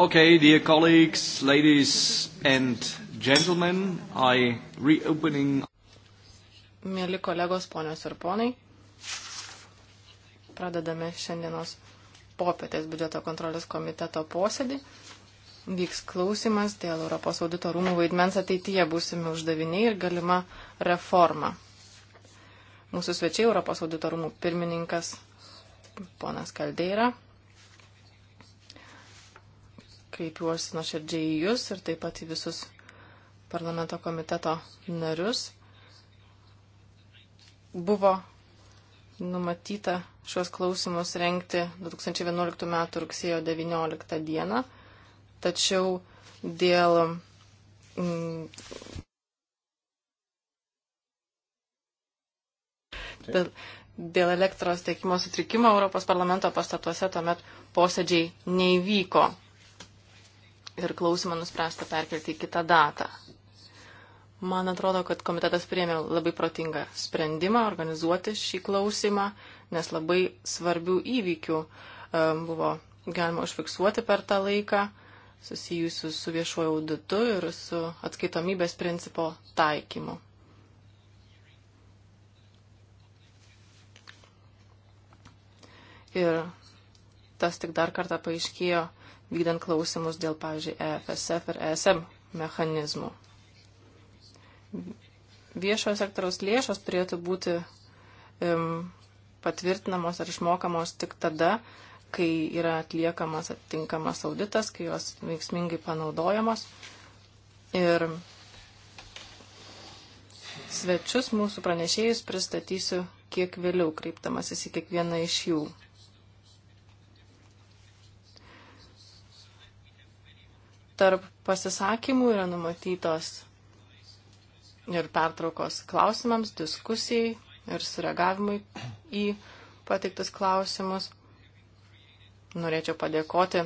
Okay, dear colleagues, ladies and gentlemen, I reopening. Mėly kolegos, ponios ir ponai, pradedame šiandienos popietės biudžeto kontrolės komiteto posėdį. Vyks klausimas dėl Europos audito rūmų vaidmens ateityje būsimi uždaviniai ir galima reforma. Mūsų svečiai Europos audito rūmų pirmininkas ponas Kaldeira, kreipiuosi nuoširdžiai į Jūs ir taip pat į visus parlamento komiteto narius. Buvo numatyta šios klausimus renkti 2011 m. rugsėjo 19 d. Tačiau dėl. Mm, dėl, dėl elektros tiekimo sutrikimo Europos parlamento pastatuose tuomet posėdžiai neįvyko ir klausimą nuspręsta perkelti į kitą datą. Man atrodo, kad komitetas priėmė labai protingą sprendimą organizuoti šį klausimą, nes labai svarbių įvykių um, buvo galima užfiksuoti per tą laiką susijusių su viešuoju auditu ir su atskaitomybės principo taikymu. Ir tas tik dar kartą paaiškėjo vykdant klausimus dėl, pavyzdžiui, EFSF ir ESM mechanizmų. Viešojo sektoriaus lėšos turėtų būti um, patvirtinamos ar išmokamos tik tada, kai yra atliekamas atitinkamas auditas, kai jos veiksmingai panaudojamos. Ir svečius mūsų pranešėjus pristatysiu kiek vėliau, kreiptamasis į kiekvieną iš jų. tarp pasisakymų yra numatytos ir pertraukos klausimams, diskusijai ir sureagavimui į pateiktus klausimus. Norėčiau padėkoti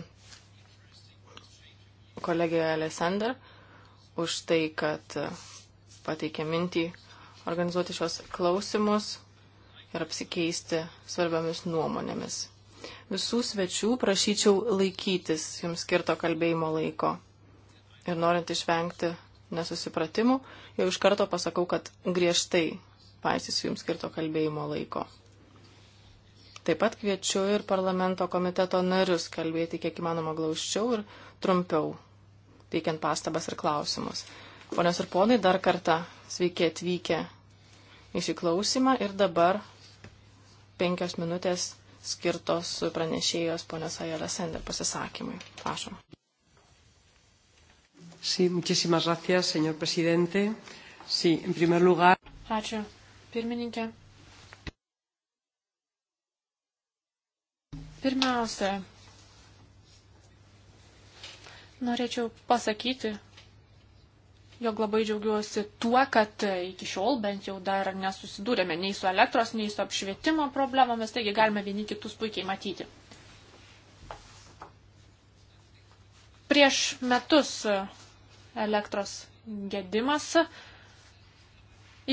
kolegijai Alessander už tai, kad pateikė mintį organizuoti šios klausimus ir apsikeisti svarbiamis nuomonėmis. Visų svečių prašyčiau laikytis jums skirto kalbėjimo laiko. Ir norint išvengti nesusipratimų, jau iš karto pasakau, kad griežtai paisysiu jums skirto kalbėjimo laiko. Taip pat kviečiu ir parlamento komiteto narius kalbėti kiek įmanoma glaučiau ir trumpiau, teikiant pastabas ir klausimus. Ponios ir ponai, dar kartą sveiki atvykę į šį klausimą ir dabar penkios minutės skirtos pranešėjos ponios Ajala Sender pasisakymui. Prašom. Sí, muchísimas gracias, señor presidente. Sí, en primer lugar. Ačiū, pirmininkė. Pirmiausia, norėčiau pasakyti, jog labai džiaugiuosi tuo, kad iki šiol bent jau dar nesusidūrėme nei su elektros, nei su apšvietimo problemomis, taigi galime vieni kitus puikiai matyti. Prieš metus elektros gedimas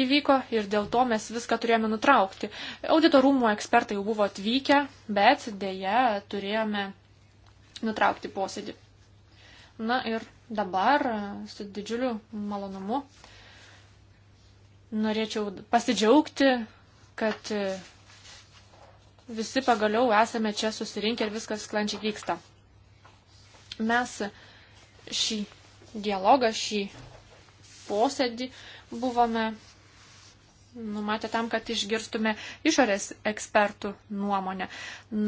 įvyko ir dėl to mes viską turėjome nutraukti. Audito rūmų ekspertai jau buvo atvykę, bet dėja turėjome nutraukti posėdį. Na ir dabar su didžiuliu malonumu norėčiau pasidžiaugti, kad visi pagaliau esame čia susirinkę ir viskas sklandžiai vyksta. Mes šį dialogą, šį posėdį buvome numatę tam, kad išgirstume išorės ekspertų nuomonę.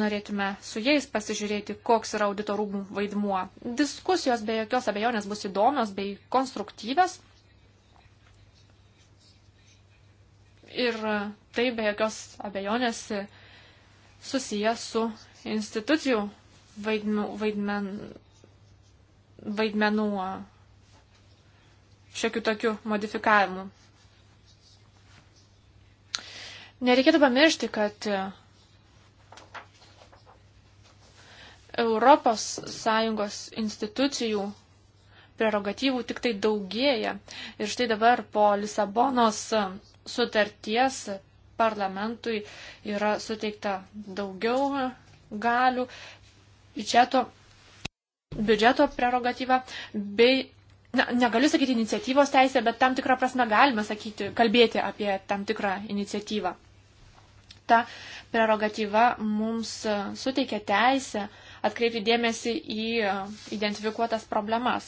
Norėtume su jais pasižiūrėti, koks yra auditorų vaidmuo. Diskusijos be jokios abejonės bus įdomios bei konstruktyvios. Ir tai be jokios abejonės susijęs su institucijų vaidmenų, vaidmen, vaidmenų šiokių tokių modifikavimų. Nereikėtų pamiršti, kad Europos Sąjungos institucijų prerogatyvų tik tai daugėja. Ir štai dabar po Lisabonos sutarties parlamentui yra suteikta daugiau galių, biudžeto, biudžeto prerogatyva bei, na, negaliu sakyti iniciatyvos teisė, bet tam tikrą prasme galime sakyti, kalbėti apie tam tikrą iniciatyvą ta prerogatyva mums suteikia teisę atkreipti dėmesį į e, identifikuotas problemas.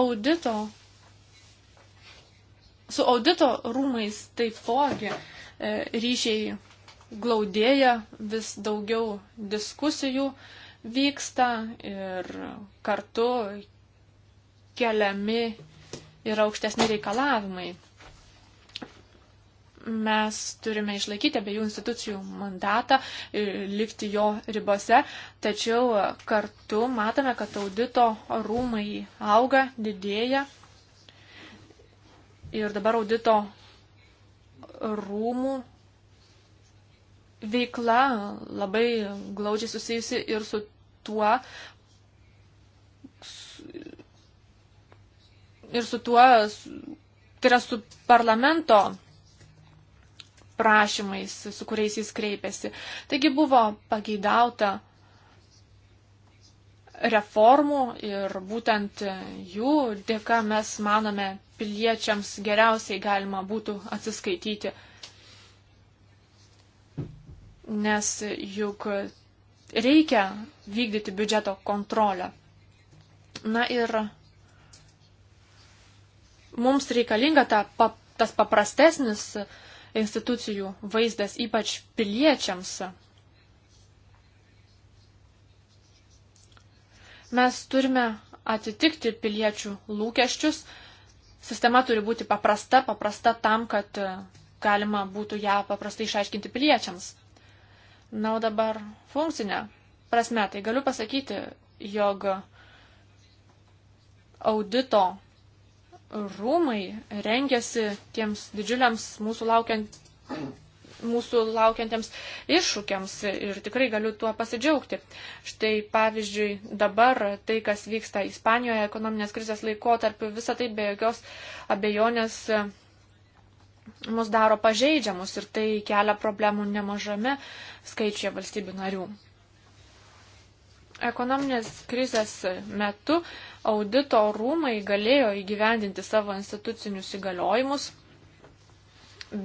Audito su audito rūmais taipogi e, ryšiai glaudėja, vis daugiau diskusijų vyksta ir kartu keliami yra aukštesni reikalavimai. Mes turime išlaikyti abiejų institucijų mandatą, e, likti jo ribose, tačiau kartu matome, kad audito rūmai auga, didėja. Ir dabar audito rūmų veikla labai glaudžiai susijusi ir su tuo, ir su tuo, tai yra su parlamento prašymais, su kuriais jis kreipėsi. Taigi buvo pageidauta reformų ir būtent jų dėka mes manome piliečiams geriausiai galima būtų atsiskaityti. Nes juk reikia vykdyti biudžeto kontrolę. Na ir mums reikalinga ta, pa, tas paprastesnis institucijų vaizdas, ypač piliečiams. Mes turime atitikti piliečių lūkesčius. Sistema turi būti paprasta, paprasta tam, kad e, galima būtų ją paprastai išaiškinti piliečiams. Na, o dabar funkcinė prasme, tai galiu pasakyti, jog audito rūmai rengiasi tiems didžiuliams mūsų, laukiant, mūsų laukiantiems iššūkiams ir tikrai galiu tuo pasidžiaugti. Štai pavyzdžiui dabar tai, kas vyksta Ispanijoje ekonominės krizės laikotarpiu, visą tai be jokios abejonės mus daro pažeidžiamus ir tai kelia problemų nemažame skaičiuje valstybių narių. Ekonominės krizės metu audito rūmai galėjo įgyvendinti savo institucinius įgaliojimus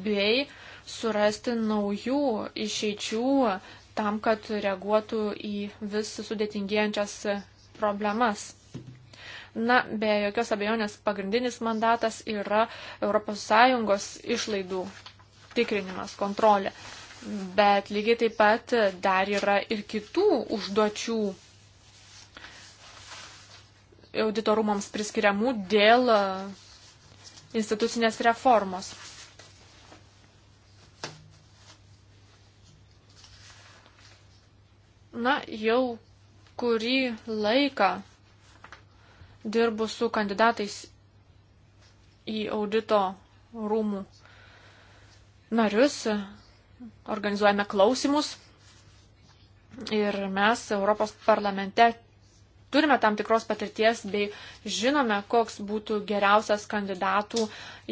bei surasti naujų išeičių tam, kad reaguotų į vis sudėtingėjančias problemas. Na, be jokios abejonės pagrindinis mandatas yra ES išlaidų tikrinimas, kontrolė. Bet lygiai taip pat dar yra ir kitų užduočių auditorumams priskiriamų dėl e, institucinės reformos. Na, jau kurį laiką dirbu su kandidatais į audito rūmų narius, organizuojame klausimus ir mes Europos parlamente turime tam tikros patirties bei žinome, koks būtų geriausias kandidatų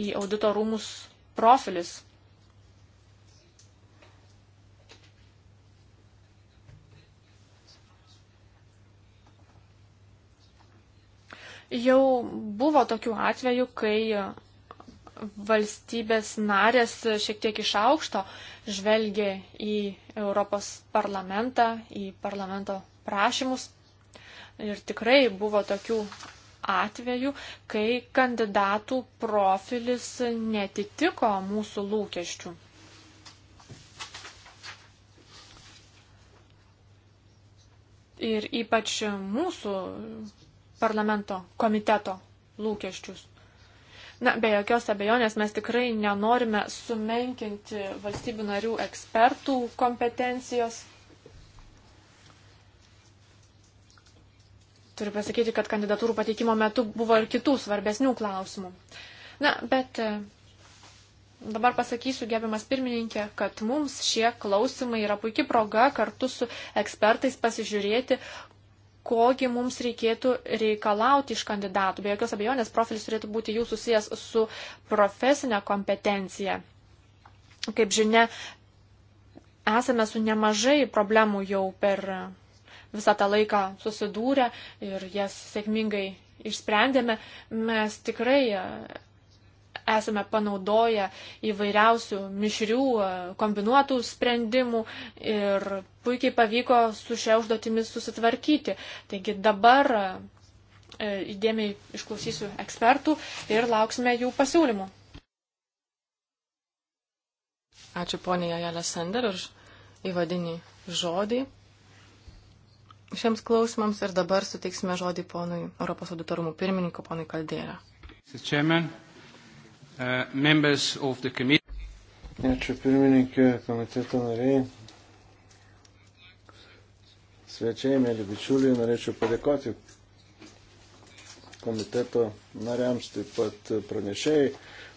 į audito rūmus profilis. Jau buvo tokių atvejų, kai valstybės narės šiek tiek iš aukšto žvelgė į Europos parlamentą, į parlamento prašymus Ir tikrai buvo tokių atvejų, kai kandidatų profilis netitiko mūsų lūkesčių. Ir ypač mūsų parlamento komiteto lūkesčius. Na, be jokios abejonės mes tikrai nenorime sumenkinti valstybių narių ekspertų kompetencijos. Turiu pasakyti, kad kandidatūrų pateikimo metu buvo ir kitų svarbesnių klausimų. Na, bet e, dabar pasakysiu, gerbiamas pirmininkė, kad mums šie klausimai yra puikia proga kartu su ekspertais pasižiūrėti, kogi mums reikėtų reikalauti iš kandidatų. Be jokios abejonės profilis turėtų būti jų susijęs su profesinė kompetencija. Kaip žinia, esame su nemažai problemų jau per visą tą laiką susidūrę ir jas sėkmingai išsprendėme, mes tikrai e, esame panaudoję įvairiausių mišrių, e, kombinuotų sprendimų ir puikiai pavyko su šia užduotimi susitvarkyti. Taigi dabar e, įdėmiai išklausysiu ekspertų ir lauksime jų pasiūlymų. Ačiū poniai Ajalė Sender už įvadinį žodį šiems klausimams ir dabar suteiksime žodį ponui Europos auditorumų pirmininko, ponui Kaldėlė. Uh, Ačiū pirmininkė, komiteto nariai. Svečiai, mėly bičiuliai, norėčiau padėkoti komiteto nariams, taip pat pranešėjai,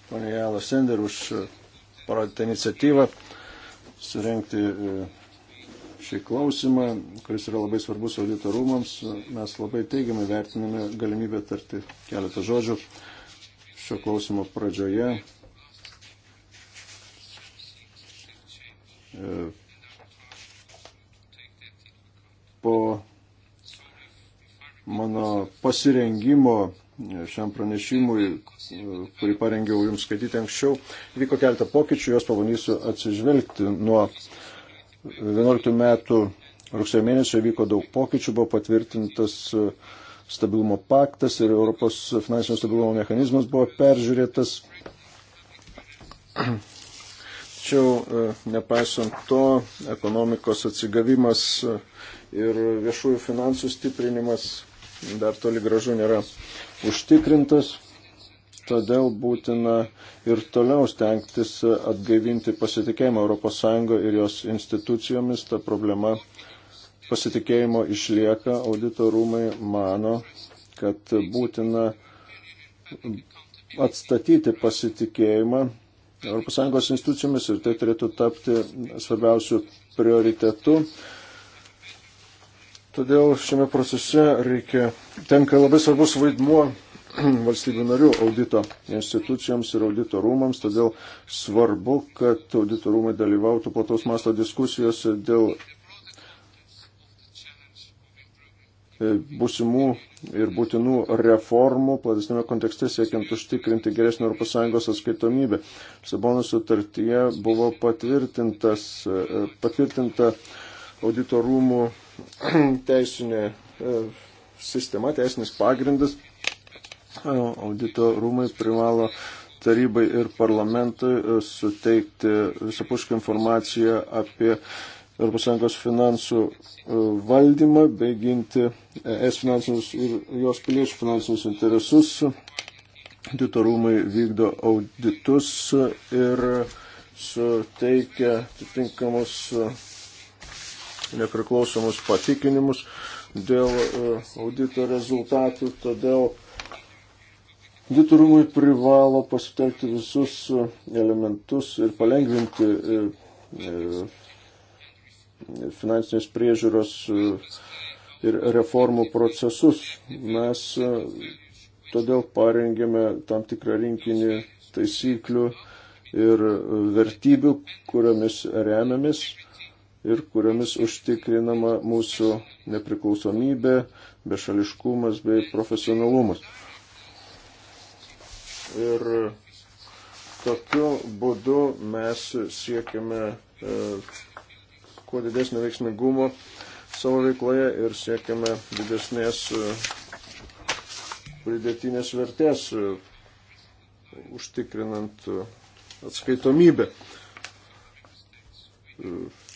ponė Jala Sender už parodytą iniciatyvą surenkti e, šį klausimą, kuris yra labai svarbus auditorumams. Mes labai teigiamai vertiname galimybę tarti keletą žodžių šio klausimo pradžioje. Po mano pasirengimo šiam pranešimui, kurį parengiau jums skaityti anksčiau, vyko keletą pokyčių, juos pabandysiu atsižvelgti nuo uh, 2011 metų rugsėjo mėnesio vyko daug pokyčių, buvo patvirtintas e, stabilumo paktas ir Europos finansinio stabilumo mechanizmas buvo peržiūrėtas. Tačiau e, nepaisant to, ekonomikos atsigavimas e, ir viešųjų finansų stiprinimas dar toli gražu nėra užtikrintas. Todėl būtina ir toliau stengtis atgaivinti pasitikėjimą ES ir jos institucijomis. Ta problema pasitikėjimo išlieka. Audito rūmai mano, kad būtina atstatyti pasitikėjimą ES institucijomis ir tai turėtų tapti svarbiausių prioritetų. Todėl šiame procese reikia, tenka labai svarbus vaidmuo valstybių narių audito institucijoms ir audito rūmams, todėl svarbu, kad audito rūmai dalyvautų plataus masto diskusijose dėl e, būsimų ir būtinų reformų platesnėme kontekste siekiant užtikrinti geresnį ES atskaitomybę. Sabono sutartyje buvo e, patvirtinta auditorumų teisinė e, sistema, teisinis pagrindas audito rūmai privalo tarybai ir parlamentui e, suteikti visapušką informaciją apie ES finansų e, valdymą bei ginti e, ES finansinius ir jos piliečių finansinius interesus. Audito rūmai vykdo auditus ir suteikia atitinkamus nepriklausomus patikinimus dėl audito rezultatų, todėl Auditų rūmai privalo pasitelkti visus e, elementus ir palengvinti e, e, finansinės priežiūros ir reformų procesus. Mes todėl parengėme tam tikrą rinkinį taisyklių ir vertybių, kuriomis remiamis ir kuriomis užtikrinama mūsų nepriklausomybė, bešališkumas bei profesionalumas ir tokiu būdu mes siekiame e, kuo didesnio veiksmingumo savo veikloje ir siekiame didesnės e, pridėtinės vertės e, užtikrinant atskaitomybę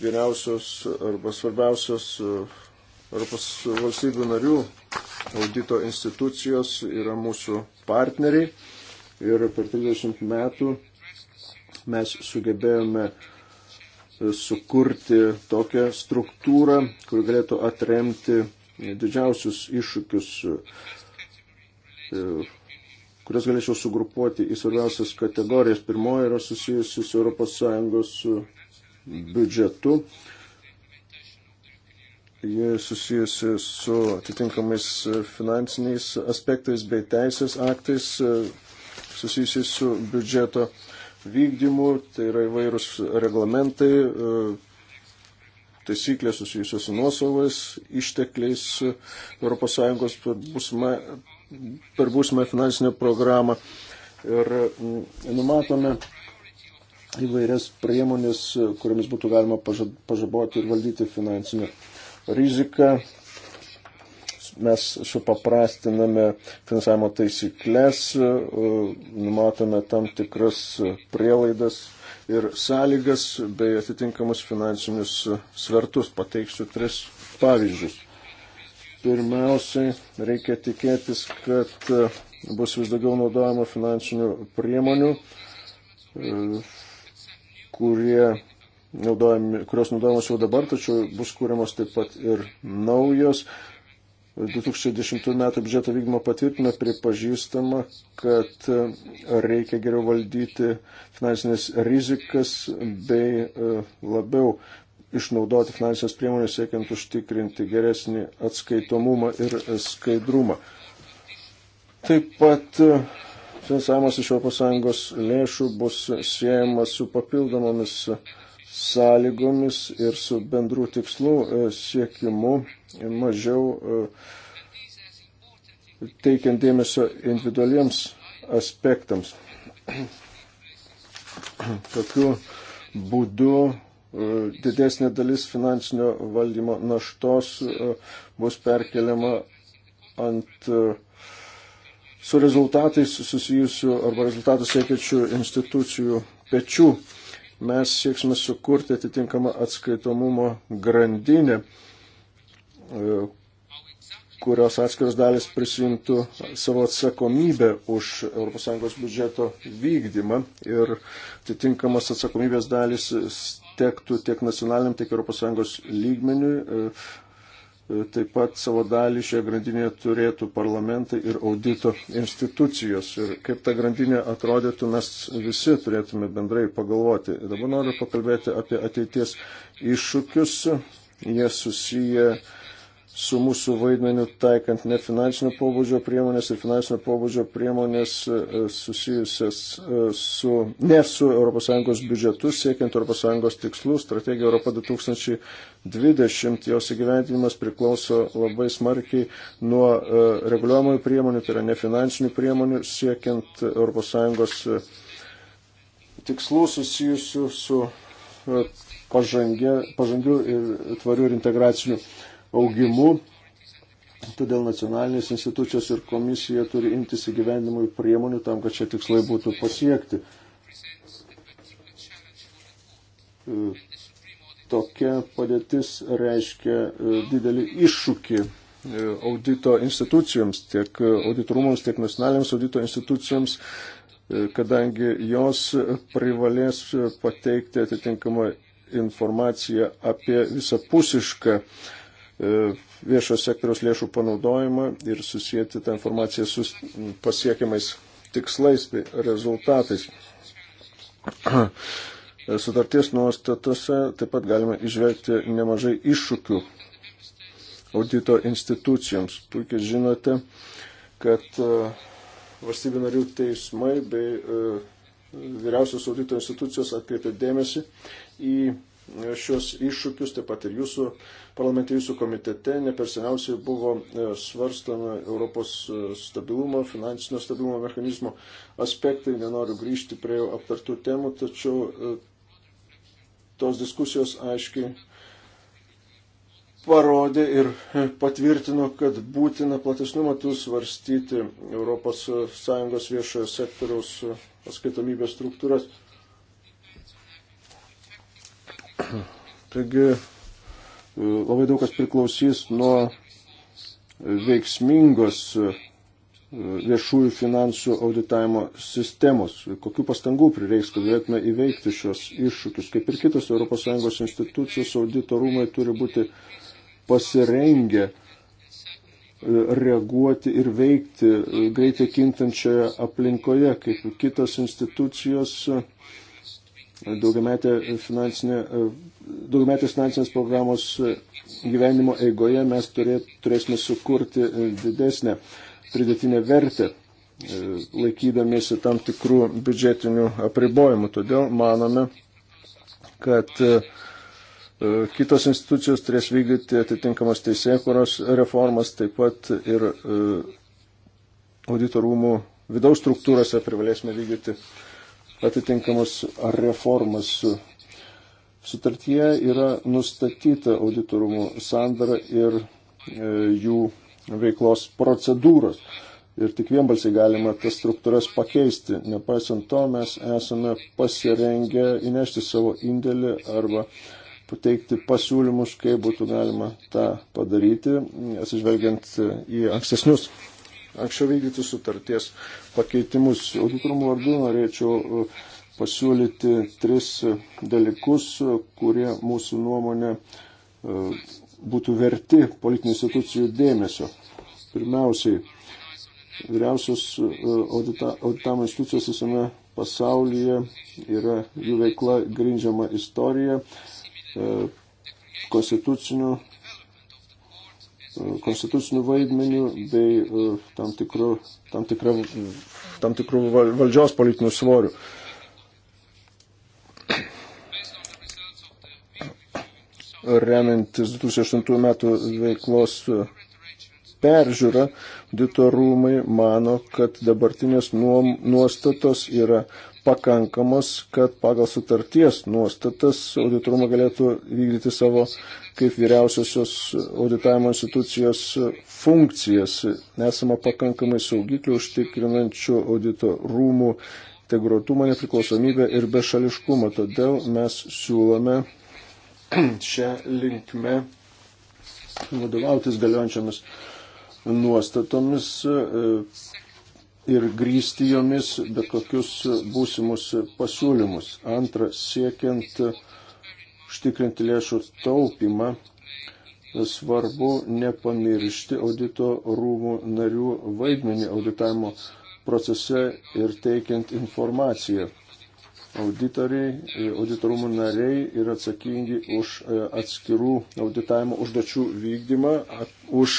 vyriausios arba svarbiausios Europos valstybių narių audito institucijos yra mūsų partneriai ir per 30 metų mes sugebėjome e, sukurti tokią struktūrą, kuri galėtų atremti didžiausius iššūkius, e, e, kurias galėčiau sugrupuoti į svarbiausias kategorijas. Pirmoji yra susijusi su ES biudžetu. Ji susijusi su atitinkamais finansiniais aspektais bei teisės aktais, susijusi su biudžeto vykdymu, tai yra įvairūs reglamentai, e, taisyklės susijusios su nuosavais ištekliais e, ES per būsimą, per būsimą finansinę programą. Ir mm, numatome įvairias priemonės, e, kuriamis būtų galima pažaboti ir valdyti finansinę riziką, mes supaprastiname finansavimo taisyklės, e, numatome tam tikras prielaidas ir sąlygas bei atitinkamus finansinius svertus. Pateiksiu tris pavyzdžius. Pirmiausiai reikia tikėtis, kad e, bus vis daugiau naudojama finansinių priemonių, e, kurie naudojami, kurios naudojamos jau dabar, tačiau bus kūriamos taip pat ir naujos. 2010 m. biudžeto vykdymo patvirtinime pripažįstama, kad reikia geriau valdyti finansinės rizikas bei e, labiau išnaudoti finansinės priemonės, siekiant užtikrinti geresnį atskaitomumą ir skaidrumą. Taip pat e, finansavimas iš ES lėšų bus siejamas su papildomomis sąlygomis ir su bendrų tikslų e, siekimu mažiau e, teikiant dėmesio individualiems aspektams. Tokiu būdu e, didesnė dalis finansinio valdymo naštos bus perkeliama ant su rezultatais susijusių arba rezultatų siekiančių institucijų pečių mes sieksime sukurti atitinkamą atskaitomumo grandinę, e, kurios atskiros dalis prisimtų savo atsakomybę už ES biudžeto vykdymą ir atitinkamas atsakomybės dalis tektų tiek nacionaliniam, tiek ES lygmeniui. E, E, taip pat savo dalį šioje grandinėje turėtų parlamentai ir audito institucijos. Ir kaip ta grandinė atrodytų, mes visi turėtume bendrai pagalvoti. Dabar noriu pakalbėti apie ateities iššūkius. Jie susiję uh, su mūsų vaidmeniu taikant nefinansinio pobūdžio priemonės ir finansinio pobūdžio priemonės e, e, susijusias e, su, ne su ES biudžetu, siekiant ES tikslų, strategija Europa 2020, jos įgyventinimas priklauso labai smarkiai nuo reguliuojamųjų priemonių, tai yra nefinansinių priemonių, siekiant ES tikslų susijusių su pažangiu ir tvariu ir integraciniu augimu. Todėl nacionalinės institucijos ir komisija turi imtis įgyvendimui priemonių tam, kad šie tikslai būtų pasiekti. E, tokia padėtis reiškia e, didelį iššūkį e, audito institucijoms, tiek auditorumams, tiek nacionalinėms audito institucijoms, kadangi jos privalės pateikti atitinkamą informaciją apie visapusišką uh, E, viešo sektoriaus lėšų panaudojimą ir susijęti tą informaciją su pasiekiamais tikslais bei rezultatais. Sutarties nuostatose taip pat galima išvelgti nemažai iššūkių audito institucijoms. Puikiai žinote, kad e, valstybių narių teismai bei e, vyriausios audito institucijos atkreipė dėmesį į šios iššūkius, taip pat ir jūsų parlamente, jūsų komitete. Neperseniausiai buvo e, svarstama Europos e, stabilumo, finansinio stabilumo mechanizmo aspektai. Nenoriu grįžti prie jau aptartų temų, tačiau e, tos diskusijos aiškiai parodė ir patvirtino, kad būtina platesniu matu svarstyti ES viešojo sektoriaus atskaitomybės struktūras. Taigi labai daug kas priklausys nuo veiksmingos e, viešųjų finansų auditavimo sistemos. Kokių pastangų prireiks, kad galėtume įveikti šios iššūkius. Kaip ir kitos ES institucijos, audito rūmai turi būti pasirengę e, reaguoti ir veikti e, greitai kintančioje aplinkoje, kaip kitos institucijos daugiametės finansinė, finansinės programos gyvenimo eigoje mes turė, turėsime sukurti didesnę pridėtinę vertę e, laikydamiesi tam tikrų biudžetinių apribojimų. Todėl manome, kad e, e, kitos institucijos turės vykdyti atitinkamas teisėkuros reformas, taip pat ir auditorumų vidaus struktūrose privalėsime vykdyti uh, atitinkamas reformas. Sutartyje yra nustatyta auditorumų sandara ir e, jų veiklos procedūros. Ir tik vienbalsiai galima tas struktūras pakeisti. Nepaisant to, mes esame pasirengę įnešti savo indėlį arba pateikti pasiūlymus, kaip būtų galima tą padaryti, atsižvelgiant į ankstesnius anksčiau vykdyti sutarties pakeitimus. Auditorumų vardu norėčiau uh, pasiūlyti tris uh, dalykus, uh, kurie mūsų nuomonė būtų verti politinių institucijų dėmesio. Pirmiausiai, vyriausios audita, auditamo institucijos visame pasaulyje yra jų veikla grindžiama istorija, konstitucinių konstituciniu vaidmeniu bei e, tam tikru, tam tikra, tam tikru valdžios politiniu svoriu. Remiantis 2008 metų veiklos peržiūra, auditorumai mano, kad dabartinės nuostatos yra pakankamos, kad pagal sutarties nuostatas auditorumą galėtų vykdyti savo kaip vyriausiosios auditavimo institucijos funkcijas. Nesama pakankamai saugiklių užtikrinančių audito rūmų integruotumą, nepriklausomybę ir bešališkumą. Todėl mes siūlome šią linkmę vadovautis galiojančiamis nuostatomis ir grįsti jomis bet kokius būsimus pasiūlymus. Antra, siekiant užtikrinti lėšų taupimą, svarbu nepamiršti audito rūmų narių vaidmenį auditavimo procese ir teikiant informaciją. Auditoriai, auditorumų nariai yra atsakingi už e, atskirų auditavimo užduočių vykdymą, už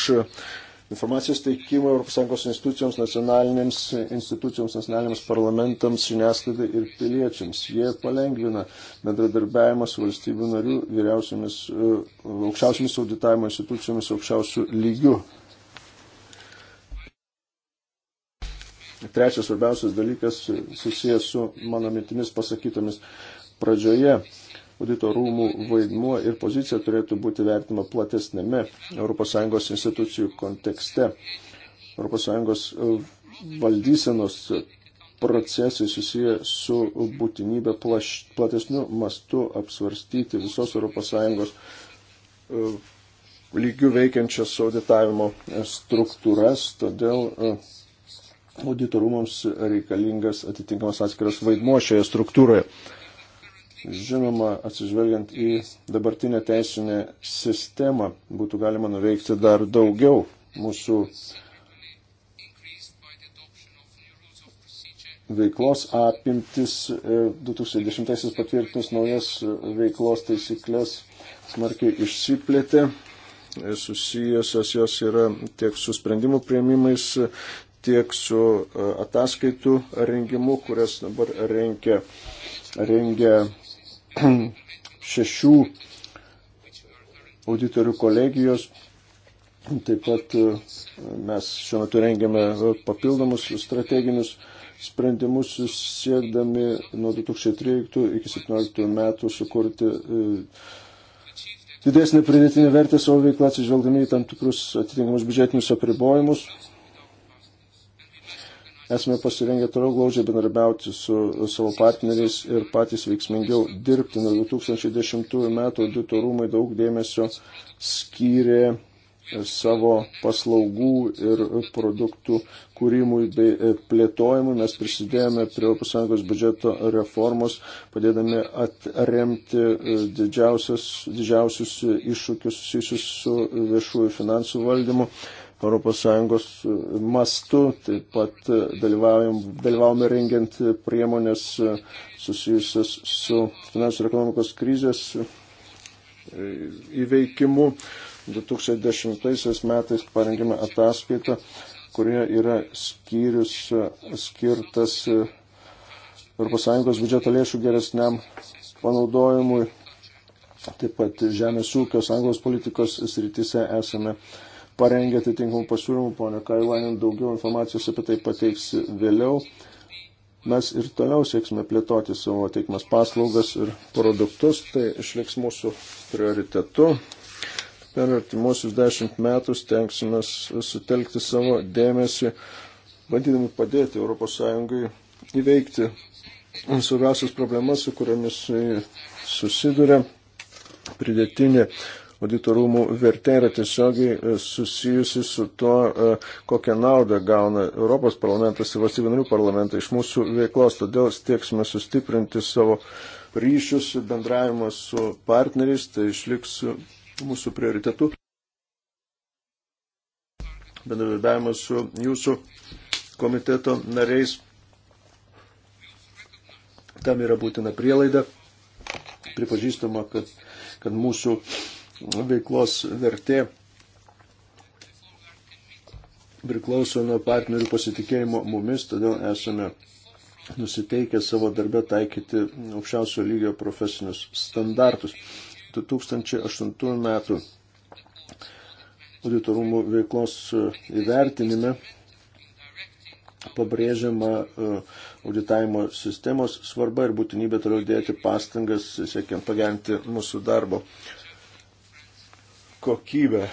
informacijos teikimo ES institucijoms, nacionalinėms institucijoms, nacionalinėms parlamentams, žiniasklaidai ir piliečiams. Jie palengvina bendradarbiavimą su valstybių narių vyriausiamis, e, aukščiausiamis auditavimo institucijomis aukščiausių lygių. Trečias svarbiausias dalykas susijęs su mano mintimis pasakytomis pradžioje auditorumų vaidmuo ir pozicija turėtų būti vertima platesnėme ES institucijų kontekste. ES valdysenos procesai susiję su būtinybė platesniu mastu apsvarstyti visos ES e, lygių veikiančias auditavimo struktūras, todėl e, auditorumams reikalingas atitinkamas atskiras vaidmuo šioje struktūroje. Žinoma, atsižvelgiant į dabartinę teisinę sistemą, būtų galima nuveikti dar daugiau mūsų veiklos apimtis 2010 e, patvirtinus naujas e, veiklos taisyklės smarkiai išsiplėtė. E, Susijusios jos yra tiek su sprendimų prieimimais, tiek su ataskaitų rengimu, kurias dabar rengia, rengia šešių auditorių kolegijos. Taip pat e, mes šiuo metu rengiame e, papildomus strateginius sprendimus siekdami nuo 2013 iki 2017 metų sukurti e, didesnį pridėtinį vertę savo veiklą atsižvelgdami į tam tikrus atitinkamus biudžetinius apribojimus esame pasirengę toliau glaudžiai bendarbiauti su savo partneriais ir patys veiksmingiau dirbti. Nuo 2010 metų audito rūmai daug dėmesio skyrė savo paslaugų ir produktų kūrimui bei e, plėtojimui. Mes prisidėjome prie ES biudžeto reformos, padėdami atremti e, didžiausius iššūkius susijusius su viešųjų finansų valdymu. ES e, mastu, taip pat e, dalyvavome rengiant priemonės e, susijusias su finansų ir ekonomikos krizės įveikimu. 2010 metais parengėme ataskaitą, kurioje yra skyrius skirtas ES biudžeto lėšų geresniam panaudojimui. Taip pat žemės ūkio, anglos politikos srityse esame uh, parengė atitinkamų pasiūlymų, ponė Kailanin daugiau informacijos apie tai pateiks vėliau. Mes ir toliau sieksime plėtoti savo teikimas paslaugas ir produktus, tai išliks mūsų prioritetu. Per artimuosius dešimt metų stengsime sutelkti savo dėmesį, bandydami padėti ES įveikti svarbiausias problemas, su kuriamis susiduria pridėtinė auditorumų vertė yra tiesiogiai e, susijusi su tuo, e, kokią naudą gauna Europos parlamentas ir valstybių narių parlamentai iš mūsų veiklos. Todėl stieksime sustiprinti savo ryšius, bendravimą su partneriais, tai išliks mūsų prioritetu. Bendradarbiavimas su jūsų komiteto nariais. Tam yra būtina prielaida. Pripažįstama, kad, kad mūsų veiklos vertė priklauso nuo partnerių pasitikėjimo mumis, todėl esame nusiteikę savo darbę taikyti aukščiausio lygio profesinius standartus. 2008 metų auditorumų veiklos e, įvertinime pabrėžiama e, auditavimo sistemos svarba ir būtinybė toliau dėti pastangas, siekiant pagerinti mūsų darbo kokybę.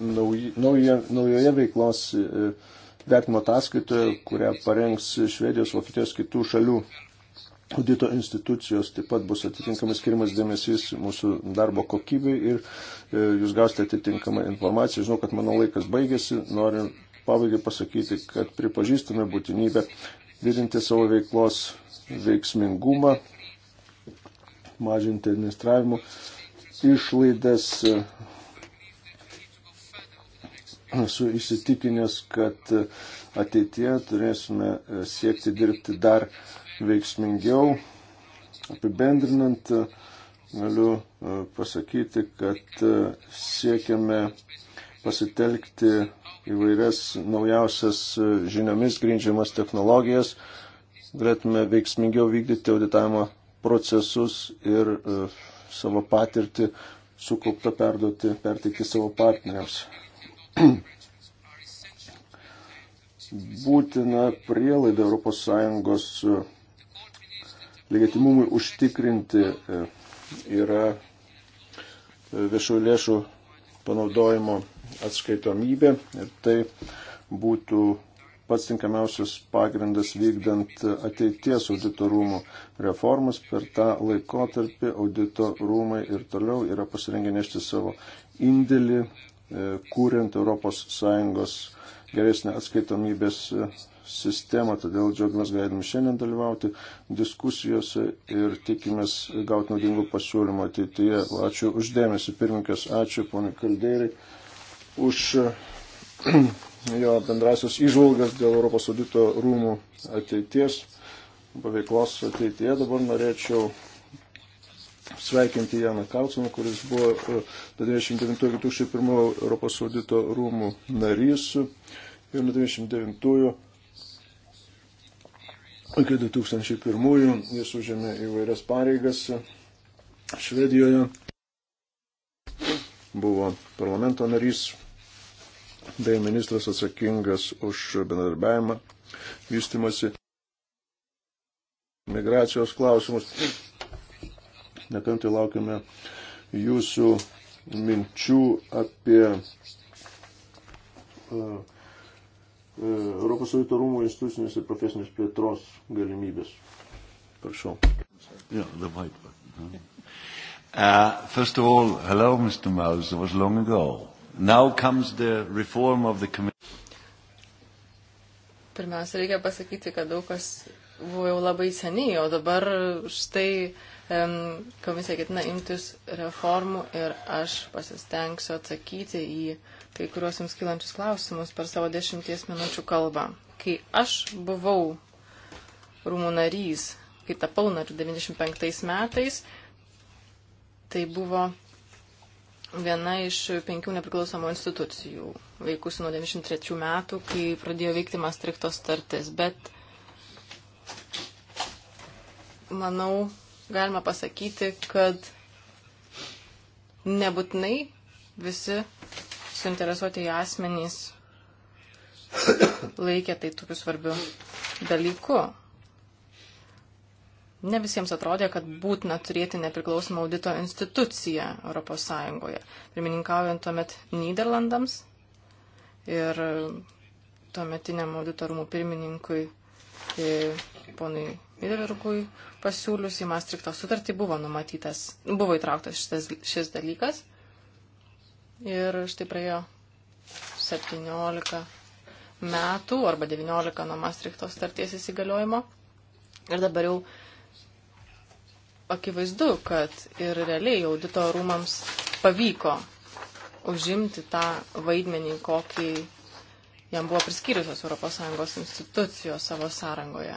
Nauj, nauja, naujoje veiklos e, vertimo ataskaitoje, kurią parengs Švedijos, Vokietijos kitų šalių audito institucijos, taip pat bus atitinkamas skirimas dėmesys mūsų darbo kokybei ir e, jūs gausite atitinkamą informaciją. Žinau, kad mano laikas baigėsi, noriu pabaigai pasakyti, kad pripažįstame būtinybę didinti savo veiklos veiksmingumą, mažinti administravimo išlaidas. E, esu įsitikinęs, kad e, ateitie turėsime e, siekti dirbti dar veiksmingiau. Apibendrinant, galiu pasakyti, kad siekiame pasitelkti įvairias naujausias žiniomis grindžiamas technologijas, galėtume veiksmingiau vykdyti auditavimo procesus ir uh, savo patirtį sukauptą perduoti, perteikti savo partneriams. Būtina prielaida ES e, legitimumui užtikrinti e, yra e, viešų lėšų panaudojimo atskaitomybė ir tai būtų pats tinkamiausias pagrindas vykdant ateities auditorumų reformas. Per tą laikotarpį auditorumai ir toliau yra pasirengę nešti savo indėlį, e, kūrint ES geresnę atskaitomybės e, sistemą, todėl džiaugiamės galėdami šiandien dalyvauti diskusijose ir tikimės gauti naudingų pasiūlymų ateityje. Ačiū uždėmesi, pirmininkas, ačiū ponui Kalderiai už jo bendrasios išvalgas dėl Europos audito rūmų ateities, paveiklos ateityje. Dabar norėčiau sveikinti Janą Kauciną, kuris buvo 99-2001 e, Europos audito rūmų narys ir nuo 99 iki 2001 jis užėmė įvairias pareigas Švedijoje, buvo parlamento narys, bei ministras atsakingas už bendarbiavimą, vystimasi, migracijos klausimus. Nekantai laukiame jūsų minčių apie uh, Europos audito rūmų institucinės ir profesinės plėtros galimybės. Prašau. Yeah, the white button. Huh? Uh, first of all, hello, Mr. Mouse. It was long ago. Pirmiausia, reikia pasakyti, kad daug kas buvo jau labai seniai, o dabar štai um, komisija ketina imtis reformų ir aš pasistengsiu atsakyti į kai kuriuos jums kilančius klausimus per savo dešimties minučių kalbą. Kai aš buvau rūmų narys, kai tapau nariu 95 metais, tai buvo viena iš penkių nepriklausomų institucijų, veikusi nuo 93 metų, kai pradėjo veikti Mastrichto startis. Bet, manau, galima pasakyti, kad nebūtinai visi suinteresuoti į asmenys laikė tai tokiu svarbiu dalyku. Ne visiems atrodė, kad būtina turėti nepriklausomą audito instituciją ES, pirmininkaujant tuomet Niderlandams ir tuometiniam auditorumų pirmininkui e, ponui Midelbergui pasiūlius į Maastrichto sutartį buvo numatytas, buvo įtrauktas šitas, šis dalykas. Ir štai praėjo 17 metų arba 19 nuo Maastrichto sutarties įsigaliojimo. Ir dabar jau akivaizdu, kad ir realiai audito rūmams pavyko užimti tą vaidmenį, kokį jam buvo priskyrusios ES institucijos savo sąrangoje.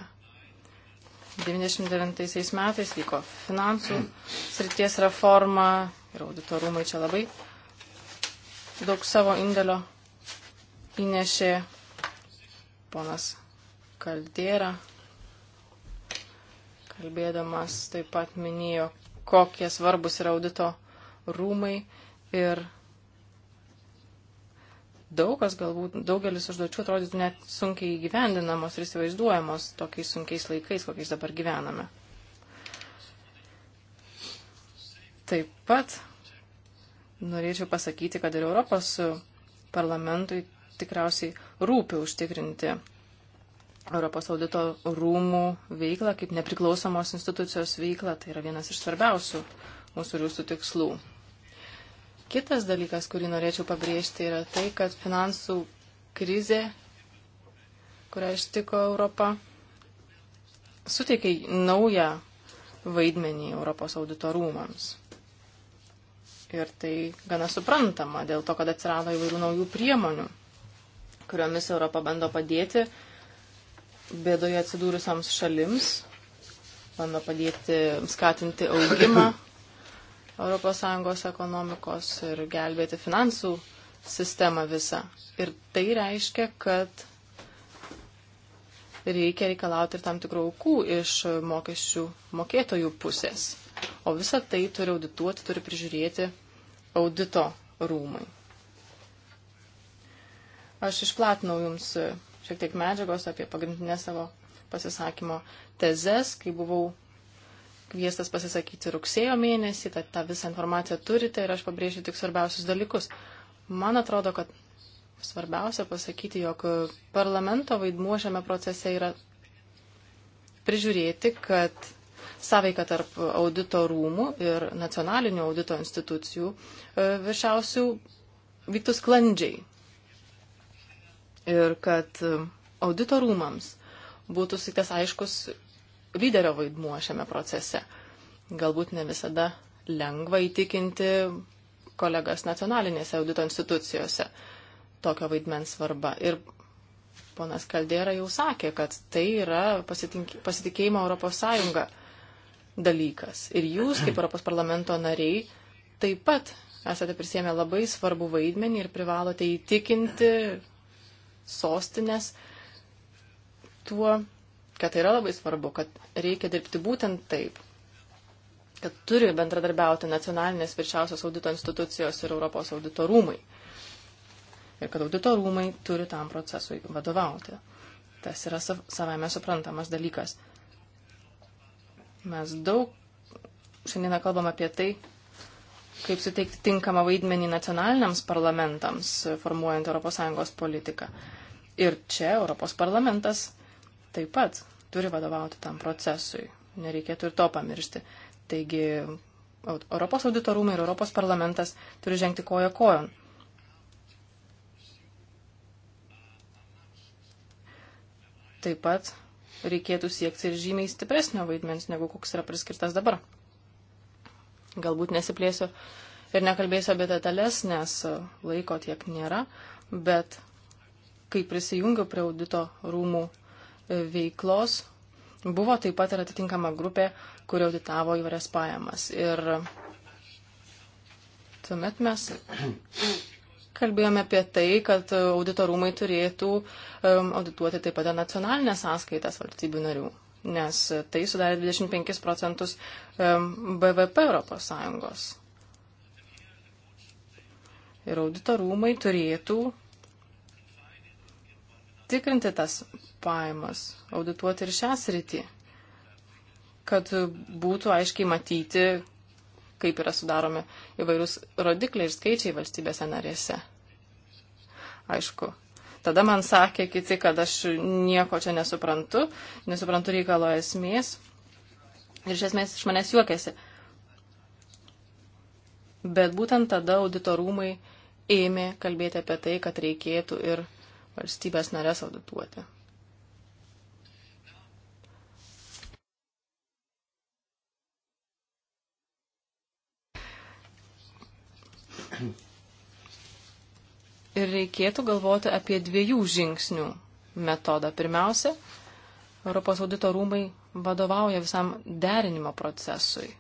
99 metais vyko finansų srities reforma ir auditorumai čia labai daug savo indėlio įnešė ponas Kaldėra kalbėdamas taip pat minėjo, kokie svarbus yra audito rūmai ir daugas galbūt, daugelis užduočių atrodytų net sunkiai įgyvendinamos ir įsivaizduojamos tokiais sunkiais laikais, kokiais dabar gyvename. Taip pat norėčiau pasakyti, kad ir Europos parlamentui tikriausiai rūpi užtikrinti Europos audito rūmų veiklą kaip nepriklausomos institucijos veiklą. Tai yra vienas iš svarbiausių mūsų ir jūsų tikslų. Kitas dalykas, kurį norėčiau pabrėžti, yra tai, kad finansų krizė, kurią ištiko Europą, suteikia naują vaidmenį Europos auditorumams. Ir tai gana suprantama dėl to, kad atsirado įvairių naujų priemonių, kuriomis Europa bando padėti uh, bėdoje atsidūrusiams šalims, bando padėti skatinti augimą ES ekonomikos ir gelbėti finansų sistemą visą. Ir tai reiškia, kad reikia reikalauti ir tam tikrų aukų iš mokesčių mokėtojų pusės. O visą tai turi audituoti, turi prižiūrėti audito rūmai. Aš išplatinau jums šiek tiek medžiagos apie pagrindinės savo pasisakymo tezes, kai buvau kviestas pasisakyti rugsėjo mėnesį, tad tą visą informaciją turite ir aš pabrėžiu tik svarbiausius dalykus. Man atrodo, kad svarbiausia pasakyti, jog parlamento vaidmuo šiame procese yra prižiūrėti, kad sąveika tarp audito rūmų ir nacionalinių audito institucijų e, viršiausių vyktų sklandžiai ir kad auditorumams būtų sitas aiškus lyderio vaidmuo šiame procese. Galbūt ne visada lengva įtikinti kolegas nacionalinėse audito institucijose tokio vaidmens svarba. Ir ponas Kaldėra jau sakė, kad tai yra pasitikėjimo Europos Sąjunga dalykas. Ir jūs, kaip Europos parlamento nariai, taip pat esate prisėmę labai svarbu vaidmenį ir privalote įtikinti sostinės tuo, kad tai yra labai svarbu, kad reikia dirbti būtent taip, kad turi bendradarbiauti nacionalinės viršiausios audito institucijos ir Europos audito rūmai. Ir kad audito rūmai turi tam procesui vadovauti. Tas yra savame suprantamas dalykas. Mes daug šiandieną kalbam apie tai, kaip suteikti tinkamą vaidmenį nacionaliniams parlamentams, formuojant ES politiką. Ir čia Europos parlamentas taip pat turi vadovauti tam procesui. Nereikėtų ir to pamiršti. Taigi Europos auditorumai ir Europos parlamentas turi žengti kojo kojon. Taip pat reikėtų siekti ir žymiai stipresnio vaidmens, negu koks yra priskirtas dabar. Galbūt nesiplėsiu ir nekalbėsiu apie detalės, nes laiko tiek nėra, bet kai prisijungiau prie audito rūmų e, veiklos, buvo taip pat ir atitinkama grupė, kuri auditavo įvairias pajamas. Ir tuomet mes kalbėjome apie tai, kad audito rūmai turėtų audituoti taip pat nacionalinės sąskaitas valstybių narių, nes tai sudarė 25 procentus BVP ES. Ir audito rūmai turėtų tikrinti tas pajamas, audituoti ir šią sritį, kad būtų aiškiai matyti, kaip yra sudaromi įvairūs rodikliai ir skaičiai valstybėse narėse. Aišku. Tada man sakė kiti, kad aš nieko čia nesuprantu, nesuprantu reikalo esmės. Ir iš esmės iš manęs juokėsi. Bet būtent tada auditorumai ėmė kalbėti apie tai, kad reikėtų ir valstybės narės audituoti. Ir reikėtų galvoti apie dviejų žingsnių metodą. Pirmiausia, Europos audito rūmai vadovauja visam derinimo procesui,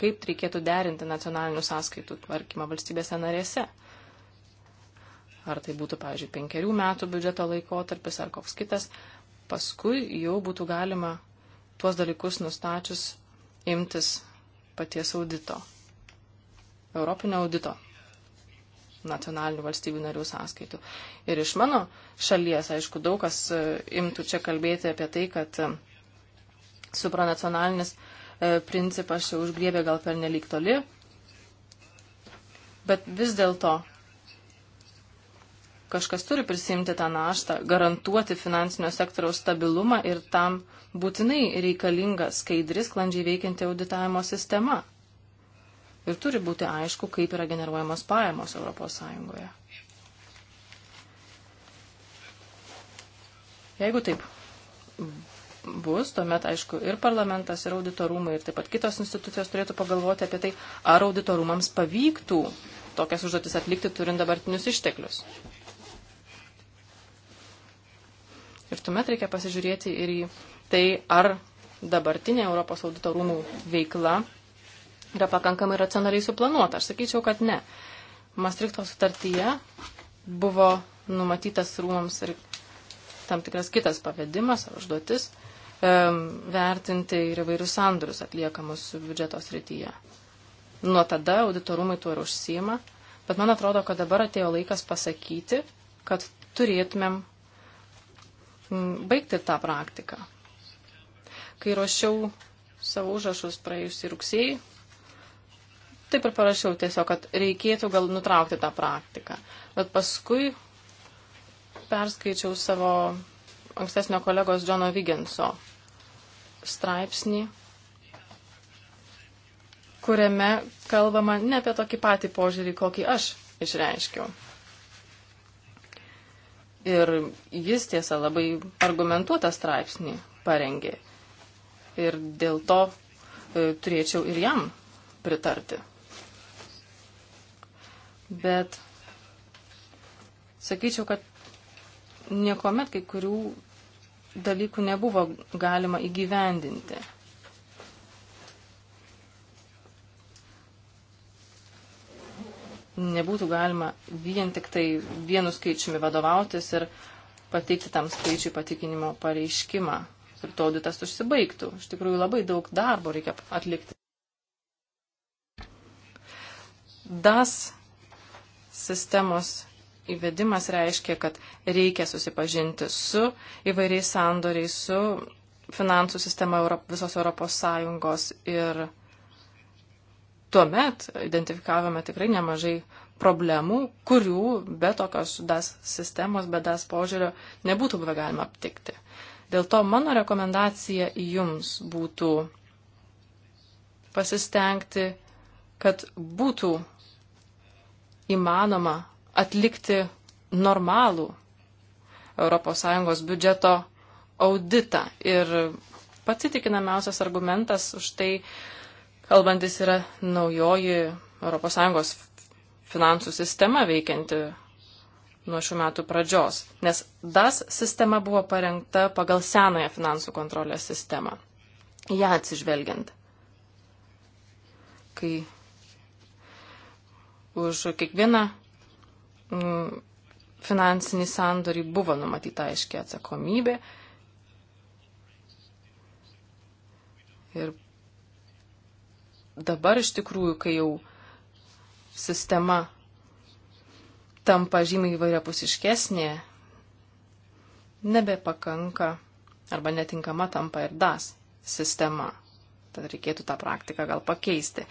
kaip reikėtų derinti nacionalinių sąskaitų tvarkymą valstybėse narėse ar tai būtų, pavyzdžiui, penkerių metų biudžeto laikotarpis ar koks kitas, paskui jau būtų galima tuos dalykus nustačius imtis paties audito, Europinio audito nacionalinių valstybių narių sąskaitų. Ir iš mano šalies, aišku, daug kas e, imtų čia kalbėti apie tai, kad e, supranacionalinis e, principas čia užgriebė gal per nelik toli, bet vis dėlto Kažkas turi prisimti tą naštą, garantuoti finansinio sektoriaus stabilumą ir tam būtinai reikalinga skaidri, sklandžiai veikianti auditavimo sistema. Ir turi būti aišku, kaip yra generuojamos pajamos ES. Jeigu taip bus, tuomet, aišku, ir parlamentas, ir auditorumai, ir taip pat kitos institucijos turėtų pagalvoti apie tai, ar auditorumams pavyktų tokias užduotis atlikti turint dabartinius išteklius. Ir tuomet reikia pasižiūrėti ir į tai, ar dabartinė Europos audito rūmų veikla yra pakankamai racionaliai suplanuota. Aš sakyčiau, kad ne. Mastrikto sutartyje buvo numatytas rūmams ir tam tikras kitas pavedimas ar užduotis e, vertinti ir įvairius sandorius atliekamus biudžeto srityje. Nuo tada auditorumai tuo ir užsima, bet man atrodo, kad dabar atėjo laikas pasakyti, kad turėtumėm baigti tą praktiką. Kai ruošiau savo užrašus praėjusį rugsėjį, taip ir parašiau tiesiog, kad reikėtų gal nutraukti tą praktiką. Bet paskui perskaičiau savo ankstesnio kolegos Džono Vigenso straipsnį, kuriame kalbama ne apie tokį patį požiūrį, kokį aš išreiškiau. Ir jis tiesa labai argumentuotą straipsnį parengė. Ir dėl to e, turėčiau ir jam pritarti. Bet sakyčiau, kad niekuomet kai kurių dalykų nebuvo galima įgyvendinti. nebūtų galima vien tik tai vienu skaičiumi vadovautis ir pateikti tam skaičiui patikinimo pareiškimą. Ir to auditas užsibaigtų. Iš tikrųjų labai daug darbo reikia atlikti. DAS sistemos įvedimas reiškia, kad reikia susipažinti su įvairiais sandoriais, su finansų sistema Europ, visos Europos Sąjungos ir Tuomet identifikavome tikrai nemažai problemų, kurių be tokios DAS sistemos, be DAS požiūrio nebūtų buvę galima aptikti. Dėl to mano rekomendacija jums būtų pasistengti, kad būtų įmanoma atlikti normalų ES biudžeto auditą. Ir pats įtikinamiausias argumentas už tai, uh, kalbantis yra naujoji ES finansų sistema veikianti nuo šių metų pradžios, nes DAS sistema buvo parengta pagal senąją finansų kontrolės sistemą. Ja atsižvelgiant, kai už kiekvieną mm, finansinį sandorį buvo numatyta aiškiai atsakomybė ir dabar iš tikrųjų, kai jau sistema tampa žymiai įvairiapusiškesnė, nebepakanka arba netinkama tampa ir DAS sistema. Tad reikėtų tą praktiką gal pakeisti.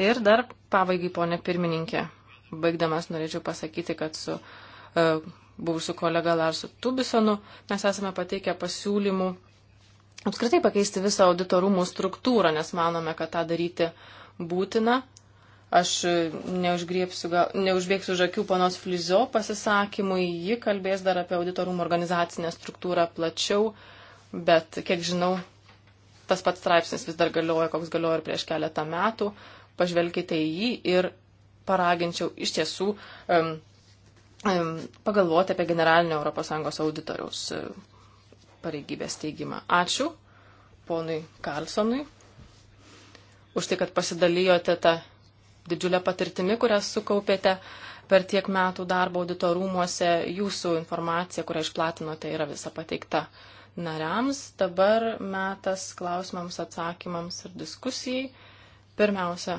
Ir dar pabaigai, ponė pirmininkė, baigdamas norėčiau pasakyti, kad su uh, buvusiu kolega Larsu Tubisonu mes esame pateikę pasiūlymų apskritai pakeisti visą auditorumų struktūrą, nes manome, kad tą daryti būtina. Aš gal, neužbėgsiu už akių panos Flizo pasisakymui, ji kalbės dar apie auditorumų organizacinę struktūrą plačiau, bet kiek žinau, tas pats straipsnis vis dar galioja, koks galioja ir prieš keletą metų. Pažvelkite į jį ir paraginčiau iš tiesų um, um, pagalvoti apie generalinio ES auditoriaus pareigybės teigimą. Ačiū ponui Karlsonui už tai, kad pasidalijote tą didžiulę patirtimį, kurią sukaupėte per tiek metų darbo auditorumuose. Jūsų informacija, kurią išplatinote, yra visa pateikta nariams. Dabar metas klausimams, atsakymams ir diskusijai. Pirmiausia,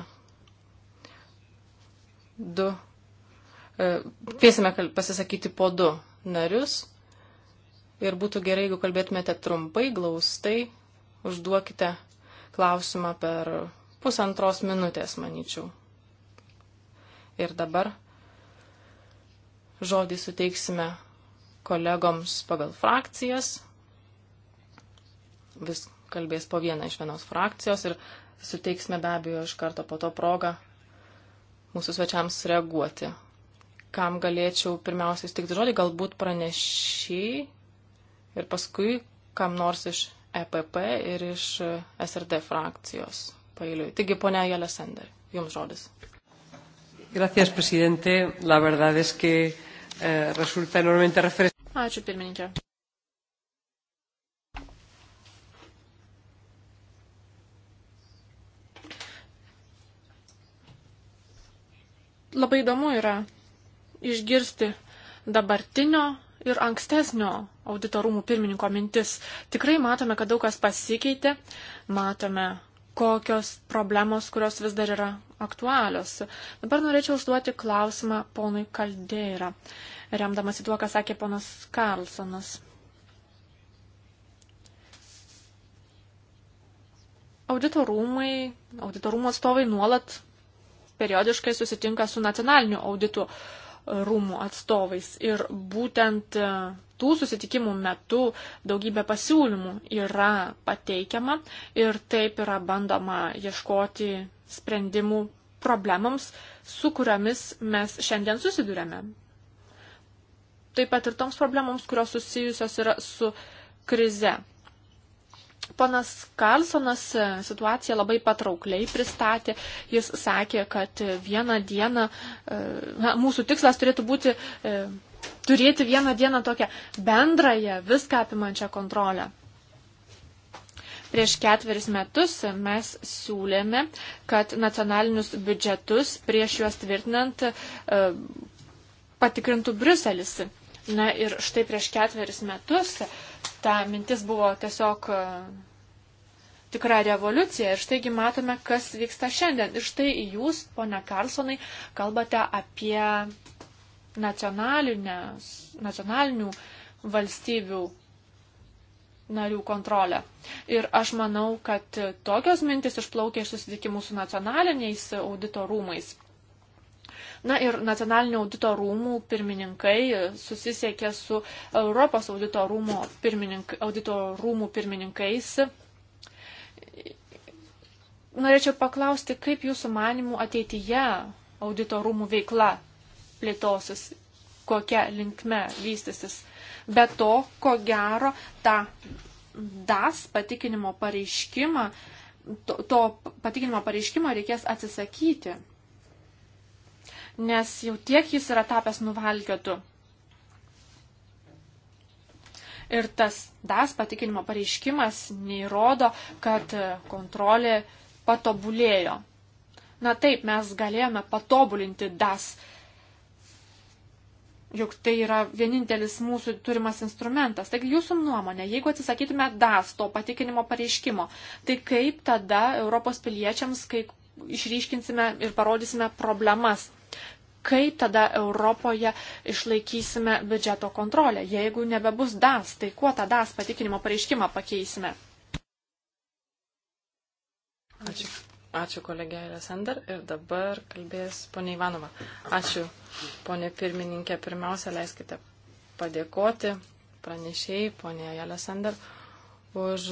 du. E, kviesime pasisakyti po du narius ir būtų gerai, jeigu kalbėtumėte trumpai, glaustai, užduokite klausimą per pusantros minutės, manyčiau. Ir dabar žodį suteiksime kolegoms pagal frakcijas. Vis kalbės po vieną iš vienos frakcijos ir suteiksime be abejo iš karto po to progą mūsų svečiams reaguoti. Kam galėčiau pirmiausiai stikti žodį, galbūt pranešiai ir paskui kam nors iš EPP ir iš SRD frakcijos pailiui. Taigi, ponia Jelė Sender, jums žodis. Gracias, presidente. La verdad es que eh, resulta enormemente refrescante. Ačiū, pirmininkė. Labai įdomu yra išgirsti dabartinio ir ankstesnio auditorumų pirmininko mintis. Tikrai matome, kad daug kas pasikeitė, matome, kokios problemos, kurios vis dar yra aktualios. Dabar norėčiau užduoti klausimą ponui Kaldeira, remdamas į tuo, ką sakė ponas Karlsonas. Auditorumai, auditorumo atstovai nuolat periodiškai susitinka su nacionaliniu auditu. Uh, rūmų atstovais. Ir būtent e, tų susitikimų metu daugybė pasiūlymų yra pateikiama ir taip yra bandoma ieškoti sprendimų problemams, su kuriamis mes šiandien susidurėme. Taip pat ir toms problemams, kurios susijusios yra su krize. Panas Karlsonas e, situaciją labai patraukliai pristatė. Jis sakė, kad vieną dieną, e, na, mūsų tikslas turėtų būti e, turėti vieną dieną tokią bendrąją, viską apimančią kontrolę. Prieš ketveris metus mes siūlėme, kad nacionalinius biudžetus prieš juos tvirtinant patikrintų Bruselis. Na ir štai prieš ketveris metus uh, ta mintis buvo tiesiog e, tikra revoliucija. Ir štaigi matome, kas vyksta šiandien. Ir štai jūs, pone Karlsonai, kalbate apie nacionalinių valstybių narių kontrolę. Ir aš manau, kad tokios mintis išplaukia iš susitikimų su nacionaliniais audito rūmais. Na ir nacionalinio audito rūmų pirmininkai susisiekė su Europos audito rūmų, pirminink, audito rūmų pirmininkais. Norėčiau paklausti, kaip jūsų manimų ateityje audito rūmų veikla plėtosis, kokia linkme vystysis. Be to, ko gero, tą DAS patikinimo pareiškimą, to, to patikinimo pareiškimo reikės atsisakyti nes jau tiek jis yra tapęs nuvalkiotu. Ir tas DAS patikinimo pareiškimas neįrodo, kad kontrolė patobulėjo. Na taip, mes galėjome patobulinti DAS. Juk tai yra vienintelis mūsų turimas instrumentas. Taigi jūsų nuomonė, jeigu atsisakytume DAS to patikinimo pareiškimo, tai kaip tada Europos piliečiams, kai išryškinsime ir parodysime problemas kaip tada Europoje išlaikysime biudžeto kontrolę, jeigu nebebus DAS, tai kuo tą DAS patikinimo pareiškimą pakeisime? Ačiū. Ačiū kolegė Alessander ir dabar kalbės ponė Ivanova. Ačiū ponė pirmininkė. Pirmiausia, leiskite padėkoti pranešėjai ponė Alessander už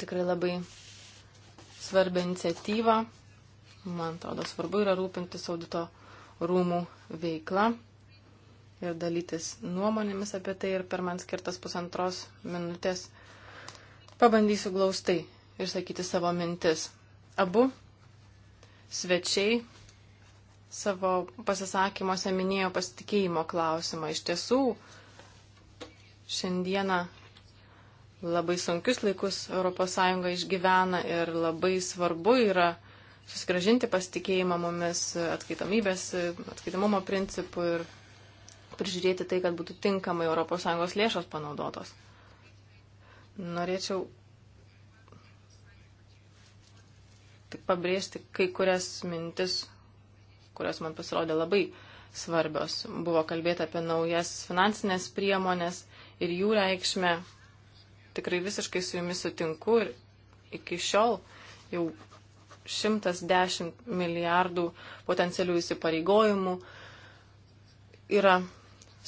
tikrai labai svarbią iniciatyvą man atrodo svarbu yra rūpintis audito rūmų veikla ir dalytis nuomonėmis apie tai ir per man skirtas pusantros minutės pabandysiu glaustai išsakyti savo mintis. Abu svečiai savo pasisakymuose minėjo pasitikėjimo klausimą. Iš tiesų, šiandieną labai sunkius laikus ES išgyvena ir labai svarbu yra susigražinti pasitikėjimą mumis atskaitomybės, atskaitomumo principų ir prižiūrėti tai, kad būtų tinkamai ES lėšos panaudotos. Norėčiau tik pabrėžti kai kurias mintis, kurios man pasirodė labai svarbios. Buvo kalbėta apie naujas finansinės priemonės ir jų reikšmę. Tikrai visiškai su jumis sutinku ir iki šiol jau 110 milijardų potencialių įsipareigojimų yra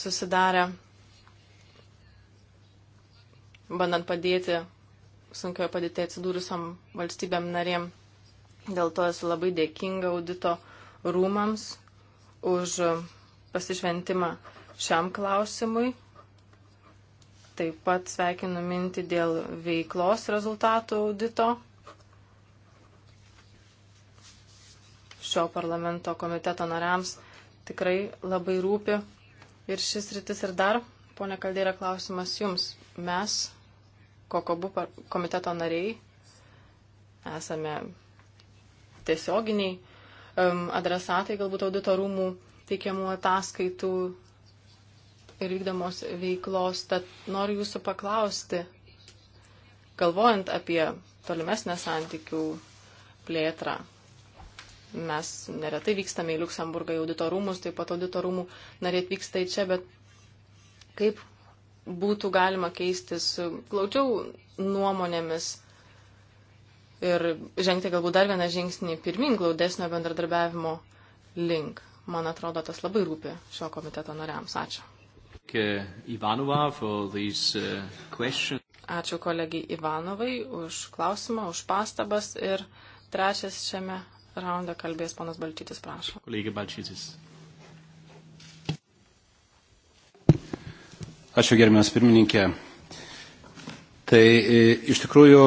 susidarę, bandant padėti sunkioje padėtėje atsidūrusiam valstybėm narėm. Dėl to esu labai dėkinga audito rūmams už pasišventimą šiam klausimui. Taip pat sveikinu mintį dėl veiklos rezultatų audito šio parlamento komiteto nariams tikrai labai rūpi ir šis rytis ir dar, ponė Kaldėra, klausimas jums. Mes, kokobu komiteto nariai, esame tiesioginiai um, adresatai galbūt auditorumų teikiamų ataskaitų ir vykdomos veiklos. Tad noriu jūsų paklausti, galvojant apie tolimesnę santykių plėtrą Mes neretai vykstame į Luksemburgą į auditorumus, taip pat auditorumų nariai atvyksta į čia, bet kaip būtų galima keistis glaudžiau nuomonėmis ir žengti galbūt dar vieną žingsnį pirmin glaudesnio bendradarbiavimo link. Man atrodo, tas labai rūpi šio komiteto nariams. Ačiū. Uh, Ačiū kolegijai Ivanovai už klausimą, už pastabas ir trečias šiame raundą kalbės ponas Balčytis, prašau. Kolegė Balčytis. Ačiū gerbiamas pirmininkė. Tai e, iš tikrųjų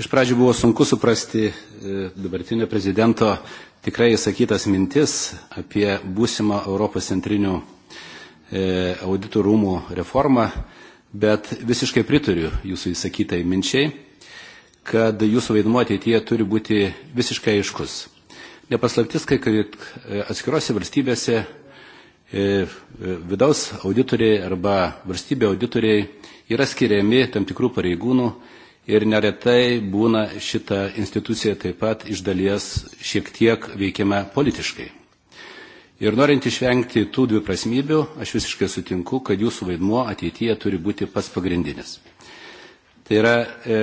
iš pradžių buvo sunku suprasti e, dabartinio prezidento tikrai įsakytas mintis apie būsimą Europos centrinių e, auditų rūmų reformą, bet visiškai pritariu jūsų įsakytai minčiai kad jūsų vaidmuo ateityje turi būti visiškai aiškus. Nepaslaptis, kai e, atskirose valstybėse e, e, vidaus auditoriai arba valstybė auditoriai yra skiriami tam tikrų pareigūnų ir neretai būna šita institucija taip pat iš dalies šiek tiek veikiama politiškai. Ir norint išvengti tų dvi prasmybių, aš visiškai sutinku, kad jūsų vaidmuo ateityje turi būti pats pagrindinis. Tai yra e,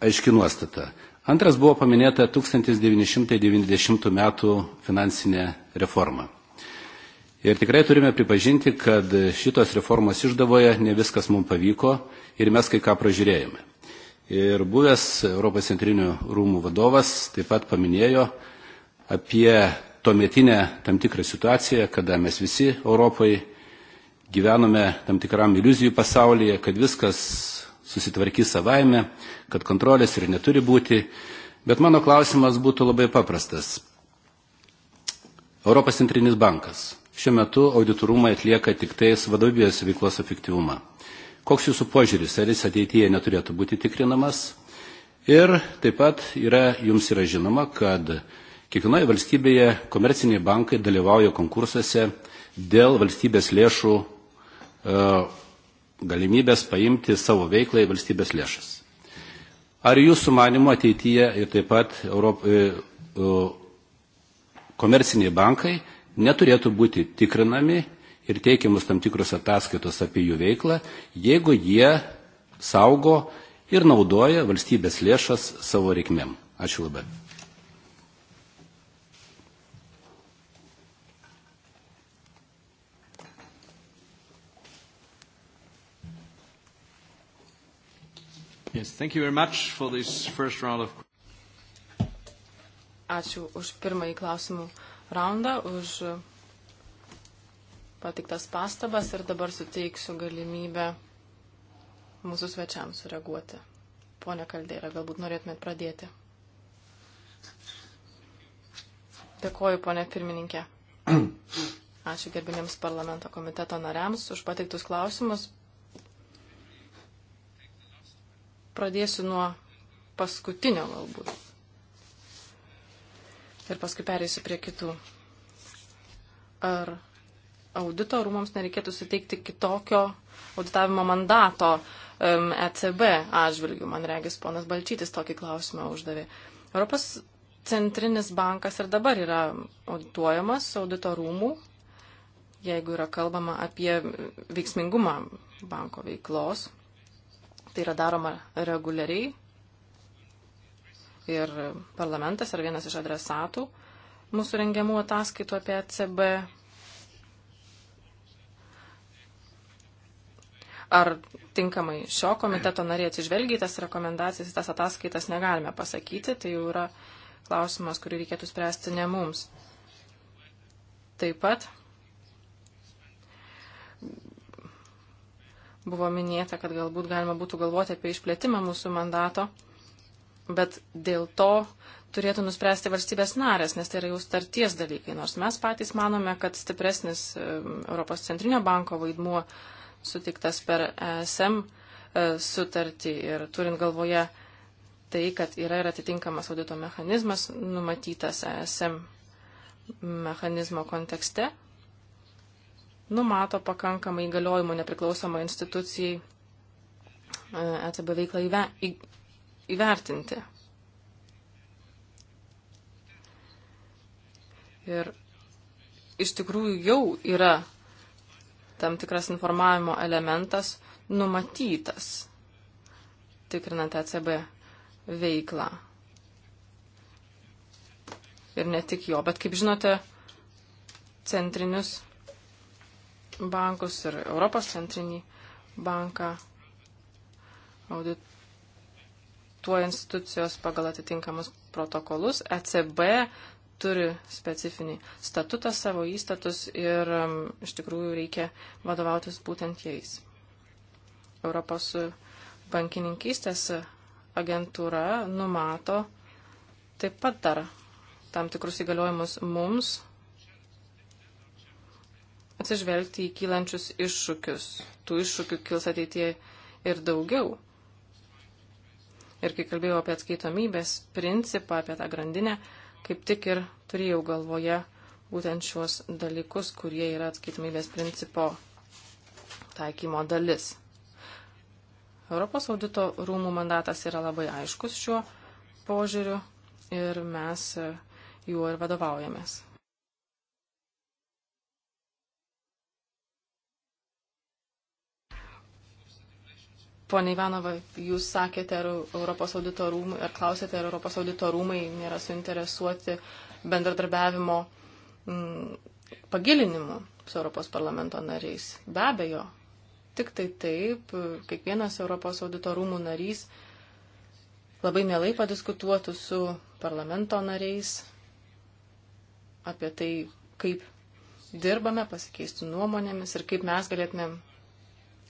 aiški nuostata. Antras buvo paminėta 1990 m. finansinė reforma. Ir tikrai turime pripažinti, kad šitos reformos išdavoje ne viskas mums pavyko ir mes kai ką pražiūrėjome. Ir buvęs Europos centrinių rūmų vadovas taip pat paminėjo apie tuometinę tam tikrą situaciją, kada mes visi Europoje gyvenome tam tikram iliuzijų pasaulyje, kad viskas susitvarkys savaime, kad kontrolės ir neturi būti. Bet mano klausimas būtų labai paprastas. Europos centrinis bankas. Šiuo metu auditorumai atlieka tik tais vadovybės veiklos efektyvumą. Koks jūsų požiūris, ar jis ateityje neturėtų būti tikrinamas? Ir taip pat yra, jums yra žinoma, kad kiekvienoje valstybėje komerciniai bankai dalyvauja konkursuose dėl valstybės lėšų uh, galimybės paimti savo veiklai valstybės lėšas. Ar jūsų manimo ateityje ir taip pat Europ... E, komerciniai bankai neturėtų būti tikrinami ir teikiamus tam tikrus ataskaitos apie jų veiklą, jeigu jie saugo ir naudoja valstybės lėšas savo reikmėm. Ačiū labai. Yes, thank you very much for this first round of... Ačiū už pirmąjį klausimų raundą, už patiktas pastabas ir dabar suteiksiu galimybę mūsų svečiams sureaguoti. Pone Kaldeira, galbūt norėtumėt pradėti. Dėkoju, ponė pirmininkė. Ačiū gerbinėms parlamento komiteto nariams už pateiktus klausimus. Pradėsiu nuo paskutinio galbūt. Ir paskui pereisiu prie kitų. Ar audito rūmams nereikėtų suteikti kitokio auditavimo mandato um, ECB atžvilgių? Man regis, ponas Balčytis tokį klausimą uždavė. Europos centrinis bankas ir dabar yra audituojamas audito rūmų, jeigu yra kalbama apie veiksmingumą banko veiklos Tai yra daroma reguliariai. Ir parlamentas yra vienas iš adresatų mūsų rengiamų ataskaitų apie ECB. Ar tinkamai šio komiteto nariai atsižvelgia į tas rekomendacijas, į tas ataskaitas negalime pasakyti, tai jau yra klausimas, kurį reikėtų spręsti ne mums. Taip pat Buvo minėta, kad galbūt galima būtų galvoti apie išplėtimą mūsų mandato, bet dėl to turėtų nuspręsti valstybės narės, nes tai yra jau starties dalykai. Nors mes patys manome, kad stipresnis Europos centrinio banko vaidmuo sutiktas per ESM e, sutartį ir turint galvoje tai, kad yra ir atitinkamas audito mechanizmas numatytas ESM mechanizmo kontekste, numato pakankamai įgaliojimų nepriklausomai institucijai e, ECB veiklą įve, į, įvertinti. Ir iš tikrųjų jau yra tam tikras informavimo elementas numatytas, tikrinant ECB veiklą. Ir ne tik jo, bet kaip žinote, centrinius bankus ir Europos centrinį banką audituoja institucijos pagal atitinkamus protokolus. ECB turi specifinį statutą savo įstatus ir um, iš tikrųjų reikia vadovautis būtent jais. Europos bankininkystės agentūra numato taip pat dar tam tikrus įgaliojimus mums atsižvelgti į kylančius iššūkius. Tų iššūkių kils ateitie ir daugiau. Ir kai kalbėjau apie atskaitomybės principą, apie tą grandinę, kaip tik ir turėjau galvoje būtent šios dalykus, kurie yra atskaitomybės principo taikymo dalis. Europos audito rūmų mandatas yra labai aiškus šiuo požiūriu ir mes juo ir vadovaujamės. Pone Ivanova, jūs sakėte, ar Europos audito rūmai, ar klausėte, ar Europos audito rūmai nėra suinteresuoti bendradarbiavimo m, mm, pagilinimu su Europos parlamento nariais. Be abejo, tik tai taip, kiekvienas Europos audito rūmų narys labai mielai padiskutuotų su parlamento nariais apie tai, kaip dirbame, pasikeistų nuomonėmis ir kaip mes galėtumėm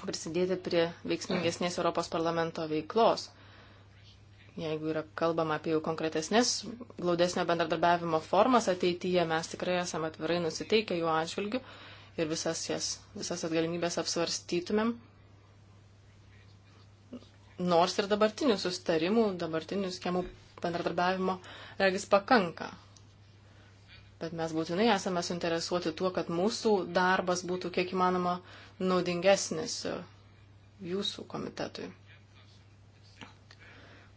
prisidėti prie veiksmingesnės Europos parlamento veiklos. Jeigu yra kalbama apie jau konkretesnės, glaudesnio bendradarbiavimo formas ateityje, mes tikrai esame atvirai nusiteikę jų atžvilgių ir visas jas, visas tas galimybės apsvarstytumėm. Nors ir dabartinių sustarimų, dabartinių schemų bendradarbiavimo regis pakanka. Bet mes būtinai esame suinteresuoti tuo, kad mūsų darbas būtų kiek įmanoma uh, naudingesnis jūsų komitetui.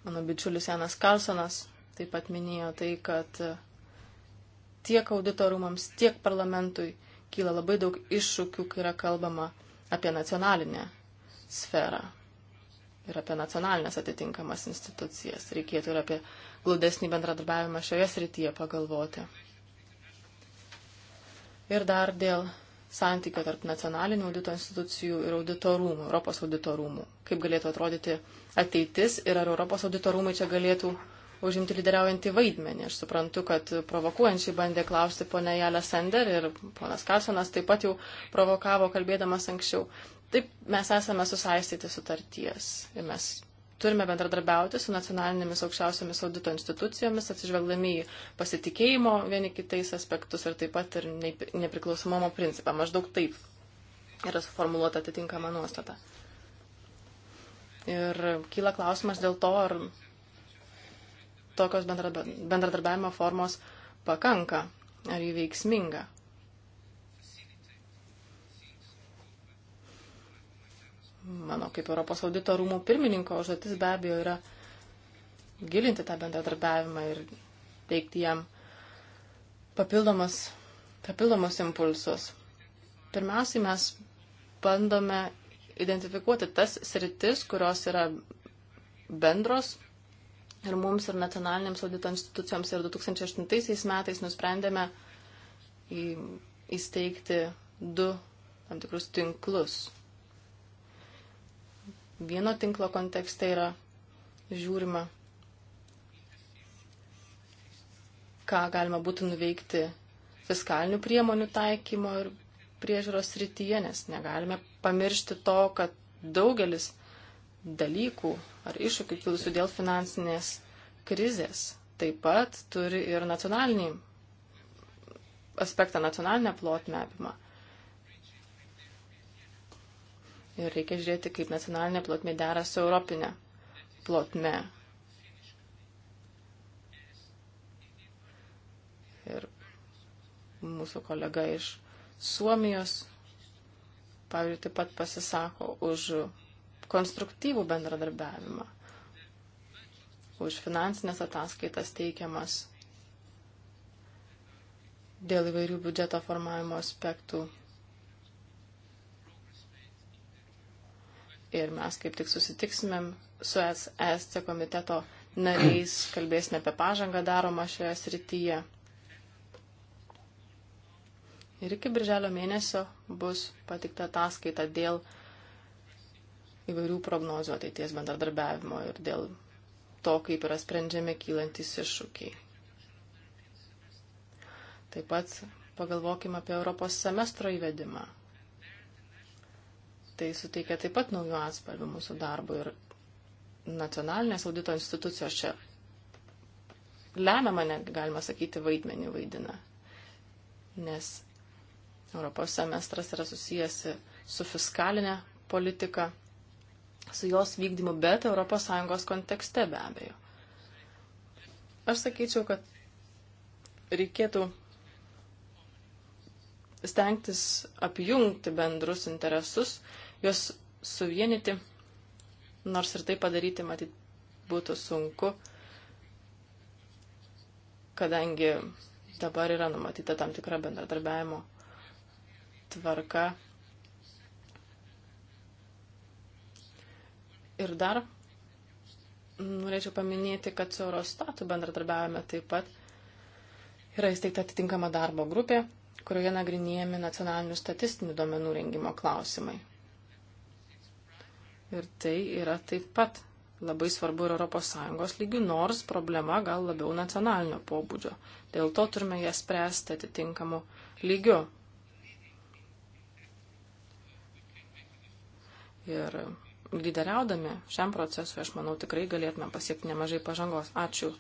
Mano bičiulis Janas Karlsonas taip pat minėjo tai, kad tiek auditorumams, tiek parlamentui kyla labai daug iššūkių, kai yra kalbama apie nacionalinę sferą ir apie nacionalinės atitinkamas institucijas. Reikėtų ir apie glaudesnį bendradarbiavimą šioje srityje pagalvoti. Ir dar dėl santykio tarp nacionalinių audito institucijų ir auditorumų, Europos auditorumų. Kaip galėtų atrodyti ateitis ir ar Europos auditorumai čia galėtų užimti lyderiaujantį vaidmenį. Aš suprantu, kad provokuojančiai bandė klausti ponia Jelė Sender ir ponas Karsonas taip pat jau provokavo kalbėdamas anksčiau. Taip mes esame susaistyti sutarties ir mes Turime bendradarbiauti su nacionalinėmis aukščiausiamis audito institucijomis, atsižvelgdami į pasitikėjimo vieni kitais aspektus ir taip pat ir nepriklausomumo principą. Maždaug taip yra suformuoluota atitinkama nuostata. Ir kyla klausimas dėl to, ar tokios bendradarbiavimo formos pakanka, ar jį veiksminga. mano kaip Europos audito rūmų pirmininko užduotis be abejo yra gilinti tą bendradarbiavimą ir teikti jam papildomas, papildomus impulsus. Pirmiausiai mes bandome identifikuoti tas sritis, kurios yra bendros ir mums ir nacionalinėms audito institucijoms ir 2008 metais nusprendėme į, įsteigti du tam tikrus tinklus vieno tinklo kontekste yra žiūrima, ką galima būtų nuveikti fiskalinių priemonių taikymo ir priežiūros srityje, nes negalime pamiršti to, kad daugelis dalykų ar iššūkių kilusių dėl finansinės krizės taip pat turi ir nacionalinį aspektą, nacionalinę plotmę apima. Ir reikia žiūrėti, kaip nacionalinė plotmė dera su europinė plotme. Ir mūsų kolega iš Suomijos, pavyzdžiui, taip pat pasisako už konstruktyvų bendradarbiavimą, už finansinės ataskaitas teikiamas dėl įvairių biudžeto formavimo aspektų ir mes kaip tik susitiksimėm su SC komiteto nariais, kalbėsime apie pažangą daromą šioje srityje. Ir iki birželio mėnesio bus patikta ataskaita dėl įvairių prognozių ateities bendradarbiavimo ir dėl to, kaip yra sprendžiami kylantis iššūkiai. Taip pat pagalvokime apie Europos semestro įvedimą tai suteikia taip pat naujų atspalvių mūsų darbui ir nacionalinės audito institucijos čia lemiamą, galima sakyti, vaidmenį vaidina. Nes Europos semestras yra susijęs su fiskalinė politika, su jos vykdymu, bet ES kontekste be abejo. Aš sakyčiau, kad reikėtų stengtis apjungti bendrus interesus juos suvienyti, nors ir tai padaryti, matyt, būtų sunku, kadangi dabar yra numatyta tam tikra bendradarbiavimo tvarka. Ir dar norėčiau paminėti, kad su Eurostatu bendradarbiavime taip pat yra įsteigta atitinkama darbo grupė, kurioje nagrinėjami nacionalinių statistinių duomenų rengimo klausimai. Ir tai yra taip pat labai svarbu ir ES lygių, nors problema gal labiau nacionalinio pobūdžio. Dėl to turime ją spręsti atitinkamu lygiu. Ir lyderiaudami šiam procesui, aš manau, tikrai galėtume pasiekti nemažai pažangos. Ačiū,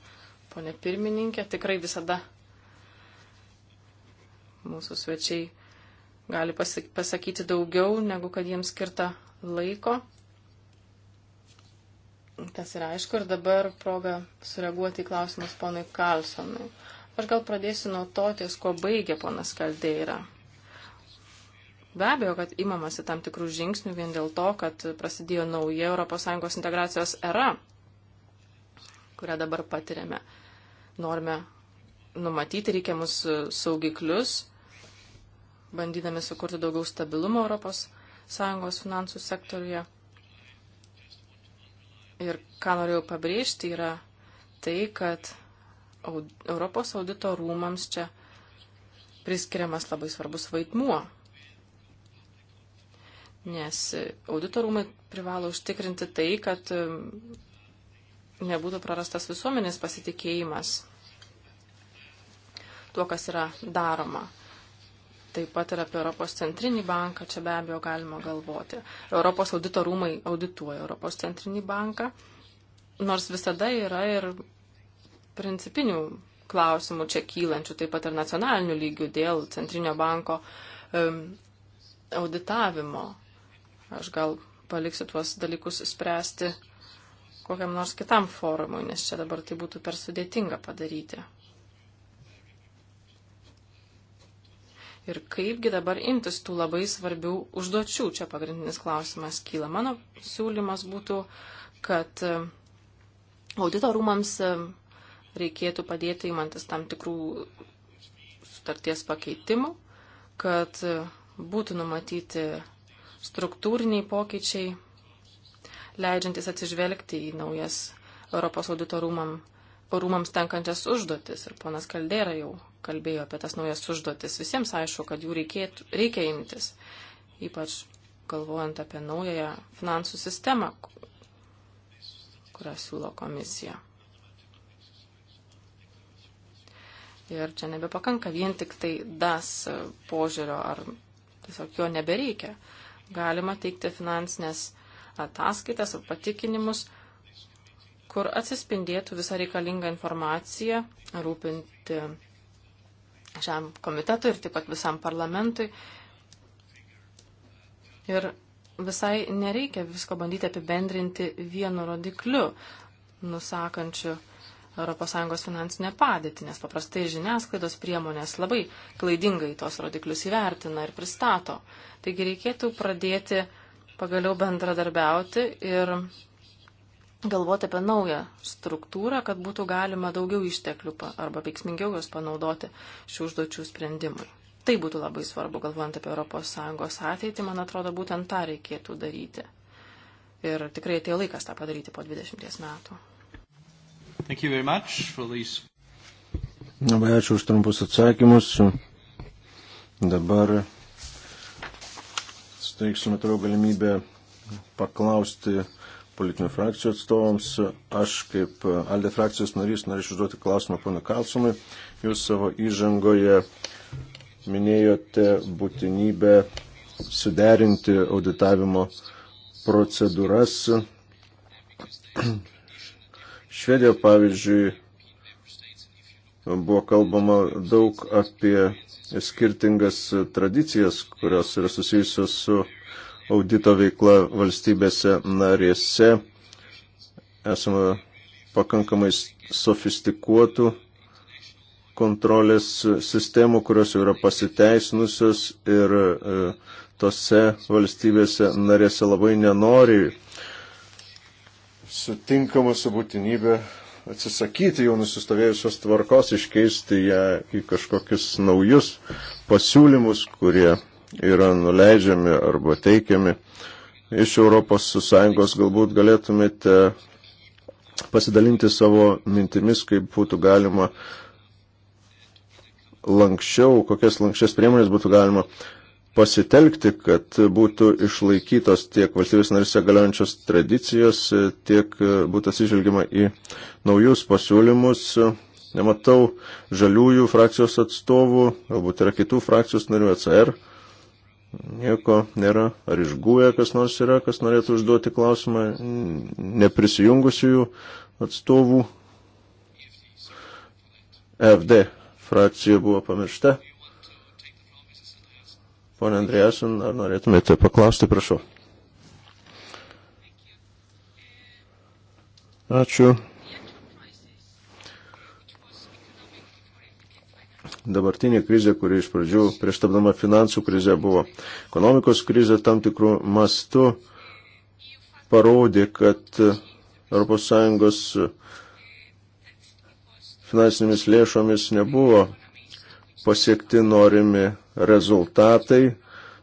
ponė pirmininkė. Tikrai visada mūsų svečiai gali pasakyti daugiau, negu kad jiems skirta laiko. Tas yra aišku ir dabar proga sureaguoti į klausimus ponui Karlsonui. Aš gal pradėsiu nuo to, ties ko baigė ponas Kaldeira. Be abejo, kad imamasi tam tikrų žingsnių vien dėl to, kad prasidėjo nauja ES integracijos era, kurią dabar patiriame. Norime numatyti reikiamus saugiklius, bandydami sukurti daugiau stabilumo ES finansų sektoriuje Ir ką norėjau pabrėžti yra tai, kad Europos audito rūmams čia priskiriamas labai svarbus vaidmuo. Nes audito rūmai privalo užtikrinti tai, kad um, nebūtų prarastas visuomenės pasitikėjimas tuo, kas yra daroma taip pat ir apie Europos centrinį banką, čia be abejo galima galvoti. Europos audito rūmai audituoja Europos centrinį banką, nors visada yra ir principinių klausimų čia kylančių, taip pat ir nacionalinių lygių dėl centrinio banko um, auditavimo. Aš gal paliksiu tuos dalykus spręsti kokiam nors kitam forumui, nes čia dabar tai būtų per sudėtinga padaryti. ir kaipgi dabar imtis tų labai svarbių užduočių. Čia pagrindinis klausimas kyla. Mano siūlymas būtų, kad e, audito rūmams e, reikėtų padėti įmantis tam tikrų sutarties pakeitimų, kad e, būtų numatyti struktūriniai pokyčiai, leidžiantis atsižvelgti į naujas Europos audito rūmam, rūmams tenkančias užduotis. Ir ponas Kaldera jau kalbėjo apie tas naujas užduotis. Visiems aišku, kad jų reikėtų, reikia imtis, ypač galvojant apie naująją finansų sistemą, kurią siūlo komisija. Ir čia nebepakanka vien tik tai das požiūrio ar tiesiog jo nebereikia. Galima teikti finansinės ataskaitas ar patikinimus, kur atsispindėtų visa reikalinga informacija, rūpinti šiam komitetui ir taip pat visam parlamentui. Ir visai nereikia visko bandyti apibendrinti vienu rodikliu, nusakančiu ES finansinę padėtį, nes paprastai žiniasklaidos priemonės labai klaidingai tos rodiklius įvertina ir pristato. Taigi reikėtų pradėti pagaliau bendradarbiauti ir galvoti apie naują struktūrą, kad būtų galima daugiau išteklių arba veiksmingiau juos panaudoti šių užduočių sprendimui. Tai būtų labai svarbu, galvojant apie ES ateitį, man atrodo, būtent tą reikėtų daryti. Ir tikrai atėjo laikas tą padaryti po 20 metų. Labai ačiū už trumpus atsakymus. Dabar steiksime toliau galimybę paklausti politinių frakcijų atstovams. Aš kaip Alde frakcijos narys norėčiau užduoti klausimą pana Kalsumui. Jūs savo įžangoje minėjote būtinybę suderinti auditavimo procedūras. Švedijoje, pavyzdžiui, buvo kalbama daug apie skirtingas tradicijas, kurios yra susijusios su audito veikla valstybėse narėse. Esame pakankamai sofistikuotų kontrolės sistemų, kurios jau yra pasiteisinusios ir e, tose valstybėse narėse labai nenori sutinkama su būtinybė atsisakyti jau nusistovėjusios tvarkos, iškeisti ją į kažkokius naujus pasiūlymus, kurie yra nuleidžiami arba teikiami iš ES, galbūt galėtumėte pasidalinti savo mintimis, kaip būtų galima lankščiau, kokias lankščias priemonės būtų galima pasitelkti, kad būtų išlaikytos tiek valstybės narise galiojančios tradicijos, tiek būtų atsižvelgiama į naujus pasiūlymus. Nematau žaliųjų frakcijos atstovų, galbūt yra kitų frakcijos narių ECR nieko nėra, ar išgūję e kas nors yra, kas norėtų užduoti klausimą neprisijungusiųjų atstovų. FD frakcija buvo pamiršta. Pone Andrėjasin, ar norėtumėte paklausti, prašau. Ačiū. dabartinė krizė, kuri iš pradžių prieš tapdama finansų krizė buvo ekonomikos krizė tam tikrų mastų, parodė, kad ES finansinėmis lėšomis nebuvo pasiekti norimi rezultatai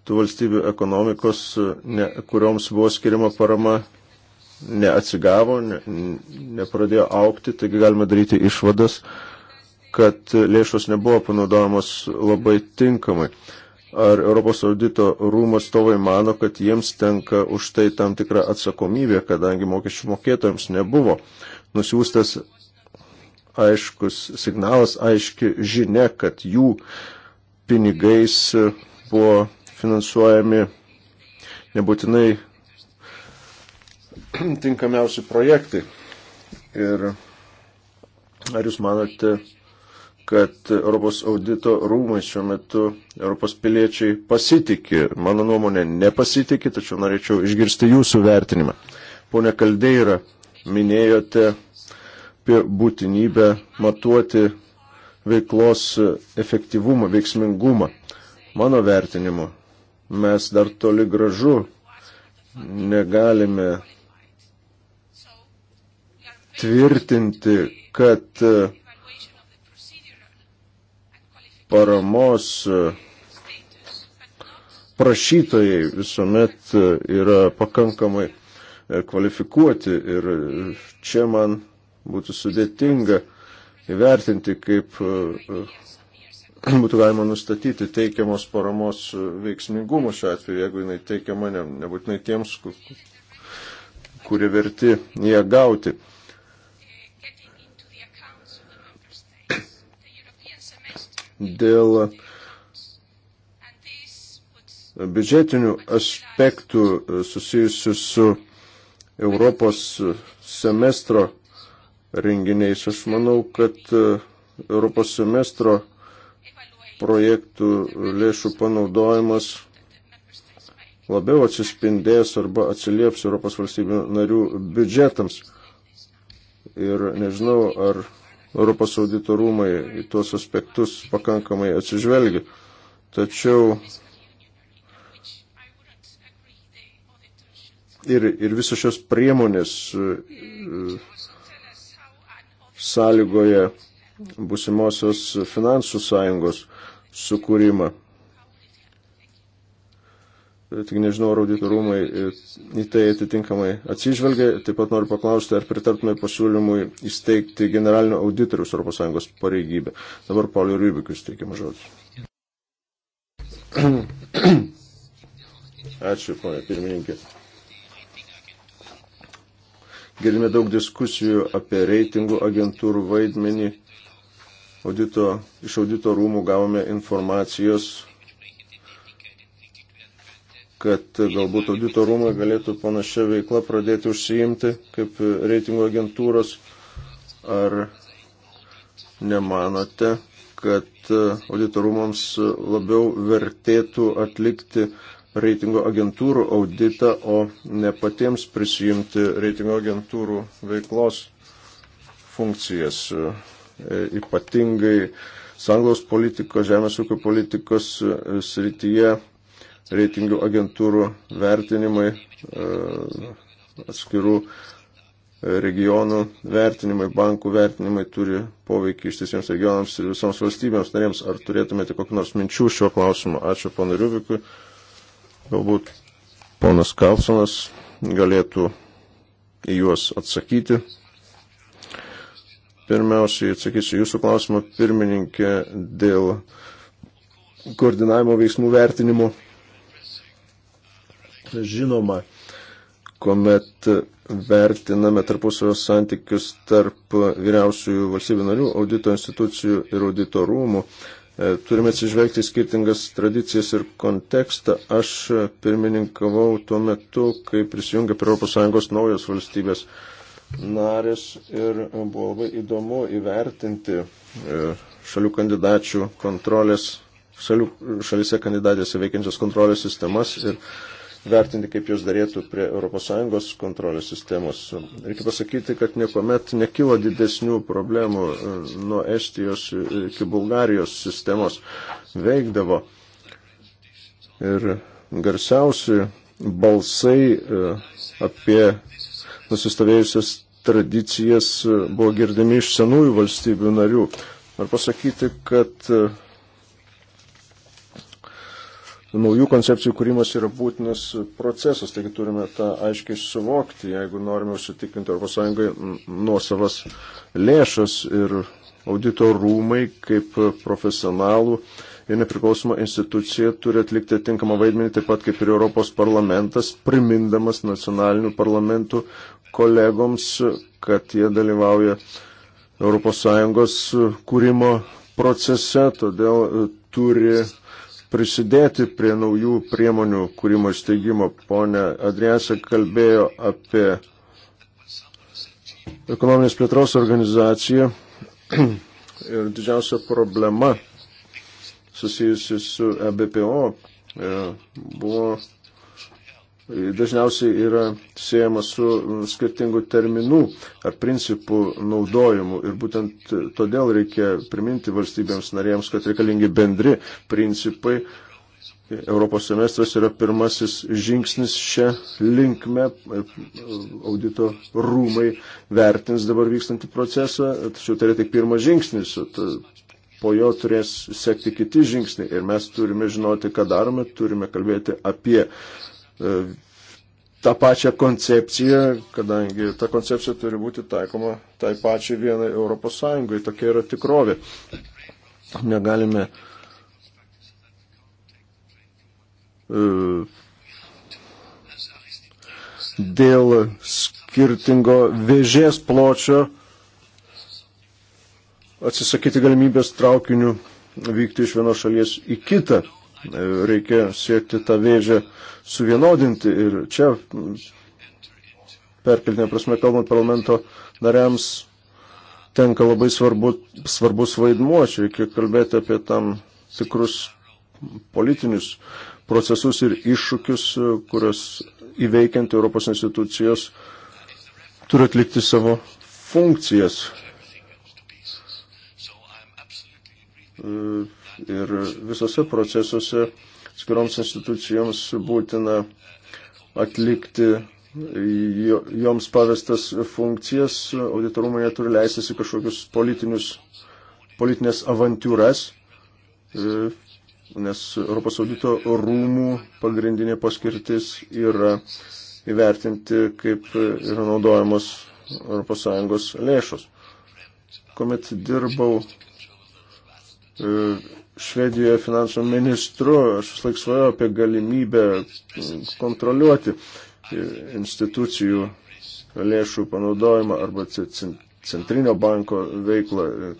tų valstybių ekonomikos, ne, kurioms buvo skiriama parama, neatsigavo, ne, nepradėjo aukti, taigi galima daryti išvadas, kad lėšos nebuvo panaudojamos labai tinkamai. Ar Europos audito rūmų atstovai mano, kad jiems tenka už tai tam tikrą atsakomybę, kadangi mokesčių mokėtojams nebuvo nusiųstas aiškus signalas, aiški žinia, kad jų pinigais buvo finansuojami nebūtinai tinkamiausi projektai. Ir ar jūs manote, kad Europos audito rūmai šiuo metu Europos piliečiai pasitikė. Mano nuomonė nepasitikė, tačiau norėčiau išgirsti jūsų vertinimą. Pone Kaldeira, minėjote apie būtinybę matuoti veiklos efektyvumą, veiksmingumą. Mano vertinimu, mes dar toli gražu negalime tvirtinti, kad uh, paramos e, prašytojai visuomet e, yra pakankamai e, kvalifikuoti ir čia man būtų sudėtinga įvertinti, kaip būtų galima nustatyti teikiamos paramos veiksmingumą šiuo atveju, jeigu jinai teikiama ne, nebūtinai tiems, kurie verti ją gauti. dėl biudžetinių aspektų susijusių su Europos semestro renginiais. Aš manau, kad Europos semestro projektų lėšų panaudojimas labiau atsispindės arba atsilieps Europos valstybių narių biudžetams. Ir nežinau, ar Europos audito rūmai į tuos aspektus pakankamai atsižvelgia. Tačiau ir, ir visos šios priemonės e, sąlygoje busimosios finansų sąjungos sukūrimą tik nežinau, ar auditorumai į tai atitinkamai atsižvelgia. Taip pat noriu paklausti, ar pritartume pasiūlymui įsteigti generalinio auditorius ES pareigybę. Dabar Paulio Rybikius teikiamas žodis. Ačiū, ponė pirmininkė. Girdime daug diskusijų apie reitingų agentūrų vaidmenį. Audito, iš audito rūmų gavome informacijos kad galbūt auditorumai galėtų panašią veiklą pradėti užsiimti kaip reitingo agentūros. Ar nemanote, kad auditorumams labiau vertėtų atlikti reitingo agentūrų auditą, o ne patiems prisijimti reitingo agentūrų veiklos funkcijas, e, ypatingai sanglaus politikos, žemės ūkio politikos e, srityje reitingų agentūrų vertinimai, e, atskirų regionų vertinimai, bankų vertinimai turi poveikį ištisiems regionams ir visoms valstybėms narėms. Ar turėtumėte kokį nors minčių šiuo klausimu? Ačiū ponui Riubikui. Galbūt ponas Kalsonas galėtų į juos atsakyti. Pirmiausiai atsakysiu jūsų klausimą pirmininkė dėl koordinavimo veiksmų vertinimo Žinoma, kuomet vertiname tarpusavio santykius tarp vyriausiųjų valstybių narių, audito institucijų ir audito rūmų, e, turime atsižvelgti skirtingas tradicijas ir kontekstą. Aš pirmininkavau tuo metu, kai prisijungė prie ES naujos valstybės narės ir buvo labai įdomu įvertinti e, šalių kandidačių kontrolės, šalių, šalise kandidatėse veikiančias kontrolės sistemas ir vertinti, kaip jos darėtų prie ES kontrolės sistemos. Reikia pasakyti, kad niekuomet nekilo didesnių problemų e, nuo Estijos iki Bulgarijos sistemos veikdavo. Ir garsiausi balsai e, apie nusistovėjusias tradicijas e, buvo girdimi iš senųjų valstybių narių. Ar pasakyti, kad naujų koncepcijų kūrimas yra būtinas procesas, taigi turime tą aiškiai suvokti, jeigu norime užsitikrinti ES nuosavas lėšas ir audito rūmai kaip profesionalų ir nepriklausoma institucija turi atlikti tinkamą vaidmenį, taip pat kaip ir Europos parlamentas, primindamas nacionalinių parlamentų kolegoms, kad jie dalyvauja ES kūrimo procese, todėl e, turi prisidėti prie naujų priemonių kūrimo steigimo. Pone Adriasa kalbėjo apie ekonominės plėtros organizaciją ir didžiausia problema susijusi su EBPO e, buvo dažniausiai yra siejama su skirtingų terminų ar principų naudojimu. Ir būtent todėl reikia priminti valstybėms narėms, kad reikalingi bendri principai. Europos semestras yra pirmasis žingsnis šią linkmę. Audito rūmai vertins dabar vykstantį procesą, tačiau tai yra tik pirmas žingsnis po jo turės sekti kiti žingsniai. Ir mes turime žinoti, ką darome, turime kalbėti apie E, tą pačią koncepciją, kadangi ta koncepcija turi būti taikoma tai pačiai vienai Europos Sąjungai. Tokia yra tikrovė. Negalime e, dėl skirtingo vėžės pločio atsisakyti galimybės traukiniu vykti iš vienos šalies į kitą reikia siekti tą vėžę suvienodinti ir čia perkeltinė prasme kalbant parlamento nariams tenka labai svarbu, svarbus vaidmuo, čia reikia kalbėti apie tam tikrus politinius procesus ir iššūkius, kurios įveikiant Europos institucijos turi atlikti savo funkcijas. E, Ir visose procesuose skiroms institucijoms būtina atlikti joms pavestas funkcijas, auditorumai neturi leistis į kažkokius politinius, politinės avantūras, e, nes Europos audito rūmų pagrindinė paskirtis yra įvertinti, kaip yra naudojamos ES lėšos. Komet dirbau E, Švedijoje finansų ministru, aš vis laik svajojau apie galimybę kontroliuoti e, institucijų lėšų panaudojimą arba centrinio banko veiklą, e,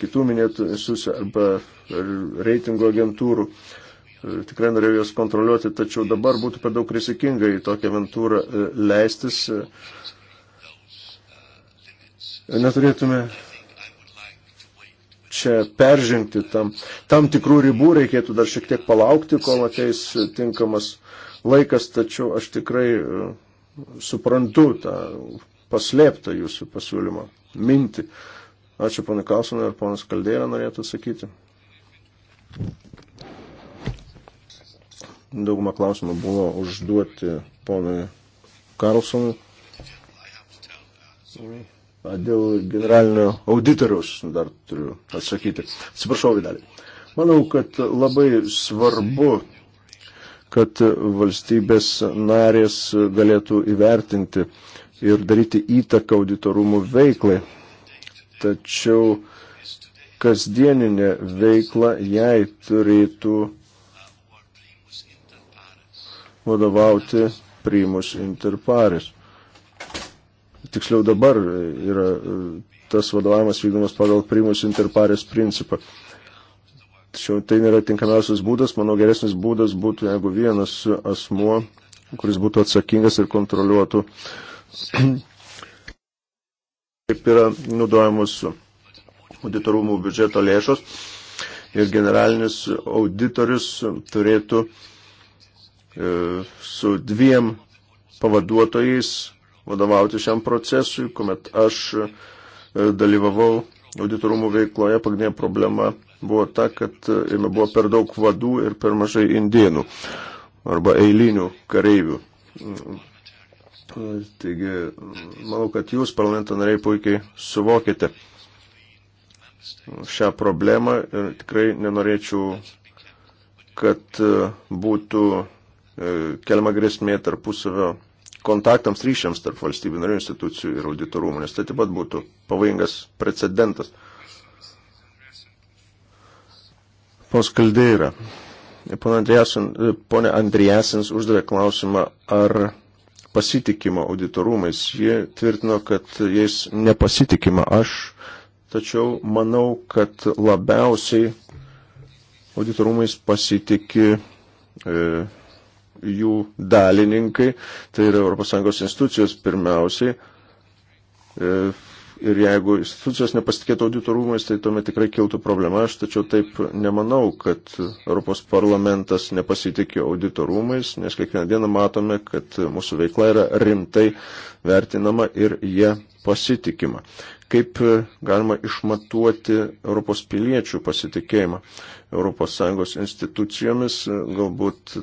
kitų minėtų institucijų arba reitingo agentūrų. Tikrai norėjau juos kontroliuoti, tačiau dabar būtų per daug rizikinga į tokią aventūrą leistis. Neturėtume čia peržengti tam, tam tikrų ribų, reikėtų dar šiek tiek palaukti, kol ateis tinkamas laikas, tačiau aš tikrai e, suprantu tą paslėptą jūsų pasiūlymą, mintį. Ačiū ponai Kalsonai ir ponas Kaldėra norėtų sakyti. Daugumą klausimų buvo užduoti ponui Karlsonui dėl generalinio auditoriaus dar turiu atsakyti. Atsiprašau, Vidalį. Manau, kad labai svarbu, kad valstybės narės galėtų įvertinti ir daryti įtaką auditorumų veiklai. Tačiau kasdieninė veikla jai turėtų vadovauti primus interparis tiksliau dabar yra e, tas vadovavimas vykdomas pagal primus interparės principą. Tačiau tai nėra tinkamiausias būdas, mano geresnis būdas būtų, jeigu vienas asmuo, kuris būtų atsakingas ir kontroliuotų, kaip yra naudojamos auditorumų biudžeto lėšos ir generalinis auditorius turėtų e, su dviem pavaduotojais vadovauti šiam procesui, kuomet aš e, dalyvavau auditorumų veikloje, pagrindinė problema buvo ta, kad e, jame buvo per daug vadų ir per mažai indienų arba eilinių kareivių. E, taigi, manau, kad jūs, parlamento nariai, puikiai suvokite šią problemą ir tikrai nenorėčiau, kad būtų keliama grėsmė tarpusavio kontaktams ryšiams tarp valstybių narių institucijų ir auditorumų, nes tai taip pat būtų pavojingas precedentas. Pons Kaldeira. Pone Andriasins uždavė klausimą, ar pasitikimo auditorumais. Jie tvirtino, kad jais nepasitikima aš, tačiau manau, kad labiausiai auditorumais pasitikė e, jų dalininkai, tai yra ES institucijos pirmiausiai. E, ir jeigu institucijos nepasitikėtų auditorumais, tai tuomet tikrai kiltų problema. Aš tačiau taip nemanau, kad Europos parlamentas nepasitikė auditorumais, nes kiekvieną dieną matome, kad mūsų veikla yra rimtai vertinama ir jie pasitikima kaip e, galima išmatuoti Europos piliečių pasitikėjimą ES institucijomis. E, galbūt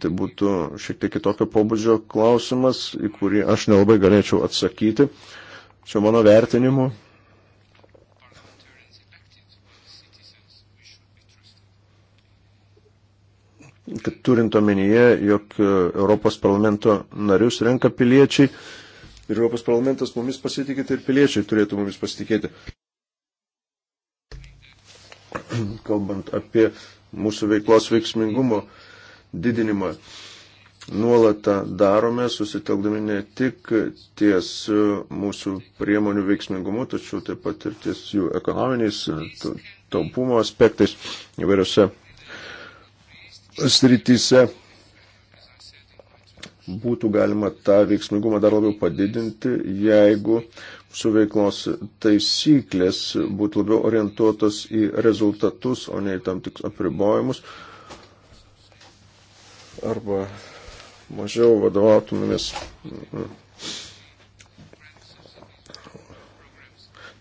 tai būtų šiek tiek kitokio pobūdžio klausimas, į kurį aš nelabai galėčiau atsakyti. Čia mano vertinimu. kad turint omenyje, jog Europos parlamento narius renka piliečiai, Ir Europos parlamentas mumis pasitikė, tai ir piliečiai turėtų mumis pasitikėti. Kalbant apie mūsų veiklos veiksmingumo didinimą, nuolat tą darome, susitelkdami ne tik ties mūsų priemonių veiksmingumu, tačiau taip pat ir ties jų ekonominiais taupumo aspektais įvairiose srityse būtų galima tą veiksmingumą dar labiau padidinti, jeigu su veiklos taisyklės būtų labiau orientuotos į rezultatus, o ne į tam tikrus apribojimus. Arba mažiau vadovautumėmės.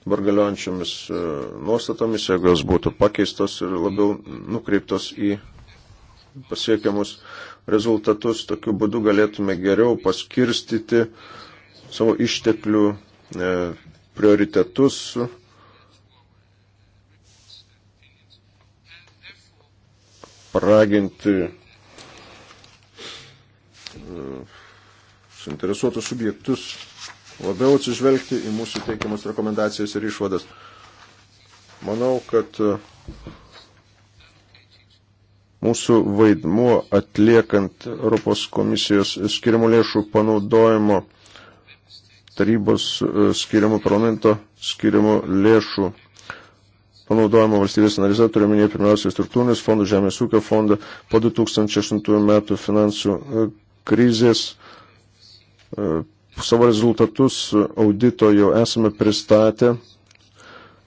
Dabar galiojančiomis e, nuostatomis, jeigu jos būtų pakeistos ir labiau nukreiptos į pasiekiamus rezultatus, tokiu būdu galėtume geriau paskirstyti savo išteklių e, prioritetus. Paraginti e, suinteresuotus subjektus labiau atsižvelgti į mūsų teikiamas rekomendacijas ir išvadas. Manau, kad mūsų vaidmuo atliekant Europos komisijos skiriamų lėšų panaudojimo tarybos e, skiriamų parlamento skiriamų lėšų panaudojimo valstybės analizę turime minėti pirmiausiai struktūrinis fondų žemės ūkio fondą po 2008 metų finansų e, krizės e, savo rezultatus audito jau esame pristatę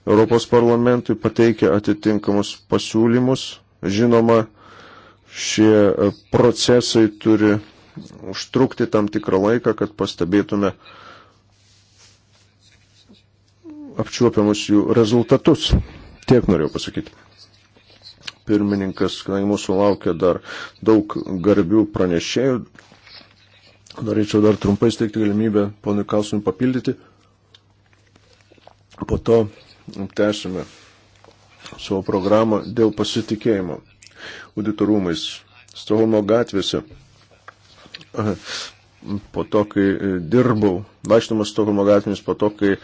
Europos parlamentui pateikę atitinkamus pasiūlymus žinoma šie e, procesai turi užtrukti tam tikrą laiką, kad pastebėtume apčiuopiamus jų rezultatus. Tiek norėjau pasakyti. Pirmininkas, kadangi mūsų laukia dar daug garbių pranešėjų, norėčiau dar trumpai steigti galimybę ponui Kalsumui papildyti. Po to tęsime savo programą dėl pasitikėjimo auditorumais Stokholmo gatvėse. Po to, kai e, dirbau, vaikštamas Stokholmo gatvėmis, po to, kai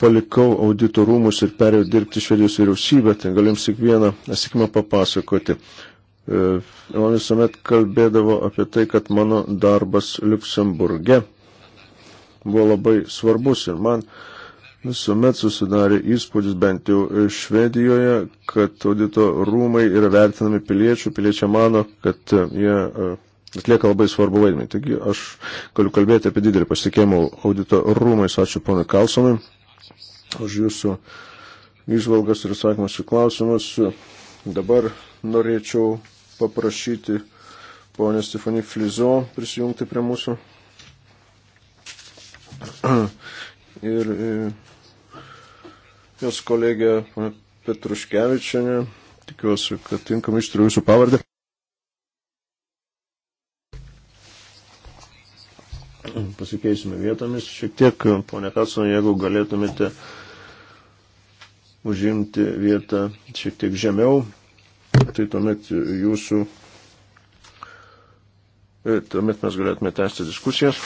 palikau auditorumus ir perėjau dirbti švedijos vyriausybę, ten galim tik vieną esikimą papasakoti. E, man visuomet kalbėdavo apie tai, kad mano darbas Luksemburge buvo labai svarbus ir man uh, Visuomet susidarė įspūdis bent jau Švedijoje, kad audito rūmai yra vertinami piliečių, piliečiai mano, kad e, jie e, atlieka labai svarbu vaidmenį. Taigi aš galiu kalbėti apie didelį pasitikėjimą audito rūmais. Ačiū ponui Kalsonui už jūsų išvalgas ir sakymus į klausimus. Dabar norėčiau paprašyti ponę Stefanį Flizo prisijungti prie mūsų. ir e, jos kolegė Petruškevičianė. Tikiuosi, kad tinkamai ištariu jūsų pavardę. Pasikeisime vietomis šiek tiek. Pone Katsono, jeigu galėtumėte užimti vietą šiek tiek žemiau, tai tuomet jūsų, tuomet mes galėtume tęsti diskusijas.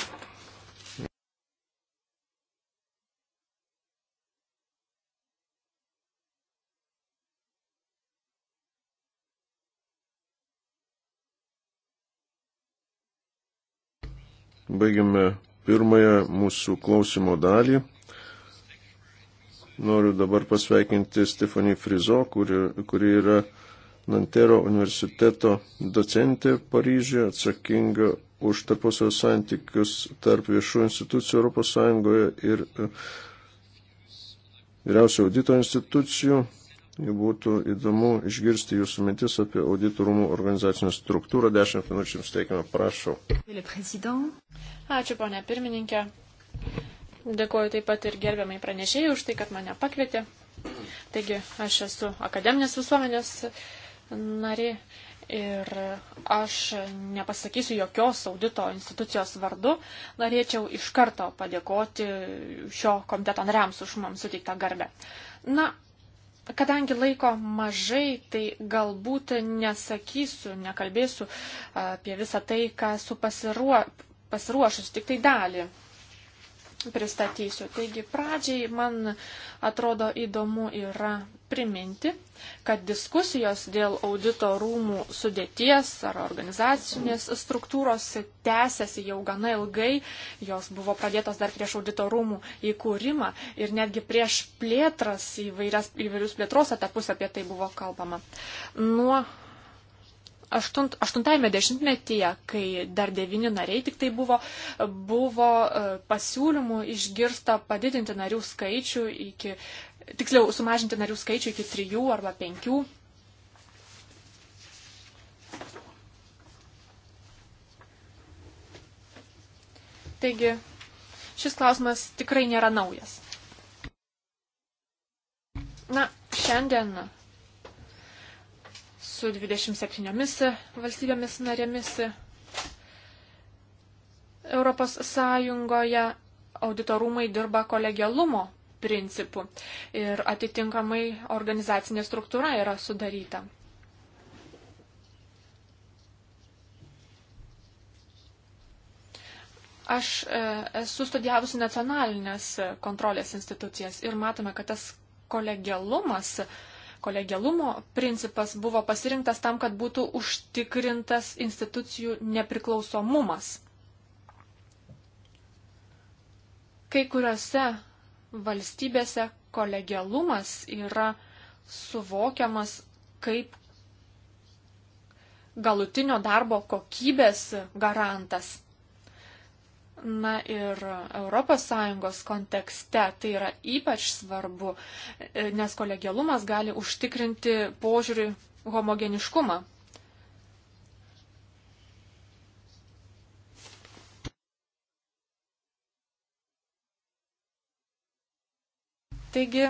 Baigiame pirmąją mūsų klausimo dalį. Noriu dabar pasveikinti Stefanį Frizo, kuri, kuri yra Nantero universiteto docentė Paryžiuje, atsakinga už tarpusavio santykius tarp viešų institucijų ES ir e, vyriausio audito institucijų. Būtų įdomu išgirsti jūsų mintis apie auditorumų organizacinę struktūrą. Dešimt minučių jums teikime, prašau. Ačiū, ponė pirmininkė. Dėkuoju taip pat ir gerbiamai pranešėjai už tai, kad mane pakvietė. Taigi, aš esu akademinės visuomenės nari ir aš nepasakysiu jokios audito institucijos vardu. Norėčiau iš karto padėkoti šio komiteto nariams už mums suteiktą garbę. Na, Kadangi laiko mažai, tai galbūt nesakysiu, nekalbėsiu apie visą tai, ką esu pasiruo, pasiruošus, tik tai dalį pristatysiu. Taigi pradžiai man atrodo įdomu yra priminti, kad diskusijos dėl audito rūmų sudėties ar organizacinės struktūros tęsiasi jau gana ilgai, jos buvo pradėtos dar prieš audito rūmų įkūrimą ir netgi prieš plėtras įvairias, įvairius plėtros etapus apie tai buvo kalbama. Nuo 80-ame dešimtmetyje, kai dar devyni nariai tik tai buvo, buvo e, pasiūlymų išgirsta padidinti narių skaičių iki tiksliau, sumažinti narių skaičių iki trijų arba penkių. Taigi, šis klausimas tikrai nėra naujas. Na, šiandien su 27 valstybėmis narėmis Europos Sąjungoje auditorumai dirba kolegialumo principų ir atitinkamai organizacinė struktūra yra sudaryta. Aš e, esu studijavusi nacionalinės kontrolės institucijas ir matome, kad tas kolegialumas, kolegialumo principas buvo pasirinktas tam, kad būtų užtikrintas institucijų nepriklausomumas. Kai kuriuose valstybėse kolegialumas yra suvokiamas kaip galutinio darbo kokybės garantas. Na ir ES kontekste tai yra ypač svarbu, e, nes kolegialumas gali užtikrinti požiūrį homogeniškumą. Taigi,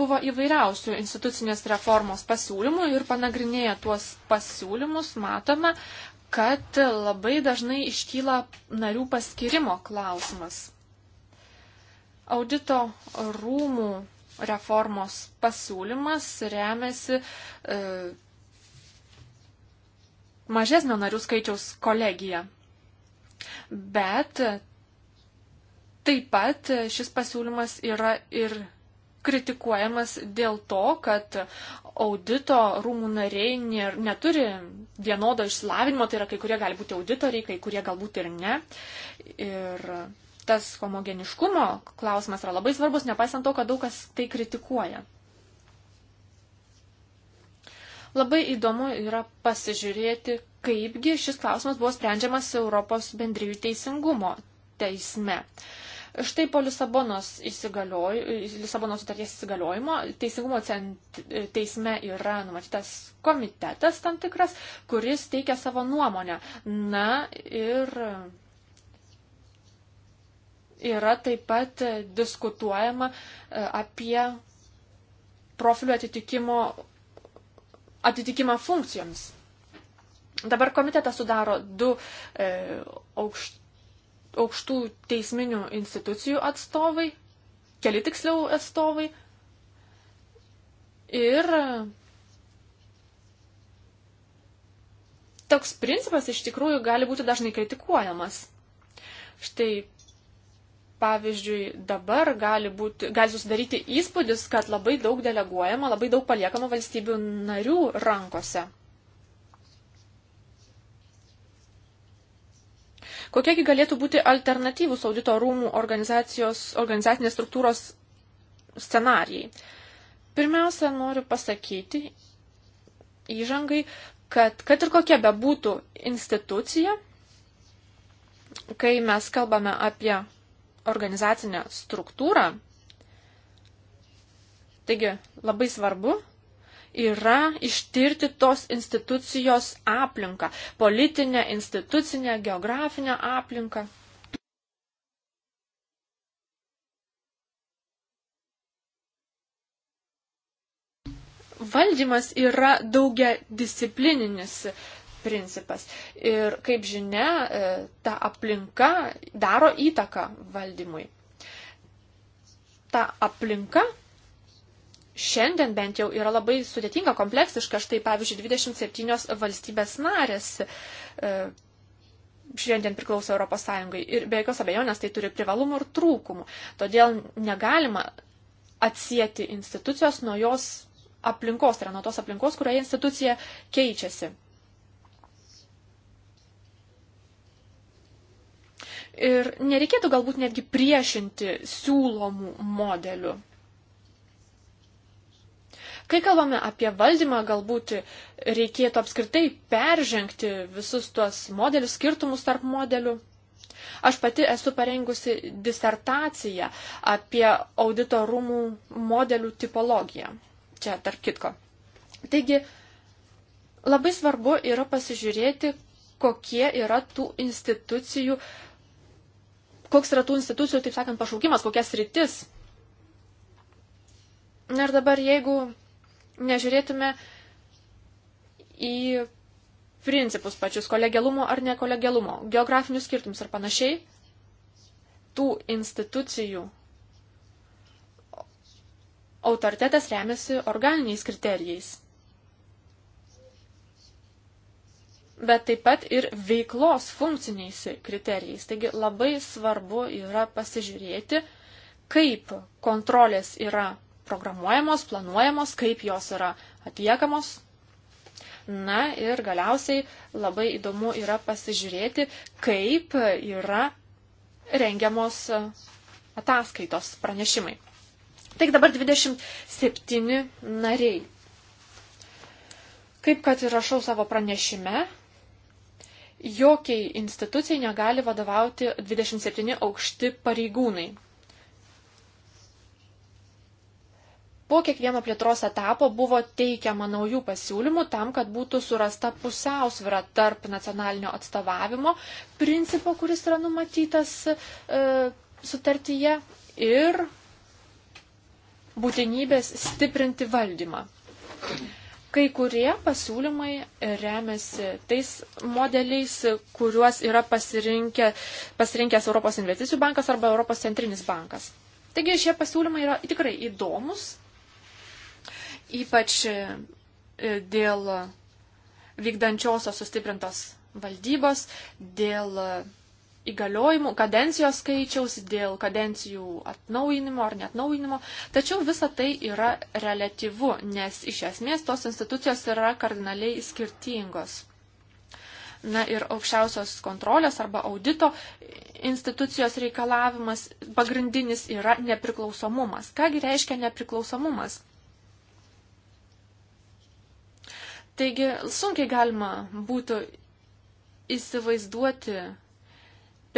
buvo įvairiausių institucinės reformos pasiūlymų ir panagrinėję tuos pasiūlymus matome, kad labai dažnai iškyla narių paskirimo klausimas. Audito rūmų reformos pasiūlymas remiasi e, mažesnio narių skaičiaus kolegija. Bet taip pat šis pasiūlymas yra ir kritikuojamas dėl to, kad audito rūmų nariai nėr, neturi vienodo išsilavinimo, tai yra kai kurie gali būti auditoriai, kai kurie galbūt ir ne. Ir tas homogeniškumo klausimas yra labai svarbus, nepaisant to, kad daug kas tai kritikuoja. Labai įdomu yra pasižiūrėti, kaipgi šis klausimas buvo sprendžiamas Europos bendrijų teisingumo teisme. Štai po Lisabonos, Lisabonos sutarties įsigaliojimo teisingumo cent, teisme yra numatytas komitetas tam tikras, kuris teikia savo nuomonę. Na ir yra taip pat diskutuojama e, apie profilių atitikimo, atitikimą funkcijoms. Dabar komitetą sudaro du e, aukšt, aukštų teisminių institucijų atstovai, keli tiksliau atstovai. Ir e, toks principas iš tikrųjų gali būti dažnai kritikuojamas. Štai, pavyzdžiui, dabar gali, būti, gali susidaryti įspūdis, kad labai daug deleguojama, labai daug paliekama valstybių narių rankose. Kokiegi galėtų būti alternatyvus audito rūmų organizacinės struktūros scenarijai? Pirmiausia, noriu pasakyti įžangai, kad kad ir kokia bebūtų institucija, kai mes kalbame apie organizacinę struktūrą, taigi labai svarbu yra ištirti tos institucijos aplinką - politinę, institucinę, geografinę aplinką. Valdymas yra daugia disciplininis principas. Ir kaip žinia, e, ta aplinka daro įtaką valdymui. Ta aplinka šiandien bent jau yra labai sudėtinga, kompleksiška. Štai, pavyzdžiui, 27 valstybės narės e, šiandien priklauso Europos Sąjungai. Ir be jokios abejonės tai turi privalumų ir trūkumų. Todėl negalima atsijėti institucijos nuo jos aplinkos, tai yra nuo tos aplinkos, kurioje institucija keičiasi. Ir nereikėtų galbūt netgi priešinti siūlomų modelių. Kai kalbame apie valdymą, galbūt reikėtų apskritai peržengti visus tuos modelius, skirtumus tarp modelių. Aš pati esu parengusi disertaciją apie audito rūmų modelių tipologiją. Čia tarp kitko. Taigi, labai svarbu yra pasižiūrėti, kokie yra tų institucijų, koks yra tų institucijų, taip sakant, pašaukimas, kokias rytis. Ir dabar, jeigu nežiūrėtume į principus pačius, kolegialumo ar nekolegialumo, geografinius skirtumus ar panašiai, tų institucijų autoritetas remiasi organiniais kriterijais. Bet taip pat ir veiklos funkciniais kriterijais. Taigi labai svarbu yra pasižiūrėti, kaip kontrolės yra programuojamos, planuojamos, kaip jos yra atliekamos. Na ir galiausiai labai įdomu yra pasižiūrėti, kaip yra rengiamos ataskaitos pranešimai. Taigi dabar 27 nariai. Kaip kad ir rašau savo pranešime, jokiai institucijai negali vadovauti 27 aukšti pareigūnai. Po kiekvieno plėtros etapo buvo teikiama naujų pasiūlymų tam, kad būtų surasta pusiausvyrą tarp nacionalinio atstovavimo principo, kuris yra numatytas e, sutartyje, ir būtinybės stiprinti valdymą. Kai kurie pasiūlymai remiasi tais modeliais, kuriuos yra pasirinkę, pasirinkęs Europos investicijų bankas arba Europos centrinis bankas. Taigi šie pasiūlymai yra tikrai įdomus ypač e, e, dėl vykdančiosios sustiprintos valdybos, dėl e, įgaliojimų, kadencijos skaičiaus, dėl kadencijų atnaujinimo ar netnaujinimo, tačiau visa tai yra relativu, nes iš esmės tos institucijos yra kardinaliai skirtingos. Na ir aukščiausios kontrolės arba audito institucijos reikalavimas pagrindinis yra nepriklausomumas. Kągi reiškia nepriklausomumas? Taigi sunkiai galima būtų įsivaizduoti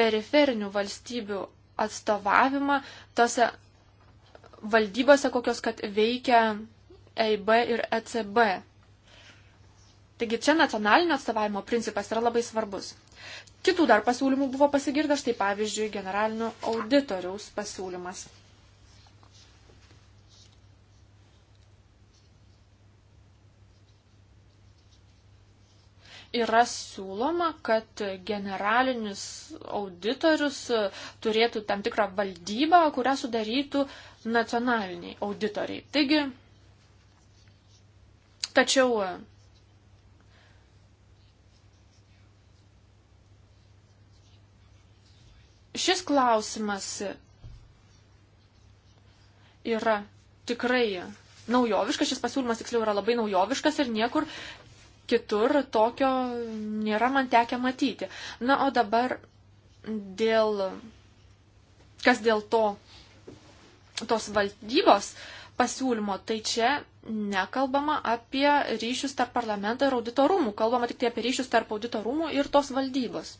periferinių valstybių atstovavimą tose valdybose, kokios kad veikia EIB ir ECB. Taigi čia nacionalinio atstovavimo principas yra labai svarbus. Kitų dar pasiūlymų buvo pasigirda, štai pavyzdžiui, generalinio auditoriaus pasiūlymas. yra siūloma, kad generalinis auditorius turėtų tam tikrą valdybą, kurią sudarytų nacionaliniai auditoriai. Taigi, tačiau šis klausimas yra tikrai naujoviškas, šis pasiūlymas tiksliau yra labai naujoviškas ir niekur kitur tokio nėra man tekę matyti. Na, o dabar dėl, kas dėl to, tos valdybos pasiūlymo, tai čia nekalbama apie ryšius tarp parlamento ir auditorumų, kalbama tik tai apie ryšius tarp auditorumų ir tos valdybos.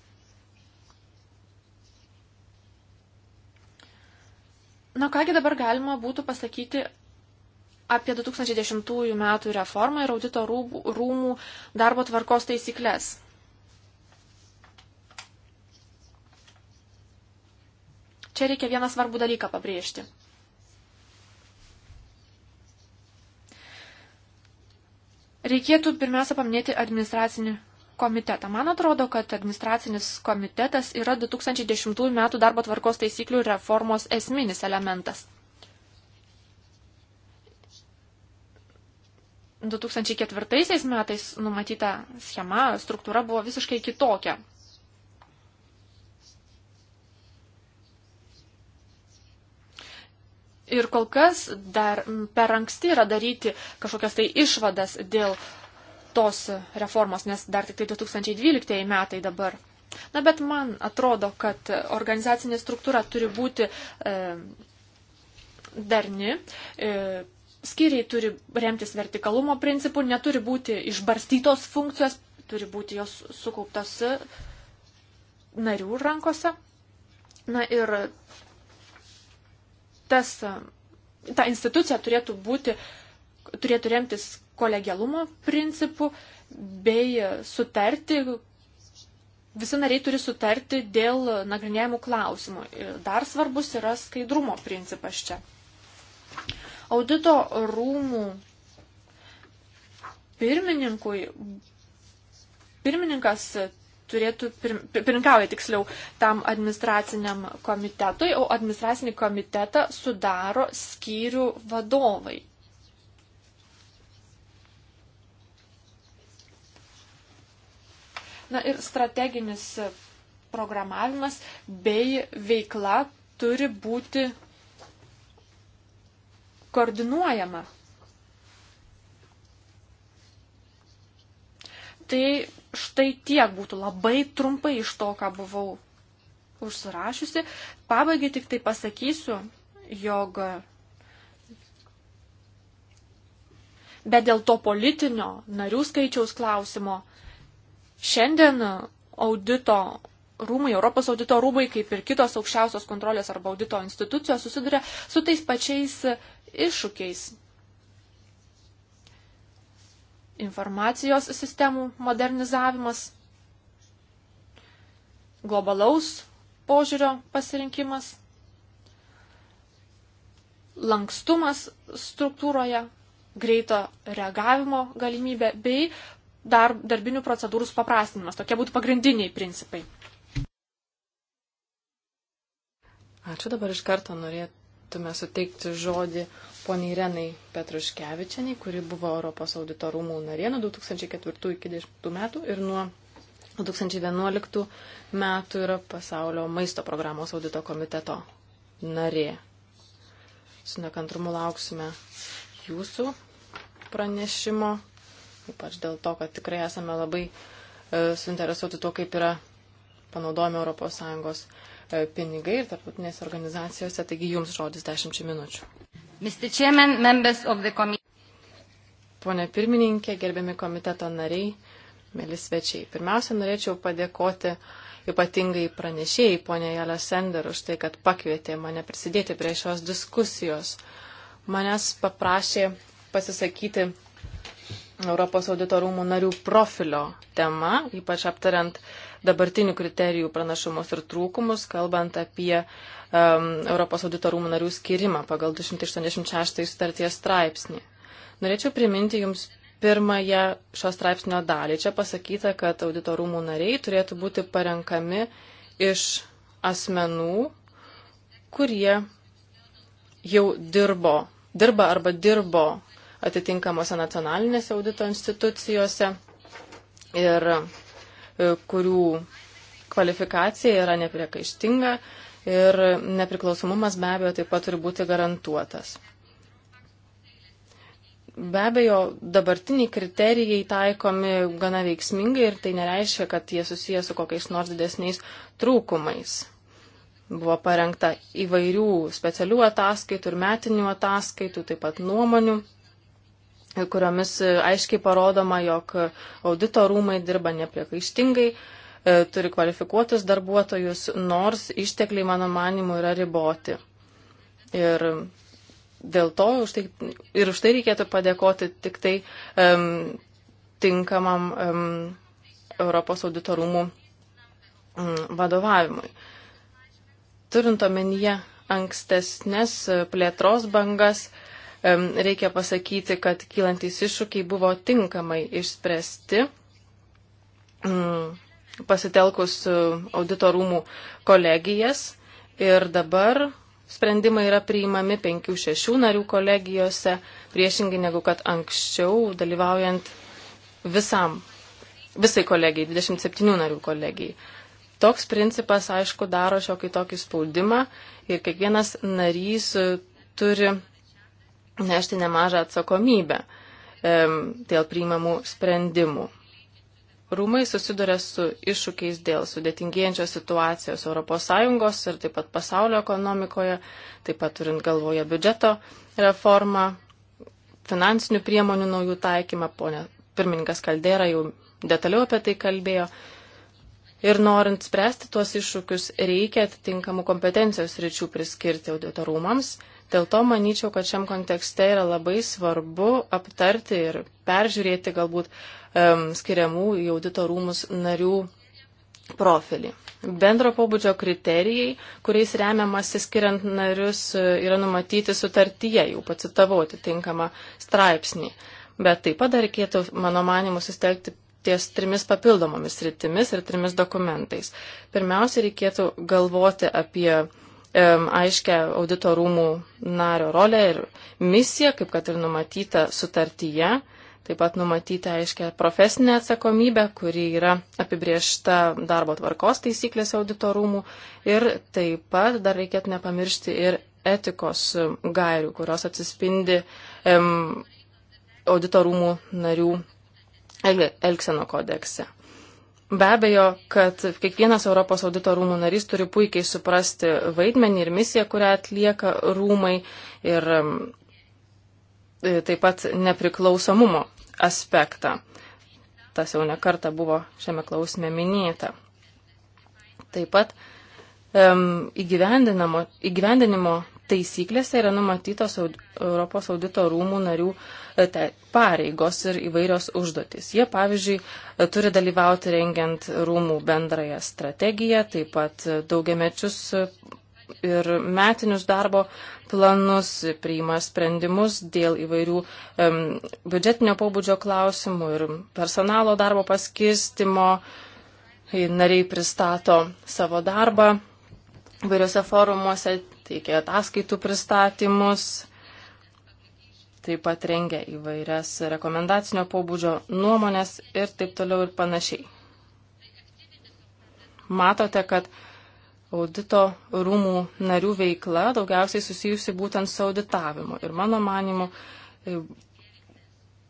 Na kągi dabar galima būtų pasakyti apie 2010 metų reformą ir audito rūbų, rūmų darbo tvarkos taisyklės. Čia reikia vieną svarbų dalyką pabrėžti. Reikėtų pirmiausia paminėti administracinį komitetą. Man atrodo, kad administracinis komitetas yra 2010 metų darbo tvarkos taisyklių reformos esminis elementas. 2004 metais numatyta schema, struktūra buvo visiškai kitokia. Ir kol kas dar per anksti yra daryti kažkokias tai išvadas dėl tos reformos, nes dar tik tai 2012 metai dabar. Na, bet man atrodo, kad organizacinė struktūra turi būti e, darni, e, Skiriai turi remtis vertikalumo principu, neturi būti išbarstytos funkcijos, turi būti jos sukauptos e, narių rankose. Na ir tas, e, ta institucija turėtų būti, turėtų remtis kolegialumo principu bei sutarti, visi nariai turi sutarti dėl nagrinėjimų klausimų. Ir dar svarbus yra skaidrumo principas čia. Audito rūmų pirmininkui, pirmininkas turėtų, pir, pirmininkauja tiksliau tam administraciniam komitetui, o administracinį komitetą sudaro skyrių vadovai. Na ir strateginis programavimas bei veikla turi būti koordinuojama. Tai štai tiek būtų labai trumpai iš to, ką buvau užsirašiusi. Pabaigai tik tai pasakysiu, jog bet dėl to politinio narių skaičiaus klausimo šiandien audito rūmai, Europos audito rūmai, kaip ir kitos aukščiausios kontrolės arba audito institucijos susiduria su tais pačiais iššūkiais. Informacijos sistemų modernizavimas, globalaus požiūrio pasirinkimas, lankstumas struktūroje, greito reagavimo galimybė bei dar, darbinių procedūrų supaprastinimas. Tokie būtų pagrindiniai principai. Ačiū dabar iš karto norėt, norėtume suteikti žodį poniai Renai Petruškevičianiai, kuri buvo Europos audito rūmų narė nuo 2004 iki 2010 metų ir nuo 2011 metų yra pasaulio maisto programos audito komiteto narė. Su nekantrumu lauksime jūsų pranešimo, ypač dėl to, kad tikrai esame labai e, suinteresuoti tuo, kaip yra panaudojami ES E, pinigai ir tarptautinėse organizacijose. Taigi jums žodis dešimčių minučių. Mr. Chairman, members of the committee. Pone pirmininkė, gerbiami komiteto nariai, mėly svečiai. Pirmiausia, norėčiau padėkoti ypatingai pranešėjai, ponė Jelė Sender, už tai, kad pakvietė mane prisidėti prie šios diskusijos. Manęs paprašė pasisakyti Europos auditorumų narių profilio tema, ypač aptariant uh, dabartinių kriterijų pranašumus ir trūkumus, kalbant apie um, Europos audito rūmų narių skirimą pagal 286 starties straipsnį. Norėčiau priminti Jums pirmąją šio straipsnio dalį. Čia pasakyta, kad audito rūmų nariai turėtų būti parenkami iš asmenų, kurie jau dirbo, dirba arba dirbo atitinkamose nacionalinėse audito institucijose. Ir E, kurių kvalifikacija yra nepriekaištinga ir nepriklausomumas be abejo taip pat turi būti garantuotas. Be abejo, dabartiniai kriterijai taikomi gana veiksmingai ir tai nereiškia, kad jie susiję su kokiais nors didesniais trūkumais. Buvo parengta įvairių specialių ataskaitų ir metinių ataskaitų, taip pat nuomonių kuriomis e, aiškiai parodoma, jog audito rūmai dirba nepriekaištingai, e, turi kvalifikuotus darbuotojus, nors ištekliai, mano manimu, yra riboti. Ir dėl to už tai, ir už tai reikėtų padėkoti tik tai um, tinkamam um, Europos audito rūmų um, vadovavimui. Turint omenyje ankstesnės plėtros bangas, uh, reikia pasakyti, kad kylantys iššūkiai buvo tinkamai išspręsti mm, pasitelkus e, auditorumų kolegijas ir dabar sprendimai yra priimami 5-6 narių kolegijose, priešingai negu kad anksčiau dalyvaujant visam, visai kolegijai, 27 narių kolegijai. Toks principas, aišku, daro šiokį tokį spaudimą ir kiekvienas narys e, turi nešti nemažą atsakomybę dėl priimamų sprendimų. Rūmai susiduria su iššūkiais dėl sudėtingėjančios situacijos ES ir taip pat pasaulio ekonomikoje, taip pat turint galvoje biudžeto reformą, finansinių priemonių naujų taikymą. Pone pirmininkas Kaldera jau detaliau apie tai kalbėjo. Ir norint spręsti tuos iššūkius, reikia atitinkamų kompetencijos ryčių priskirti auditorumams Dėl to manyčiau, kad šiam kontekste yra labai svarbu aptarti ir peržiūrėti galbūt um, skiriamų į audito rūmus narių profilį. Bendro pobūdžio kriterijai, kuriais remiamasi skiriant narius, e, yra numatyti sutartyje, jau pacitavau atitinkamą straipsnį. Bet taip pat dar reikėtų, mano manimu, sustelkti ties trimis papildomomis rytimis ir trimis dokumentais. Pirmiausia, reikėtų galvoti apie aiškę audito rūmų nario rolę ir misiją, kaip kad ir numatyta sutartyje. Taip pat numatyti aiškę profesinę atsakomybę, kuri yra apibriešta darbo tvarkos taisyklėse auditorumų. Ir taip pat dar reikėtų nepamiršti ir etikos gairių, kurios atsispindi em, auditorumų narių Elkseno kodekse. Be abejo, kad kiekvienas Europos audito rūmų narys turi puikiai suprasti vaidmenį ir misiją, kurią atlieka rūmai ir um, e, taip pat nepriklausomumo aspektą. Tas jau nekarta buvo šiame klausime minėta. Taip pat um, įgyvendinimo taisyklėse yra numatytos aud Europos audito rūmų narių e, te, pareigos ir įvairios užduotis. Jie, pavyzdžiui, e, turi dalyvauti rengiant rūmų bendrąją strategiją, taip pat e, daugiamečius ir metinius darbo planus, priima sprendimus dėl įvairių um, biudžetinio pobūdžio klausimų ir personalo darbo paskirstimo. Nariai pristato savo darbą įvairiuose forumuose teikia ataskaitų pristatymus, taip pat rengia įvairias rekomendacinio pobūdžio nuomonės ir taip toliau ir panašiai. Matote, kad audito rūmų narių veikla daugiausiai susijusi būtent su auditavimu. Ir mano manimu, e,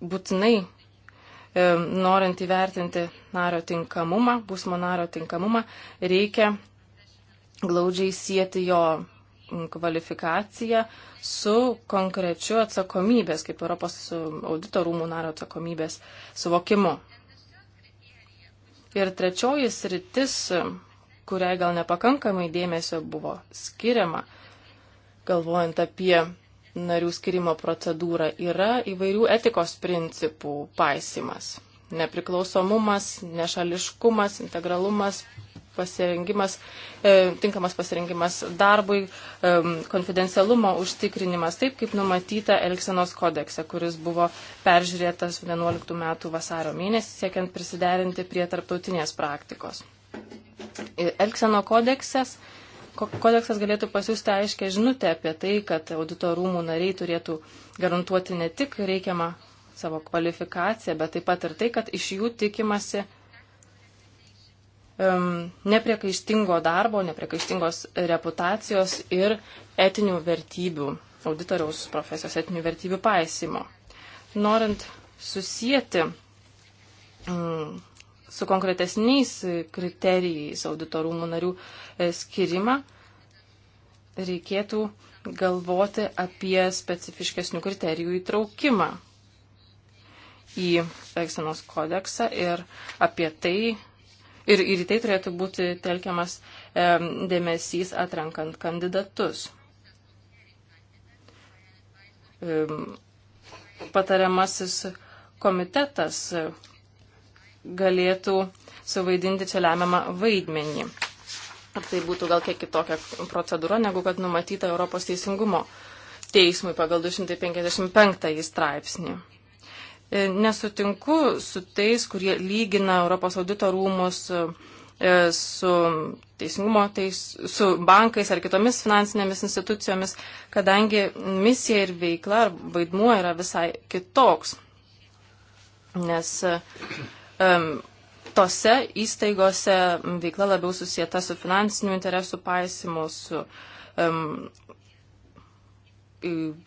būtinai e, norint įvertinti nario tinkamumą, būsimo nario tinkamumą, reikia glaudžiai sieti jo kvalifikacija su konkrečiu atsakomybės, kaip Europos audito rūmų nario atsakomybės suvokimu. Ir trečioji sritis, kuriai gal nepakankamai dėmesio buvo skiriama, galvojant apie narių skirimo procedūrą, yra įvairių etikos principų paisimas. Nepriklausomumas, nešališkumas, integralumas, pasirengimas, e, tinkamas pasirengimas darbui, e, konfidencialumo užtikrinimas, taip kaip numatyta Elksenos kodekse, kuris buvo peržiūrėtas 11 metų vasario mėnesį, siekiant prisiderinti prie tarptautinės praktikos. Elkseno kodeksas, kodeksas galėtų pasiūsti aiškę žinutę apie tai, kad audito rūmų nariai turėtų garantuoti ne tik reikiamą savo kvalifikaciją, bet taip pat ir tai, kad iš jų tikimasi um, nepriekaištingo darbo, nepriekaištingos reputacijos ir etinių vertybių, auditoriaus profesijos etinių vertybių paisimo. Norint susijęti um, su konkretesniais kriterijais auditorumų narių e, skirimą, reikėtų galvoti apie specifiškesnių kriterijų įtraukimą į Elksenos kodeksą ir apie tai Ir, ir į tai turėtų būti telkiamas e, dėmesys atrenkant kandidatus. E, patariamasis komitetas galėtų suvaidinti čia lemiamą vaidmenį. Ar tai būtų gal kiek kitokia procedūra, negu kad numatyta Europos teisingumo teismui pagal 255 straipsnį. E, nesutinku su tais, kurie lygina Europos audito rūmus e, su teisingumo, teis, su bankais ar kitomis finansinėmis institucijomis, kadangi misija ir veikla ar vaidmuo yra visai kitoks. Nes um, tose įstaigose veikla labiau susijęta su finansiniu interesų paisimu, su um,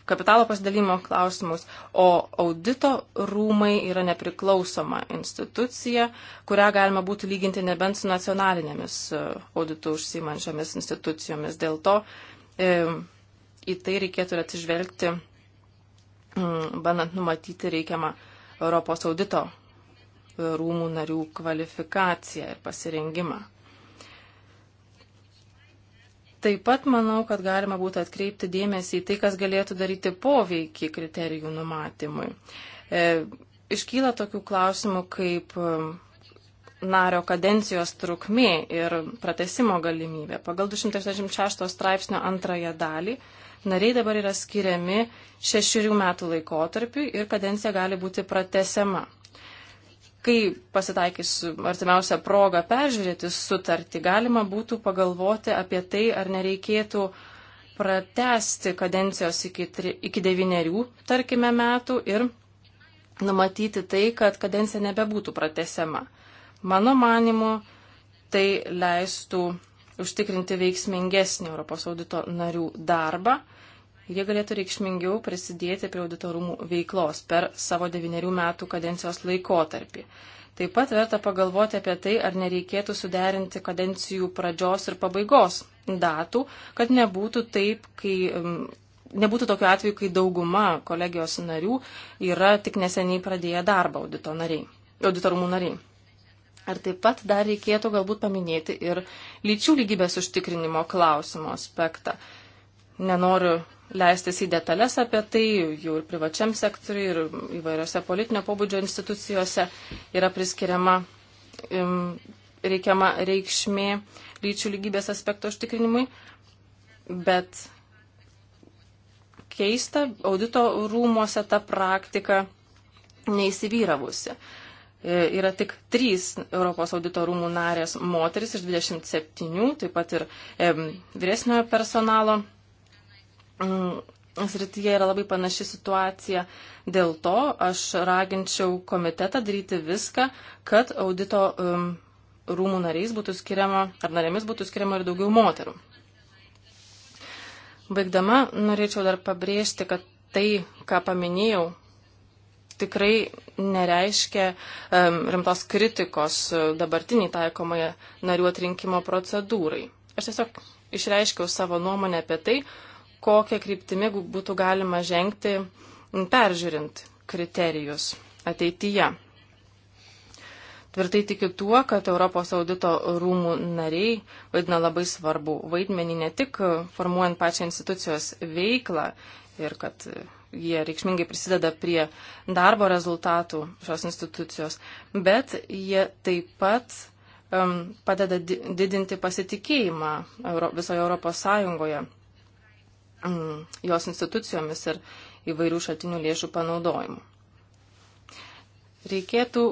kapitalo pasidalimo klausimus, o audito rūmai yra nepriklausoma institucija, kurią galima būtų lyginti nebent su nacionalinėmis e, auditų užsimančiomis institucijomis. Dėl to e, į tai reikėtų atsižvelgti, m, mm, bandant numatyti reikiamą Europos audito rūmų narių kvalifikaciją ir pasirengimą. Taip pat manau, kad galima būtų atkreipti dėmesį į tai, kas galėtų daryti poveikį kriterijų numatymui. E, iškyla tokių klausimų kaip e, nario kadencijos trukmė ir pratesimo galimybė. Pagal 286 straipsnio antrąją dalį nariai dabar yra skiriami šešių metų laikotarpiu ir kadencija gali būti pratesiama kai pasitaikys artimiausia proga peržiūrėti sutartį, galima būtų pagalvoti apie tai, ar nereikėtų pratesti kadencijos iki, tri, iki devyniarių, tarkime, metų ir numatyti tai, kad kadencija nebebūtų pratesiama. Mano manimu, tai leistų užtikrinti veiksmingesnį Europos audito narių darbą jie galėtų reikšmingiau prisidėti prie auditorumų veiklos per savo devyniarių metų kadencijos laikotarpį. Taip pat verta pagalvoti apie tai, ar nereikėtų suderinti kadencijų pradžios ir pabaigos datų, kad nebūtų taip, kai. Um, nebūtų tokiu atveju, kai dauguma kolegijos narių yra tik neseniai pradėję darbą audito nariai, auditorumų nariai. Ar taip pat dar reikėtų galbūt paminėti ir lyčių lygybės užtikrinimo klausimo aspektą. Nenoriu leistis į detalės apie tai, jau ir privačiam sektoriui, ir įvairiose politinio pobūdžio institucijose yra priskiriama im, reikiama reikšmė lyčių lygybės aspekto užtikrinimui, bet keista, audito rūmuose ta praktika neįsivyravusi. E, yra tik trys Europos audito rūmų narės moteris iš 27, taip pat ir e, vyresniojo personalo Mm, srityje yra labai panaši situacija. Dėl to aš raginčiau komitetą daryti viską, kad audito um, rūmų nariais būtų skiriama, ar narėmis būtų skiriama ir daugiau moterų. Baigdama, norėčiau dar pabrėžti, kad tai, ką paminėjau, tikrai nereiškia um, rimtos kritikos uh, dabartiniai taikomai narių atrinkimo procedūrai. Aš tiesiog išreiškiau savo nuomonę apie tai, uh, kokią kryptimį būtų galima žengti peržiūrint kriterijus ateityje. Tvirtai tikiu tuo, kad Europos audito rūmų nariai vaidina labai svarbu vaidmenį ne tik formuojant pačią institucijos veiklą ir kad jie reikšmingai prisideda prie darbo rezultatų šios institucijos, bet jie taip pat um, padeda didinti pasitikėjimą Euro, visoje Europos Sąjungoje Mm. jos institucijomis ir įvairių šaltinių lėšų panaudojimu. Reikėtų,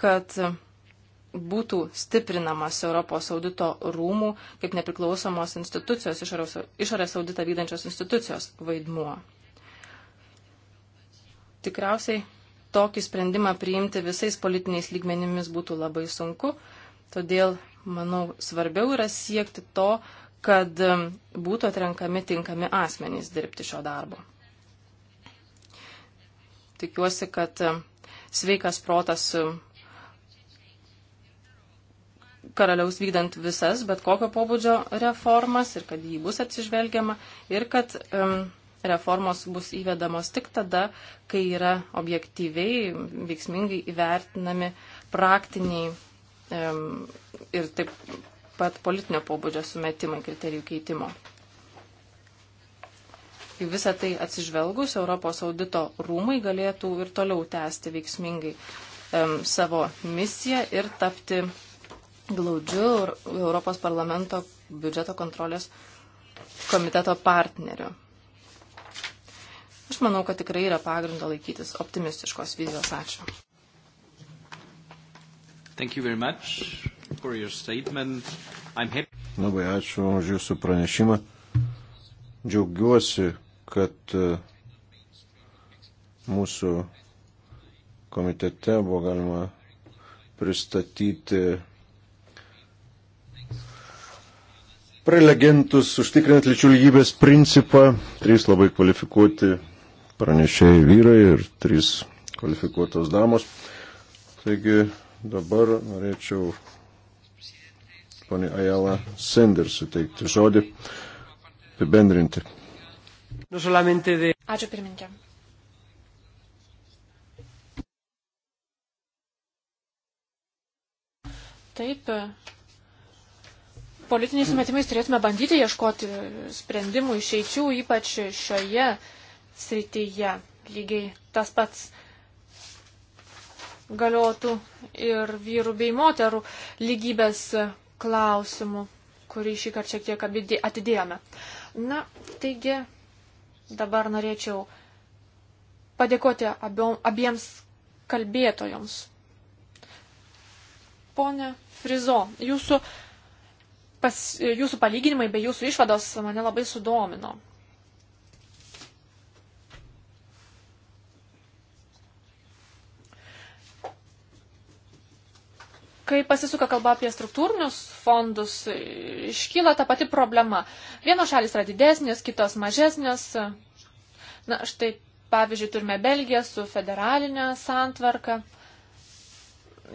kad būtų stiprinamas Europos audito rūmų kaip nepriklausomos institucijos, išorės auditą vydančios institucijos vaidmuo. Tikriausiai tokį sprendimą priimti visais politiniais lygmenimis būtų labai sunku, todėl, manau, svarbiau yra siekti to, kad būtų atrenkami tinkami asmenys dirbti šio darbo. Tikiuosi, kad sveikas protas karaliaus vykdant visas, bet kokio pobūdžio reformas ir kad jį bus atsižvelgiama ir kad um, reformos bus įvedamos tik tada, kai yra objektyviai, veiksmingai įvertinami praktiniai um, ir taip pat politinio pobūdžio sumetimai kriterijų keitimo. Į visą tai atsižvelgus, Europos audito rūmai galėtų ir toliau tęsti veiksmingai um, savo misiją ir tapti glaudžiu Europos parlamento biudžeto kontrolės komiteto partneriu. Aš manau, kad tikrai yra pagrindo laikytis optimistiškos vizijos. Ačiū. Thank you very much. Labai ačiū už Jūsų pranešimą. Džiaugiuosi, kad e, mūsų komitete buvo galima pristatyti prelegentus, užtikrinant lyčių lygybės principą. Trys labai kvalifikuoti pranešėjai vyrai ir trys kvalifikuotos damos. Taigi dabar norėčiau ponė Ajala Sender suteikti žodį, apibendrinti. Ačiū pirmininkė. Taip, politiniais sumetimais turėtume bandyti ieškoti sprendimų išeičių, ypač šioje srityje. Lygiai tas pats galiotų ir vyrų bei moterų lygybės klausimu, kurį šį kartą šiek tiek atidėjome. Na, taigi dabar norėčiau padėkoti abiems kalbėtojams. Pone Frizo, jūsų, pas, jūsų palyginimai bei jūsų išvados mane labai sudomino. Kai pasisuka kalba apie struktūrinius fondus, iškyla ta pati problema. Vienos šalis yra didesnės, kitos mažesnės. Na, štai, pavyzdžiui, turime Belgiją su federalinė santvarka.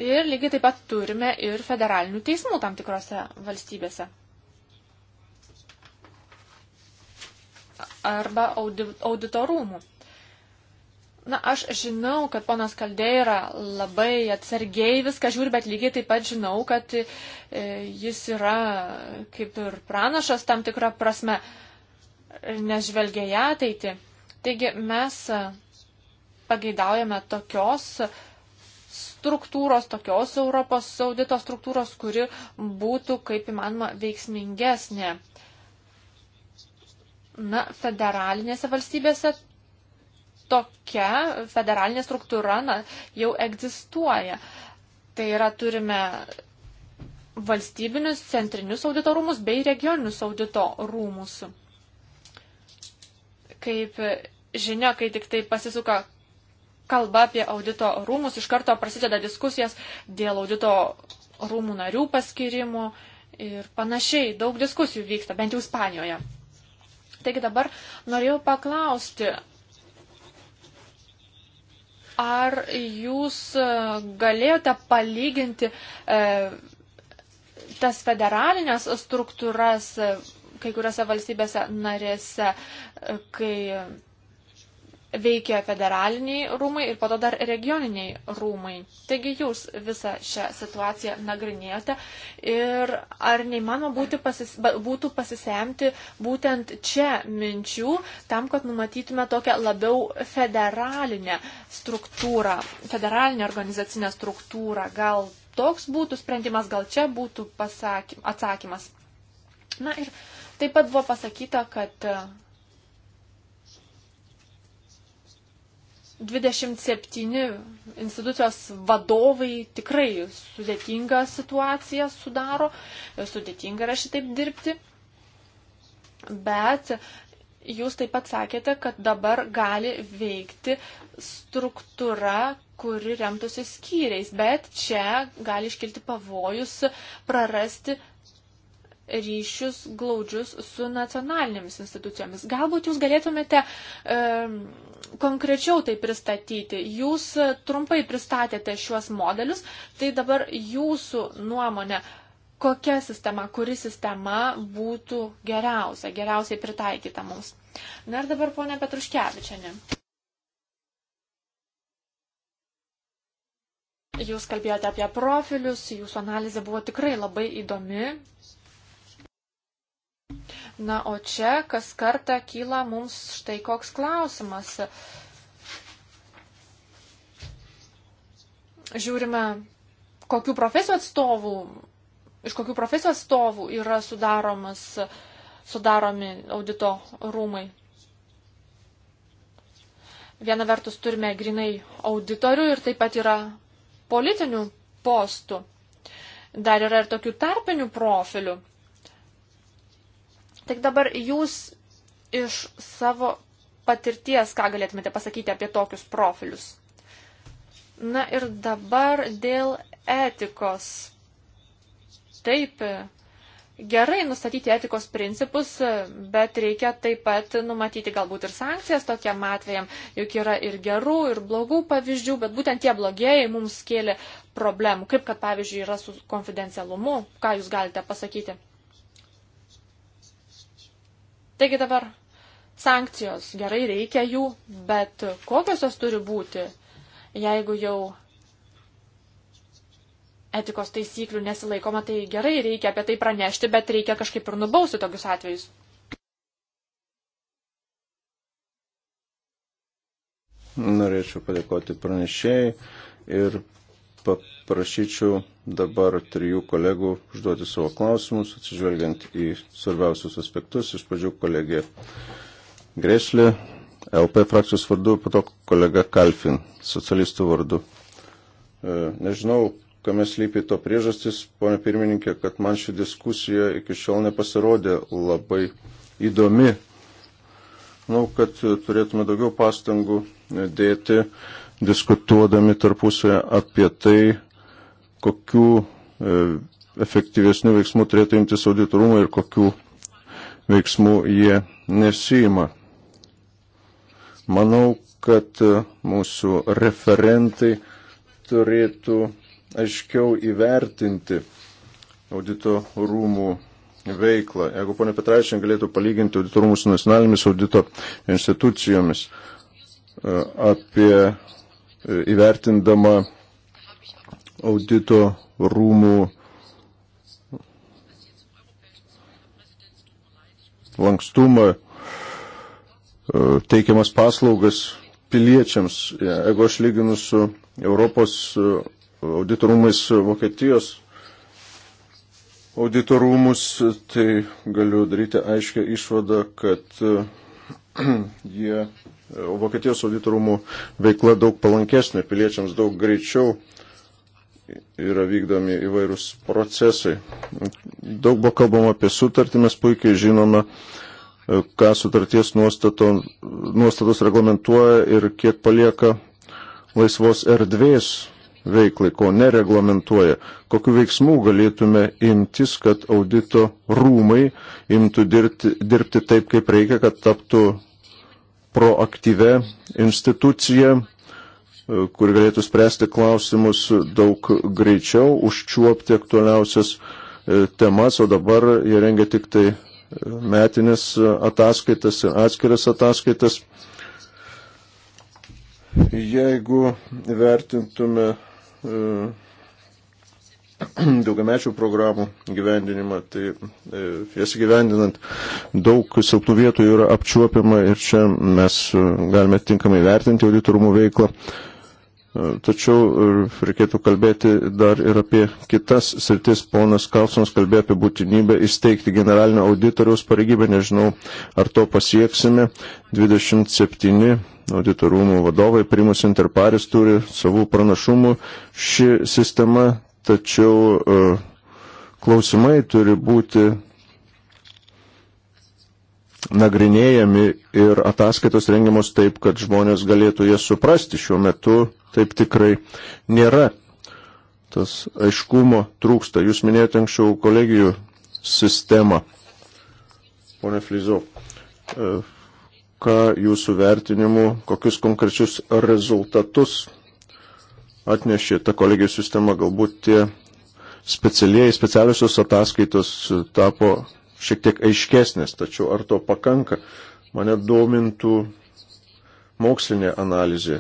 Ir lygiai taip pat turime ir federalinių teismų tam tikrose valstybėse. Arba audi auditorumų. Na, aš žinau, kad ponas Kaldeira labai atsargiai viską žiūri, bet lygiai taip pat žinau, kad e, jis yra kaip ir pranašas tam tikrą prasme, nes žvelgia į ateitį. Taigi mes pageidaujame tokios struktūros, tokios Europos audito struktūros, kuri būtų kaip įmanoma veiksmingesnė. Na, federalinėse valstybėse tokia federalinė struktūra na, jau egzistuoja. Tai yra turime valstybinius centrinius audito rūmus bei regioninius audito rūmus. Kaip žinia, kai tik tai pasisuka kalba apie audito rūmus, iš karto prasideda diskusijas dėl audito rūmų narių paskirimų ir panašiai. Daug diskusijų vyksta, bent jau Ispanijoje. Taigi dabar norėjau paklausti, ar jūs e, galėjote palyginti e, tas federalinės struktūras e, kai kuriuose valstybėse narėse, e, kai veikia federaliniai rūmai ir po to dar regioniniai rūmai. Taigi jūs visą šią situaciją nagrinėjote ir ar neįmanoma būti pasis, būtų pasisemti būtent čia minčių tam, kad numatytume tokią labiau federalinę struktūrą, federalinę organizacinę struktūrą. Gal toks būtų sprendimas, gal čia būtų pasaky, atsakymas. Na ir taip pat buvo pasakyta, kad 27 institucijos vadovai tikrai sudėtingą situaciją sudaro, sudėtinga yra šitaip dirbti, bet jūs taip pat sakėte, kad dabar gali veikti struktūra, kuri remtųsi skyriais, bet čia gali iškilti pavojus prarasti ryšius glaudžius su nacionalinėmis institucijomis. Galbūt jūs galėtumėte um, e, konkrečiau tai pristatyti. Jūs e, trumpai pristatėte šiuos modelius, tai dabar jūsų nuomonė, kokia sistema, kuri sistema būtų geriausia, geriausiai pritaikyta mums. Na ir dabar ponė Petruškevičianė. Jūs kalbėjote apie profilius, jūsų analizė buvo tikrai labai įdomi, Na, o čia kas kartą kyla mums štai koks klausimas. Žiūrime, kokių profesijų atstovų, iš kokių profesijų atstovų yra sudaromas, sudaromi audito rūmai. Viena vertus turime grinai auditorių ir taip pat yra politinių postų. Dar yra ir tokių tarpinių profilių Tik dabar jūs iš savo patirties, ką galėtumėte pasakyti apie tokius profilius. Na ir dabar dėl etikos. Taip, gerai nustatyti etikos principus, bet reikia taip pat numatyti galbūt ir sankcijas tokiam atvejam, juk yra ir gerų, ir blogų pavyzdžių, bet būtent tie blogieji mums kėlė problemų, kaip kad pavyzdžiui yra su konfidencialumu, ką jūs galite pasakyti. Taigi dabar sankcijos, gerai reikia jų, bet kokios jos turi būti, jeigu jau etikos taisyklių nesilaikoma, tai gerai reikia apie tai pranešti, bet reikia kažkaip ir nubausti tokius atvejus. Norėčiau padėkoti pranešėjai ir paprašyčiau dabar trijų kolegų užduoti savo klausimus, atsižvelgiant į svarbiausius aspektus. Iš pradžių kolegė Greslė, LP frakcijos vardu, po to kolega Kalfin, socialistų vardu. E, nežinau, kame slypi to priežastis, ponė pirmininkė, kad man ši diskusija iki šiol nepasirodė labai įdomi. Manau, kad turėtume daugiau pastangų dėti diskutuodami tarpusoje apie tai, kokių e, efektyvesnių veiksmų turėtų imtis auditorumai ir kokių veiksmų jie nesima. Manau, kad e, mūsų referentai turėtų aiškiau įvertinti audito rūmų veiklą. Jeigu ponė Petraišin galėtų palyginti audito rūmus su nacionalinėmis audito institucijomis e, apie E, įvertindama audito rūmų lankstumą, e, teikiamas paslaugas piliečiams. E, jeigu aš lyginu su Europos auditorumais Vokietijos auditorumus, tai galiu daryti aiškę išvadą, kad jie, e, Vokietijos auditorumų veikla daug palankesnė, piliečiams daug greičiau yra vykdomi įvairūs procesai. Daug buvo kalbama apie sutartį, mes puikiai žinome, e, ką sutarties nuostato, nuostatos reglamentuoja ir kiek palieka laisvos erdvės veiklai, ko nereglamentuoja, kokiu veiksmu galėtume imtis, kad audito rūmai imtų dirbti, dirbti taip, kaip reikia, kad taptų proaktyvę instituciją, kuri galėtų spręsti klausimus daug greičiau, užčiuopti aktualiausias e, temas, o dabar jie rengia tik tai e, metinės ataskaitas ir atskiras ataskaitas. Jeigu vertintume uh, daugiamečių programų gyvendinimą, tai e, jas gyvendinant daug silpnų vietų yra apčiuopiama ir čia mes e, galime tinkamai vertinti auditorumų veiklą. E, tačiau reikėtų kalbėti dar ir apie kitas sritis. Ponas Kalsonas kalbėjo apie būtinybę įsteigti generalinio auditoriaus pareigybę. Nežinau, ar to pasieksime. 27 auditorumų vadovai, primus interparis turi savų pranašumų. Ši sistema tačiau e, klausimai turi būti nagrinėjami ir ataskaitos rengiamos taip, kad žmonės galėtų jas suprasti. Šiuo metu taip tikrai nėra. Tas aiškumo trūksta. Jūs minėjote anksčiau kolegijų sistemą. Pone Flizo, e, ką jūsų vertinimu, kokius konkrečius rezultatus atnešė ta kolegijų sistema, galbūt tie specialieji, specialiosios ataskaitos tapo šiek tiek aiškesnės, tačiau ar to pakanka, mane domintų mokslinė analizė,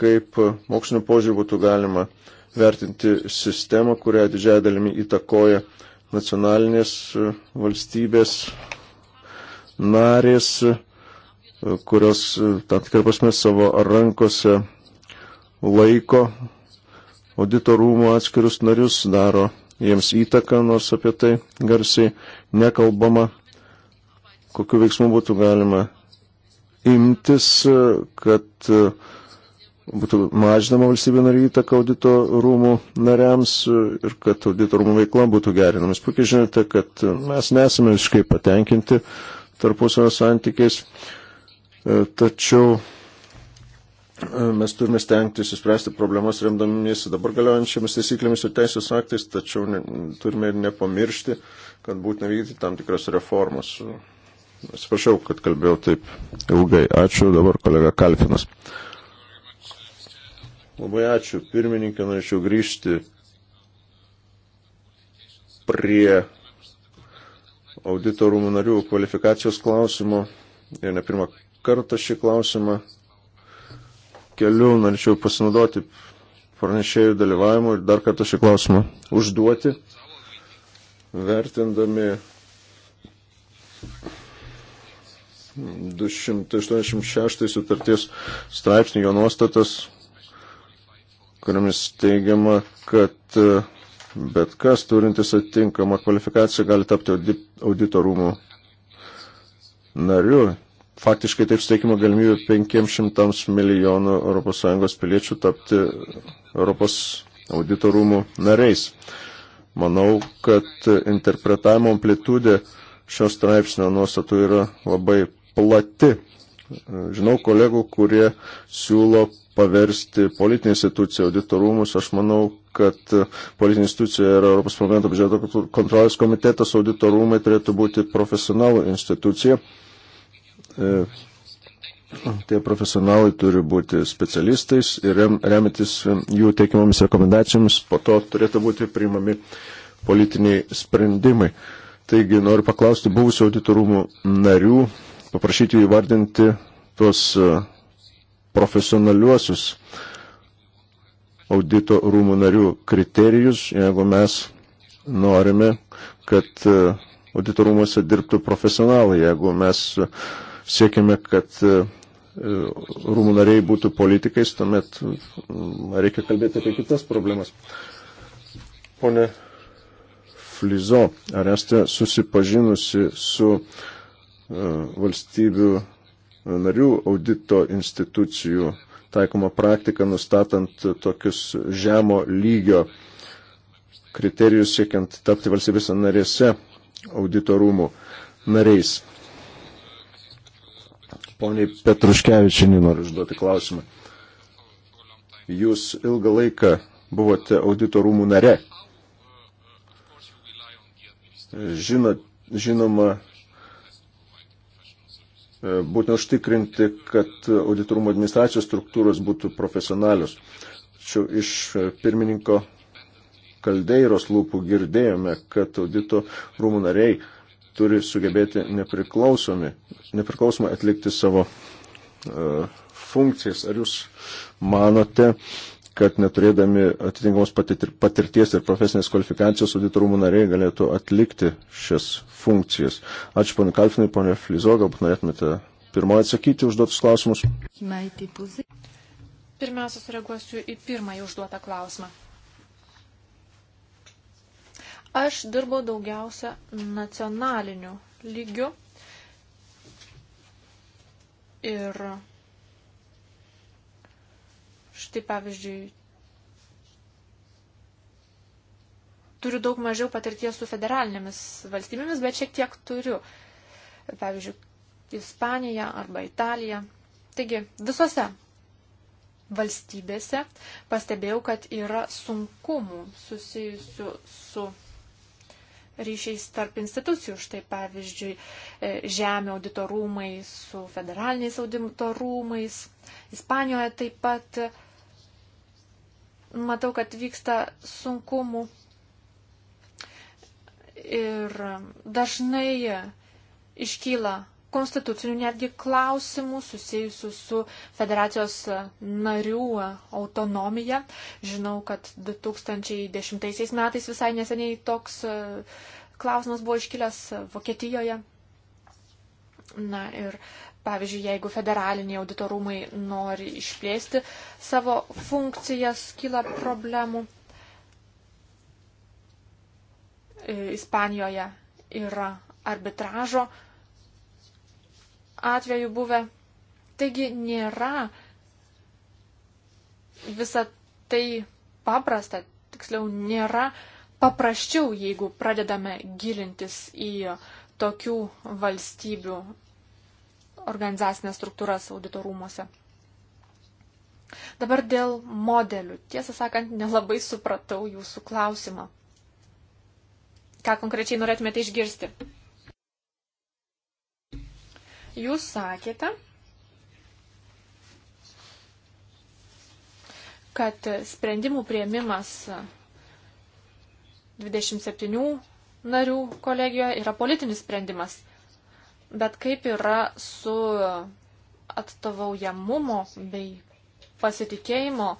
kaip mokslinio požiūrį būtų galima vertinti sistemą, kurią didžiai dalimi įtakoja nacionalinės valstybės narės, kurios tam tikrą prasme savo rankose laiko auditorumo atskirius narius daro jiems įtaką, nors apie tai garsiai nekalbama, kokiu veiksmu būtų galima imtis, kad e, būtų mažinama valstybė narių įtaka audito rūmų nariams e, ir kad audito rūmų veikla būtų gerinama. Jūs puikiai žinote, kad e, mes nesame visiškai patenkinti tarpusavio santykiais, tačiau Mes turime stengtis įspręsti problemas remdamiesi dabar galiojančiamis taisyklėmis ir teisės aktais, tačiau ne, turime ir nepamiršti, kad būtina vykdyti tam tikras reformas. Atsiprašau, kad kalbėjau taip ilgai. Ačiū dabar kolega Kalfinas. Labai ačiū. Pirmininkė, norėčiau grįžti prie auditorų narių kvalifikacijos klausimo. Ir ne pirmą kartą šį klausimą keliu norėčiau pasinaudoti pranešėjų dalyvavimu ir dar kartą šį klausimą užduoti, vertindami 286 sutarties straipsnį jo nuostatas, kuriamis teigiama, kad e, bet kas turintis atitinkamą kvalifikaciją gali tapti audito rūmų nariu faktiškai taip suteikimo galimybė 500 milijonų ES piliečių tapti Europos auditorumų nariais. Manau, kad interpretavimo amplitudė šios straipsnio nuostatų yra labai plati. Žinau kolegų, kurie siūlo paversti politinį instituciją auditorumus. Aš manau, kad politinė institucija yra Europos parlamento biudžeto kontrolės komitetas, auditorumai turėtų būti profesionalų institucija. E, tie profesionalai turi būti specialistais ir rem, remiantis jų teikiamomis rekomendacijomis, po to turėtų būti priimami politiniai sprendimai. Taigi noriu paklausti buvusių auditorumų narių, paprašyti jų įvardinti tuos e, profesionaliuosius audito rūmų narių kriterijus, jeigu mes norime, kad e, audito rūmose dirbtų profesionalai, jeigu mes uh, siekiame, kad e, rūmų nariai būtų politikais, tuomet reikia kalbėti apie kitas problemas. Pone Flizo, ar esate susipažinusi su e, valstybių narių audito institucijų taikoma praktika, nustatant tokius žemo lygio kriterijus siekiant tapti valstybės narėse auditorumų nariais. Poniai Petruškevičinį noriu užduoti klausimą. Jūs ilgą laiką buvote audito rūmų nare. Žino, žinoma, būtent užtikrinti, kad auditorumo administracijos struktūros būtų profesionalius. Tačiau iš pirmininko Kaldeiros lūpų girdėjome, kad audito rūmų nariai turi sugebėti nepriklausomai atlikti savo uh, funkcijas. Ar jūs manote, kad neturėdami atitinkamos patirties ir profesinės kvalifikacijos auditorumų nariai galėtų atlikti šias funkcijas? Ačiū, ponė Kalfinai, ponė Flizo, galbūt norėtumėte pirmoji atsakyti užduotus klausimus. Pirmiausia, sureaguosiu į pirmąjį užduotą klausimą. Aš dirbau daugiausia nacionaliniu lygiu ir štai pavyzdžiui turiu daug mažiau patirties su federalinėmis valstybėmis, bet šiek tiek turiu. Pavyzdžiui, Ispanija arba Italija. Taigi, visose valstybėse pastebėjau, kad yra sunkumų susijusių su. su ryšiais tarp institucijų. Štai pavyzdžiui, e, žemė auditorumai su federaliniais auditorumais. Ispanijoje taip pat e, matau, kad vyksta sunkumų. Ir dažnai iškyla konstitucinių netgi klausimų susijusių su federacijos narių autonomija. Žinau, kad 2010 metais visai neseniai toks e, klausimas buvo iškilęs Vokietijoje. Na ir pavyzdžiui, jeigu federaliniai auditorumai nori išplėsti savo funkcijas, kyla problemų. E, Ispanijoje yra arbitražo atveju buvę. Taigi nėra visa tai paprasta, tiksliau nėra paprasčiau, jeigu pradedame gilintis į tokių valstybių organizacinės struktūras auditorumuose. Dabar dėl modelių. Tiesą sakant, nelabai supratau jūsų klausimą. Ką konkrečiai norėtumėte išgirsti? Jūs sakėte, kad sprendimų prieimimas 27 narių kolegijoje yra politinis sprendimas. Bet kaip yra su atstovaujamumo bei pasitikėjimo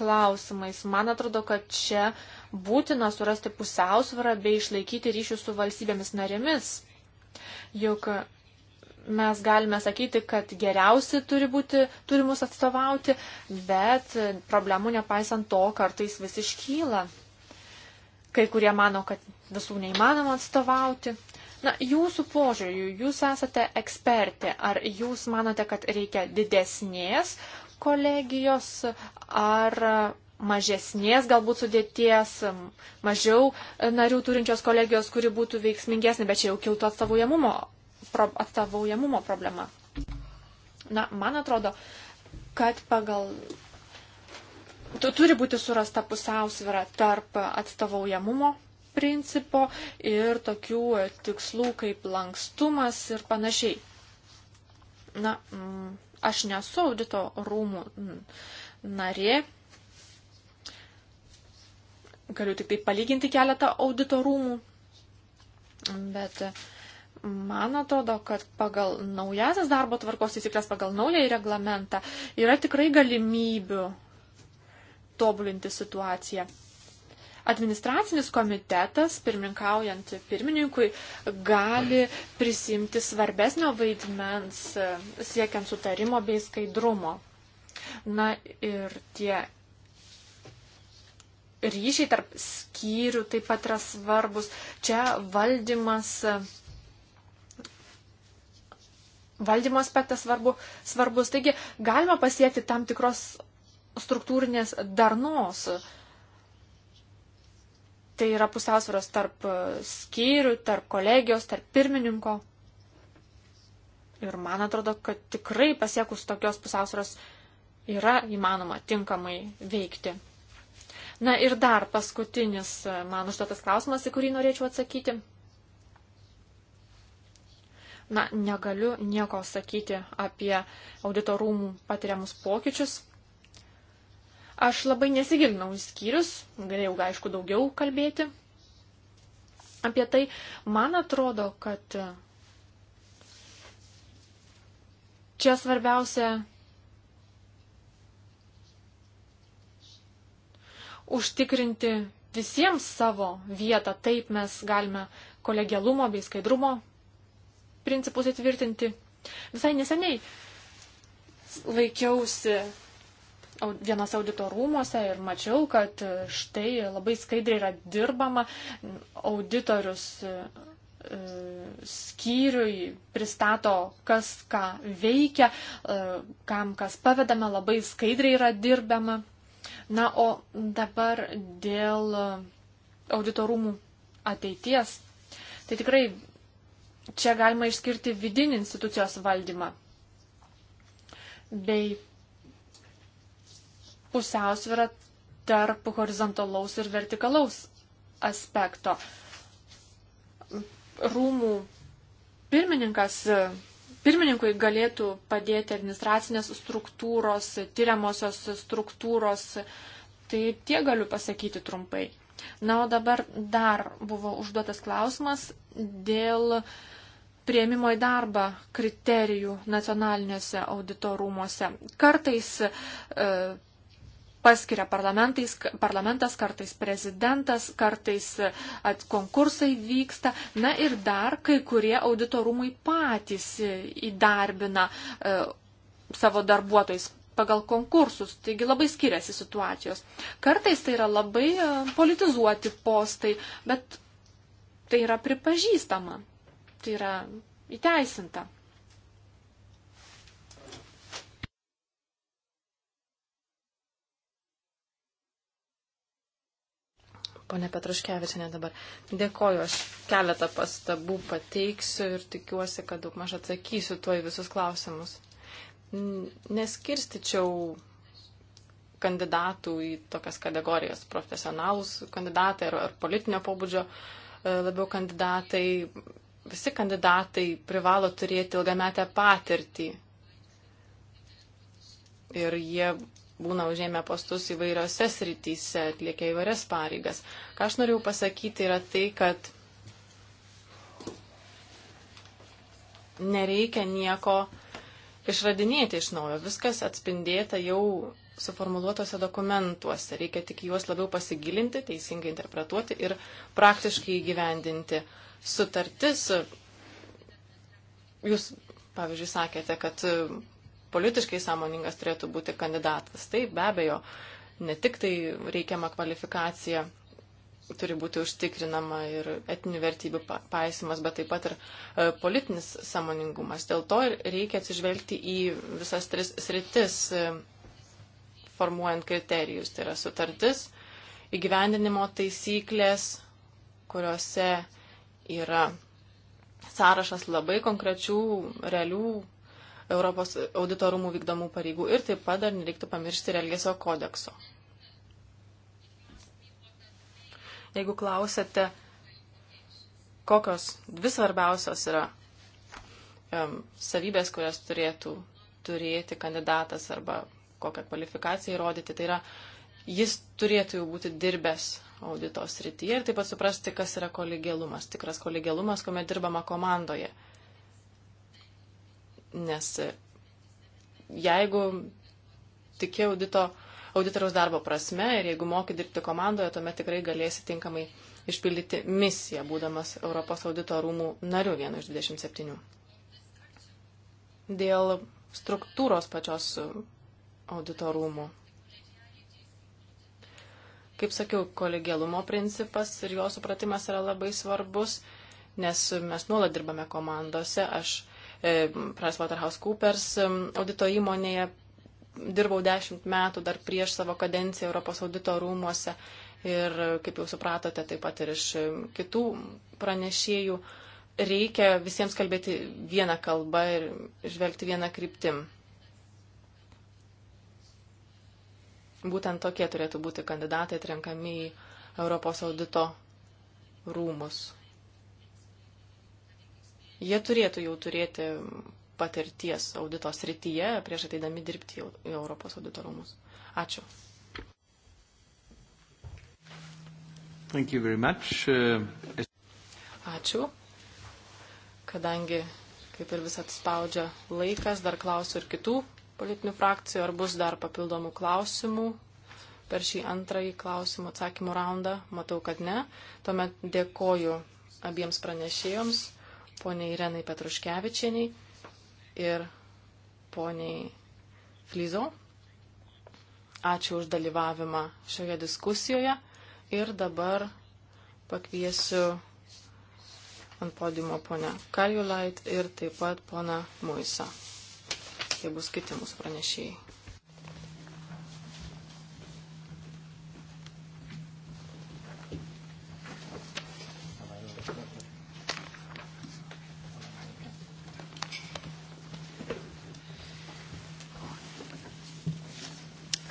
klausimais? Man atrodo, kad čia būtina surasti pusiausvarą bei išlaikyti ryšių su valstybėmis narėmis. Juk mes galime sakyti, kad geriausi turi, būti, turi mus atstovauti, bet problemų nepaisant to kartais vis iškyla. Kai kurie mano, kad visų neįmanoma atstovauti. Na, jūsų požiūriu, jūs esate ekspertė. Ar jūs manote, kad reikia didesnės kolegijos ar mažesnės galbūt sudėties, mažiau narių turinčios kolegijos, kuri būtų veiksmingesnė, bet čia jau kiltų atstovaujamumo pro, atstovaujamumo problema. Na, man atrodo, kad pagal. Tu turi būti surasta pusiausvėra tarp atstovaujamumo principo ir tokių tikslų kaip lankstumas ir panašiai. Na, mm, aš nesu audito rūmų narė. Galiu tik tai palyginti keletą audito rūmų. Bet uh, Man atrodo, kad pagal naujasias darbo tvarkos įsiklės, pagal naują reglamentą yra tikrai galimybių tobulinti situaciją. Administracinis komitetas, pirmininkaujant pirmininkui, gali prisimti svarbesnio vaidmens e, siekiant sutarimo bei skaidrumo. Na ir tie ryšiai tarp skyrių taip pat yra svarbus. Čia valdymas valdymo aspektas svarbu, svarbus. Taigi galima pasiekti tam tikros struktūrinės darnos. Tai yra pusiausvėros tarp skyrių, tarp kolegijos, tarp pirmininko. Ir man atrodo, kad tikrai pasiekus tokios pusiausvėros yra įmanoma tinkamai veikti. Na ir dar paskutinis man užduotas klausimas, į kurį norėčiau atsakyti. Na, negaliu nieko sakyti apie auditorumų patiriamus pokyčius. Aš labai nesigilinau į skyrius, galėjau, aišku, daugiau kalbėti apie tai. Man atrodo, kad čia svarbiausia užtikrinti visiems savo vietą. Taip mes galime kolegialumo bei skaidrumo principus įtvirtinti. Visai neseniai laikiausi vienas audito rūmose ir mačiau, kad štai labai skaidriai yra dirbama auditorius e, e, skyriui pristato, kas ką veikia, e, kam kas pavedame, labai skaidriai yra dirbama. Na, o dabar dėl auditorumų ateities. Tai tikrai čia galima išskirti vidinį institucijos valdymą bei pusiausvyrą tarp horizontalaus ir vertikalaus aspekto. Rūmų pirmininkas, pirmininkui galėtų padėti administracinės struktūros, tyriamosios struktūros, tai tie galiu pasakyti trumpai. Na, o dabar dar buvo užduotas klausimas dėl uh, prieimimo į darbą kriterijų nacionaliniuose auditorumuose. Kartais e, paskiria parlamentas, kartais prezidentas, kartais e, at, konkursai vyksta. Na ir dar kai kurie auditorumai patys e, įdarbina e, savo darbuotojus pagal konkursus, taigi labai skiriasi situacijos. Kartais tai yra labai e, politizuoti postai, bet tai yra pripažįstama. Tai yra įteisinta. Pone Petraškevičinė dabar. Dėkoju, aš keletą pastabų pateiksiu ir tikiuosi, kad daug maž atsakysiu tuo į visus klausimus. Neskirstičiau kandidatų į tokias kategorijas - profesionalus kandidatai ar, ar politinio pobūdžio e, labiau kandidatai visi kandidatai privalo turėti ilgametę patirtį. Ir jie būna užėmę postus įvairiose srityse, atlikę įvairias pareigas. Ką aš norėjau pasakyti yra tai, kad nereikia nieko išradinėti iš naujo. Viskas atspindėta jau suformuoluotose dokumentuose. Reikia tik juos labiau pasigilinti, teisingai interpretuoti ir praktiškai įgyvendinti sutartis. Jūs, pavyzdžiui, sakėte, kad politiškai sąmoningas turėtų būti kandidatas. Taip, be abejo, ne tik tai reikiama kvalifikacija turi būti užtikrinama ir etinių vertybių paisimas, bet taip pat ir e, politinis samoningumas. Dėl to reikia atsižvelgti į visas tris sritis, e, formuojant kriterijus. Tai yra sutartis, įgyvendinimo taisyklės, kuriuose yra sąrašas labai konkrečių, realių Europos auditorumų vykdomų pareigų ir taip pat dar nereiktų pamiršti ir Elgesio kodekso. Jeigu klausėte, kokios dvi svarbiausios yra um, savybės, kurias turėtų turėti kandidatas arba kokią kvalifikaciją įrodyti, tai yra jis turėtų jau būti dirbęs audito srityje ir taip pat suprasti, kas yra kolegialumas, tikras kolegialumas, kuomet dirbama komandoje. Nes e, jeigu tiki audito, auditoriaus darbo prasme ir jeigu moki dirbti komandoje, tuomet tikrai galėsi tinkamai išpildyti misiją, būdamas Europos audito rūmų nariu vienu iš 27. Dėl struktūros pačios e, audito rūmų Kaip sakiau, kolegialumo principas ir jo supratimas yra labai svarbus, nes mes nuolat dirbame komandose. Aš e, PricewaterhouseCoopers audito įmonėje dirbau dešimt metų dar prieš savo kadenciją Europos audito rūmuose ir, kaip jau supratote, taip pat ir iš e, kitų pranešėjų reikia visiems kalbėti vieną kalbą ir žvelgti vieną kryptim. Būtent tokie turėtų būti kandidatai atrenkami į Europos audito rūmus. Jie turėtų jau turėti patirties audito srityje prieš ateidami dirbti į Europos audito rūmus. Ačiū. Thank you very much. Uh, Ačiū. Kadangi, kaip ir vis atspaudžia laikas, dar klausiu ir kitų politinių frakcijų, ar bus dar papildomų klausimų per šį antrąjį klausimų atsakymų raundą. Matau, kad ne. Tuomet dėkoju abiems pranešėjoms, poniai Irenai Petruškevičianiai ir poniai Flyzo. Ačiū už dalyvavimą šioje diskusijoje ir dabar pakviesiu ant podiumo ponę Kaljulait ir taip pat poną Muisą kokie bus kiti mūsų pranešėjai.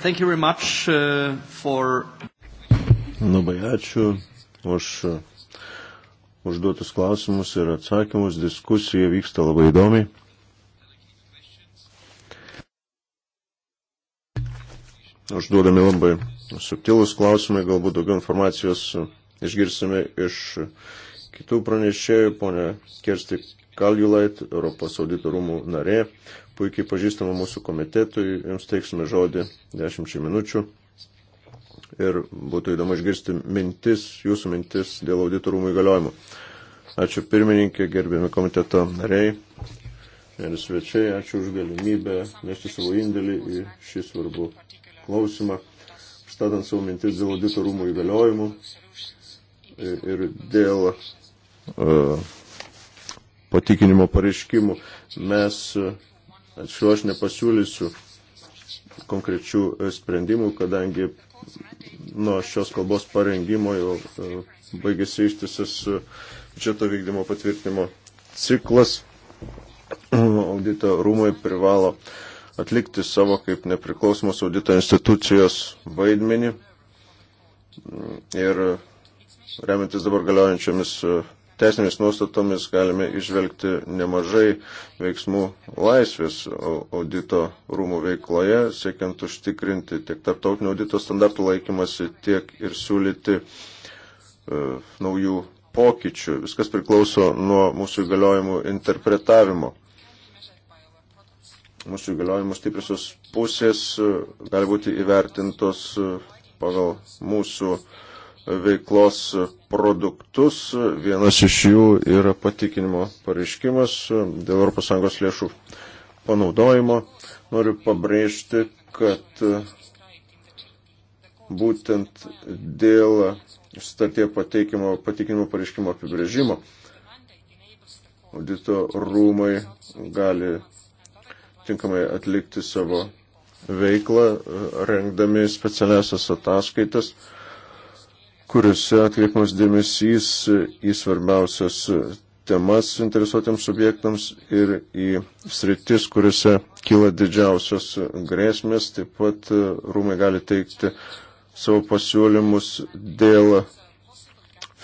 Thank you very much uh, for. Labai ačiū už uh, užduotus klausimus ir atsakymus. Diskusija vyksta labai įdomiai. užduodami labai subtilus klausimai, galbūt daugiau informacijos išgirsime iš kitų pranešėjų, ponė Kersti Kaljulait, Europos audito rūmų narė, puikiai pažįstama mūsų komitetui, jums teiksime žodį 10 minučių. Ir būtų įdomu išgirsti mintis, jūsų mintis dėl audito rūmų įgaliojimų. Ačiū pirmininkė, gerbėmi komiteto nariai ir svečiai, ačiū už galimybę nešti savo indėlį į šį svarbų klausimą, statant savo mintis dėl audito rūmų įgaliojimų ir, ir dėl uh, patikinimo pareiškimų. Mes, ačiū, e, aš nepasiūlysiu konkrečių e, sprendimų, kadangi nuo šios kalbos parengimo jau baigėsi ištisas biudžeto vykdymo patvirtinimo ciklas. Audito rūmai privalo uh, atlikti savo kaip nepriklausomos audito institucijos vaidmenį ir remiantis dabar galiojančiomis e, teisinėmis nuostatomis galime išvelgti nemažai veiksmų laisvės audito rūmų veikloje, siekiant užtikrinti tiek tarptautinio audito standartų laikymasi, tiek ir siūlyti e, naujų pokyčių. Viskas priklauso nuo mūsų įgaliojimų interpretavimo mūsų įgaliojimų stipriosios pusės e, gali būti įvertintos e, pagal mūsų e, veiklos produktus. Vienas iš jų yra patikinimo pareiškimas dėl ES lėšų panaudojimo. Noriu pabrėžti, kad būtent dėl sutartie patikinimo pareiškimo apibrėžimo audito rūmai gali tinkamai atlikti savo veiklą, rengdami specialiasias ataskaitas, kuriuose atliekamas dėmesys į svarbiausias temas interesuotiems subjektams ir į sritis, kuriuose kyla didžiausios grėsmės. Taip pat e, rūmai gali teikti savo pasiūlymus dėl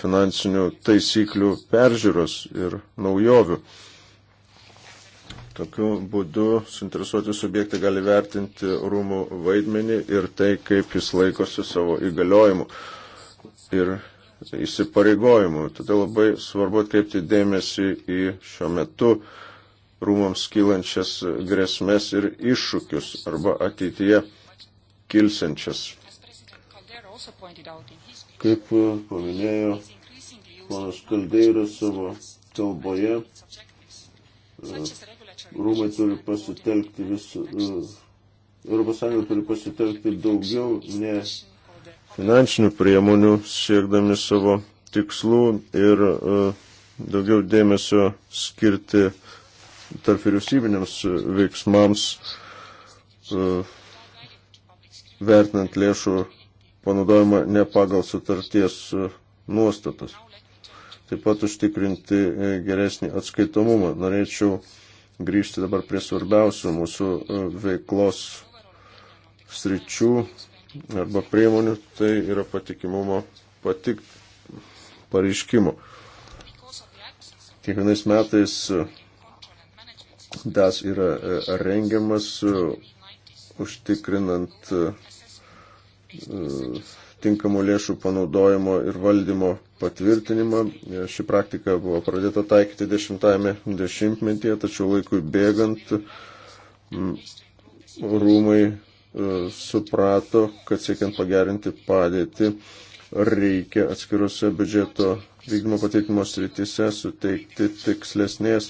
finansinių taisyklių peržiūros ir naujovių. Tokiu būdu suinteresuoti subjektai gali vertinti rūmų vaidmenį ir tai, kaip jis laikosi savo įgaliojimu ir įsipareigojimu. Todėl labai svarbu atkreipti dėmesį į šiuo metu rūmams kylančias grėsmės ir iššūkius arba ateityje kilsiančias. Kaip paminėjo ponas Kaldeiras savo kalboje, rūmai turi pasitelkti visų, nu, Europos Sąjunga turi pasitelkti daugiau ne finansinių priemonių siekdami savo tikslų ir e, daugiau dėmesio skirti tarp vyriausybinėms veiksmams, e, vertinant lėšų panaudojimą ne pagal sutarties e, nuostatas. Taip pat užtikrinti geresnį atskaitomumą. Norėčiau grįžti dabar prie svarbiausių mūsų e, veiklos sričių arba priemonių, tai yra patikimumo patik pareiškimo. Kiekvienais metais e, DAS yra e, rengiamas užtikrinant tinkamų lėšų panaudojimo ir valdymo patvirtinimą. Ši praktika buvo pradėta taikyti dešimtajame dešimtmetyje, tačiau laikui bėgant rūmai e, suprato, kad siekiant pagerinti padėtį, reikia atskiruose biudžeto vykdymo pateikimo srityse suteikti tikslesnės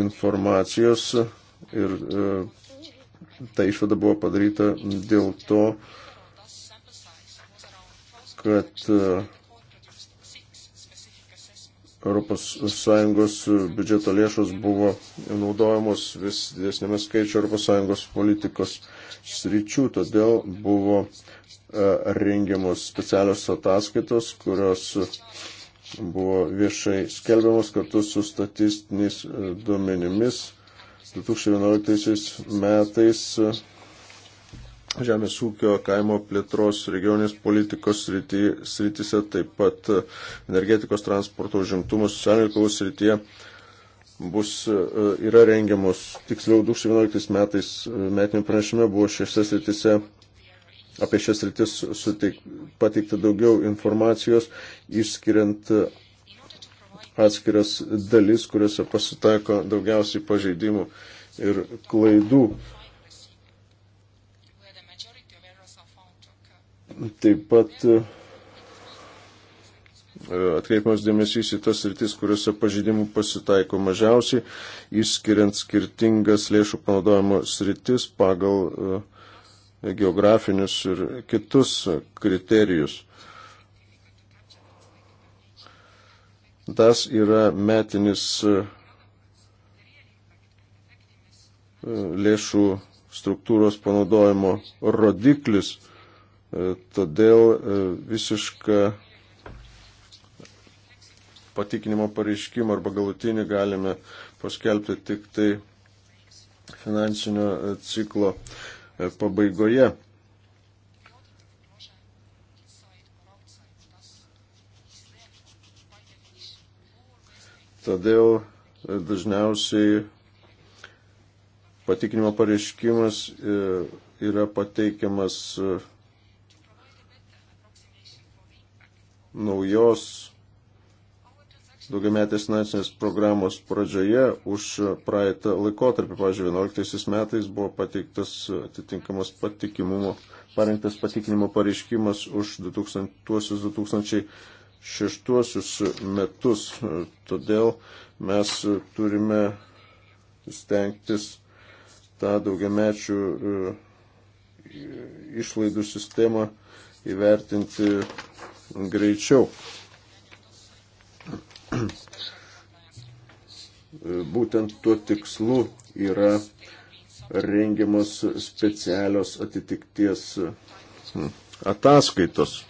informacijos ir e, ta išvada buvo padaryta dėl to, kad ES biudžeto lėšos buvo naudojamos vis didesnėme skaičiu ES politikos sričių, todėl buvo e, rengiamos specialios ataskaitos, kurios buvo viešai skelbiamos kartu su statistiniais e, duomenimis. 2011 metais žemės ūkio, kaimo plėtros, regioninės politikos srity, srityse, taip pat energetikos, transporto, užimtumo, socialinių reikalų srityje bus, e, yra rengiamos, tiksliau 2011 metais e, metinio pranešime buvo šiose srityse, apie šias sritis suteik, pateikta daugiau informacijos, išskiriant atskiras dalis, kuriuose pasitaiko daugiausiai pažeidimų ir klaidų. Taip pat e, atkreipimas dėmesys į tas rytis, kuriuose pažydimų pasitaiko mažiausiai, išskiriant skirtingas lėšų panaudojimo sritis pagal e, geografinius ir kitus kriterijus. Tas yra metinis e, lėšų struktūros panaudojimo rodiklis E, todėl e, visišką patikinimo pareiškimą arba galutinį galime paskelbti tik tai finansinio e, ciklo pabaigoje. Todėl dažniausiai patikinimo pareiškimas yra pateikiamas naujos daugiametės finansinės programos pradžioje už praeitą laikotarpį, pavyzdžiui, 11 metais buvo pateiktas atitinkamas patikimumo, parengtas patikinimo pareiškimas už 2000-2006 metus. Todėl mes turime stengtis tą daugiamečių e, išlaidų sistemą įvertinti greičiau. Būtent tuo tikslu yra rengiamos specialios atitikties hm, ataskaitos.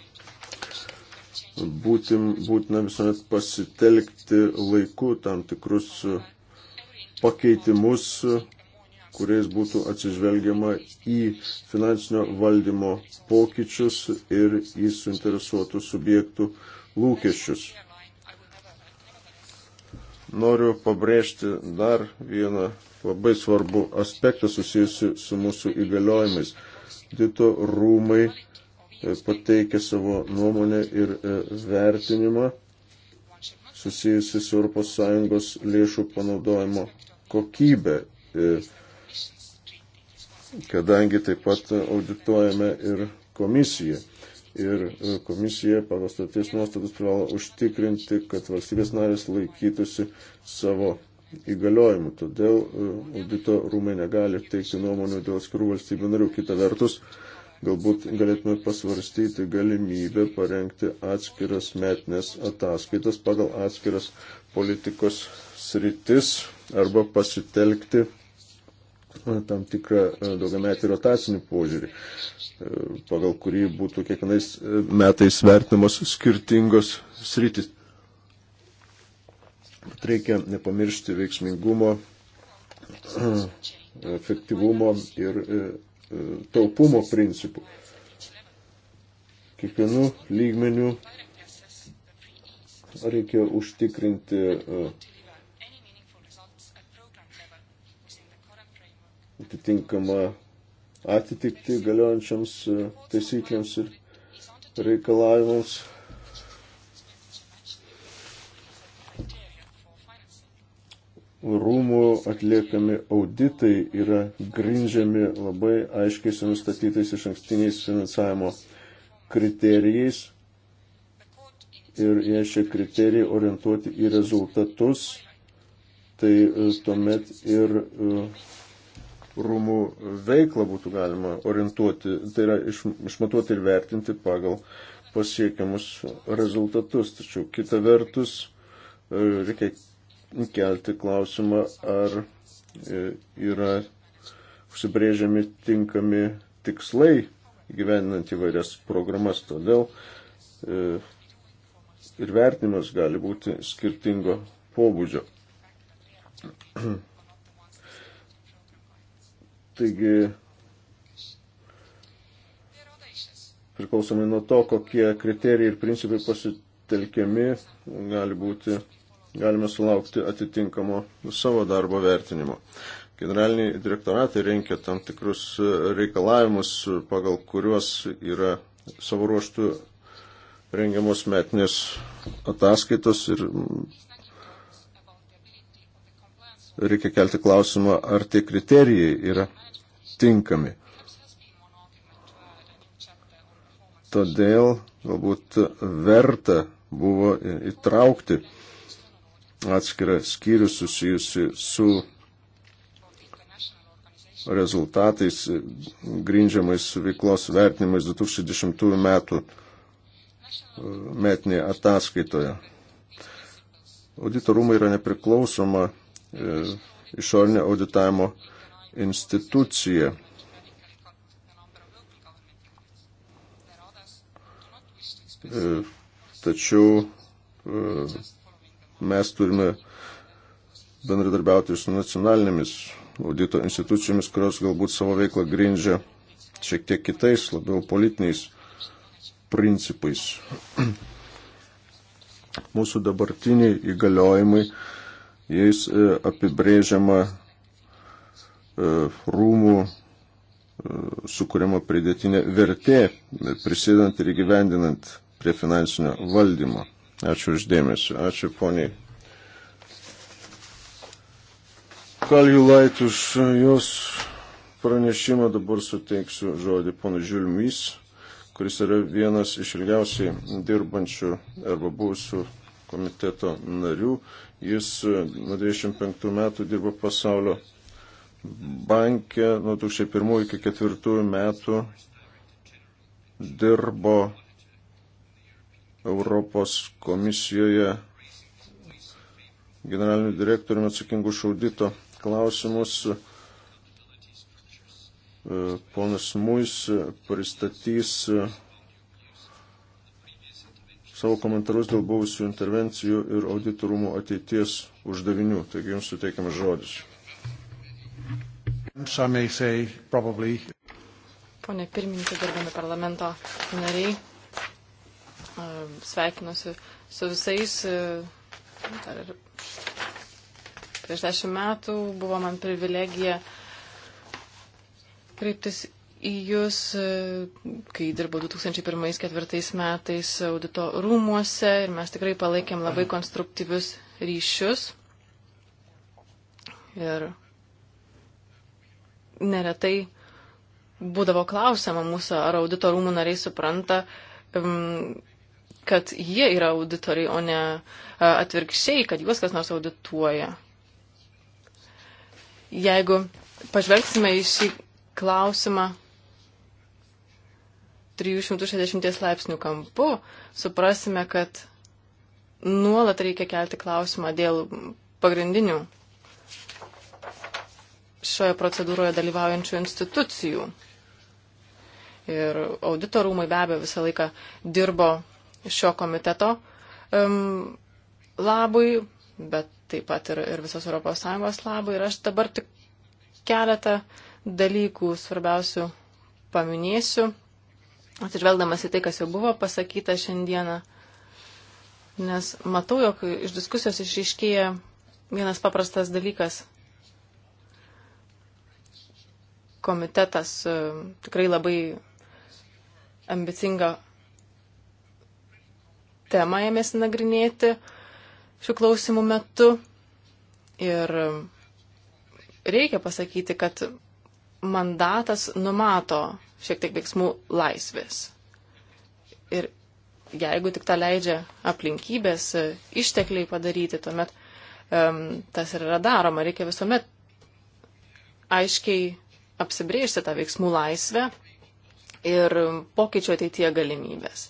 Būtim, būtina visuomet pasitelkti laiku tam tikrus pakeitimus kuriais būtų atsižvelgiama į finansinio valdymo pokyčius ir į suinteresuotų subjektų lūkesčius. Noriu pabrėžti dar vieną labai svarbų aspektą susijusi su mūsų įgaliojimais. Dito rūmai e, pateikė savo nuomonę ir e, vertinimą susijusi su ES lėšų panaudojimo kokybė. E, kadangi taip pat audituojame ir komisiją. Ir e, komisija pagal statys nuostatus privalo užtikrinti, kad valstybės narės laikytųsi savo įgaliojimų. Todėl e, audito rūmai negali teikti nuomonių dėl skirų valstybių narių. Kita vertus, galbūt galėtume pasvarstyti galimybę parengti atskiras metinės ataskaitas pagal atskiras politikos sritis arba pasitelkti tam tikrą e, daugiametį rotacinį požiūrį, e, pagal kurį būtų kiekvienais e, metais vertinamos skirtingos sritis. Reikia nepamiršti veiksmingumo, efektyvumo ir taupumo principų. Kiekvienų lygmenių reikia užtikrinti uh, atitinkamą atitikti galiojančiams e, taisyklėms ir reikalavimams. Rūmų atliekami auditai yra grindžiami labai aiškiai nustatytais iš ankstiniais finansavimo kriterijais ir jei šie kriterijai orientuoti į rezultatus, tai e, tuomet ir uh, rūmų veiklą būtų galima orientuoti, tai yra iš, išmatuoti ir vertinti pagal pasiekiamus rezultatus. Tačiau kita vertus, e, reikia kelti klausimą, ar e, yra užsibrėžiami tinkami tikslai gyveninant įvairias programas. Todėl e, ir vertinimas gali būti skirtingo pobūdžio. Taigi, priklausomai nuo to, kokie kriterijai ir principai pasitelkiami, gali būti, galime sulaukti atitinkamo savo darbo vertinimo. Generaliniai direktoratai renkia tam tikrus reikalavimus, pagal kuriuos yra savo ruoštų rengiamos metinės ataskaitos ir reikia kelti klausimą, ar tie kriterijai yra tinkami. Todėl galbūt verta buvo įtraukti atskirą skyrių susijusi su rezultatais grindžiamais veiklos vertinimais 2010 metų metinėje ataskaitoje. Auditorumai yra nepriklausoma E, išorinė auditavimo institucija. E, tačiau e, mes turime bendradarbiauti su nacionalinėmis audito institucijomis, kurios galbūt savo veiklą grindžia šiek tiek kitais, labiau politiniais principais. Mūsų dabartiniai įgaliojimai jais e, apibrėžiama e, rūmų e, sukūrimo pridėtinė vertė, prisidant ir gyvendinant prie finansinio valdymo. Ačiū uždėmesi. Ačiū poniai. Kaljų Lait už jos pranešimą dabar suteiksiu žodį ponui Žiulmys, kuris yra vienas iš ilgiausiai dirbančių arba buvusių komiteto narių. Jis e, nuo 25 metų dirbo pasaulio banke, nuo 2001 iki 2004 metų dirbo Europos komisijoje generaliniu direktoriumi atsakingu šaudito klausimus. E, ponas Muis pristatys e, savo komentarus dėl buvusių intervencijų ir auditorumų ateities uždavinių. Taigi jums suteikiamas žodis. Say, probably... Pone pirmininkai, gerbiami parlamento nariai, sveikinuosi su visais. Dar ir prieš dešimt metų buvo man privilegija kreiptis į jūs, e, kai dirbo 2001-2004 metais audito rūmuose ir mes tikrai palaikėm labai konstruktyvius ryšius. Ir neretai būdavo klausima mūsų, ar audito rūmų nariai supranta, kad jie yra auditoriai, o ne e, atvirkščiai, kad juos kas nors audituoja. Jeigu pažvelgsime į šį klausimą 360 laipsnių kampu, suprasime, kad nuolat reikia kelti klausimą dėl pagrindinių šioje procedūroje dalyvaujančių institucijų. Ir auditorumai be abejo visą laiką dirbo šio komiteto um, labui, bet taip pat ir, ir visos ES labui. Ir aš dabar tik keletą dalykų svarbiausių paminėsiu atsižvelgdamas į tai, kas jau buvo pasakyta šiandieną, nes matau, jog iš diskusijos išryškėja vienas paprastas dalykas. Komitetas e, tikrai labai ambicingą temą ėmėsi nagrinėti šių klausimų metu. Ir reikia pasakyti, kad mandatas numato šiek tiek veiksmų laisvės. Ir jeigu tik tą leidžia aplinkybės, e, ištekliai padaryti, tuomet um, tas ir yra daroma. Reikia visuomet aiškiai apsibriežti tą veiksmų laisvę ir pokyčio ateitie galimybės.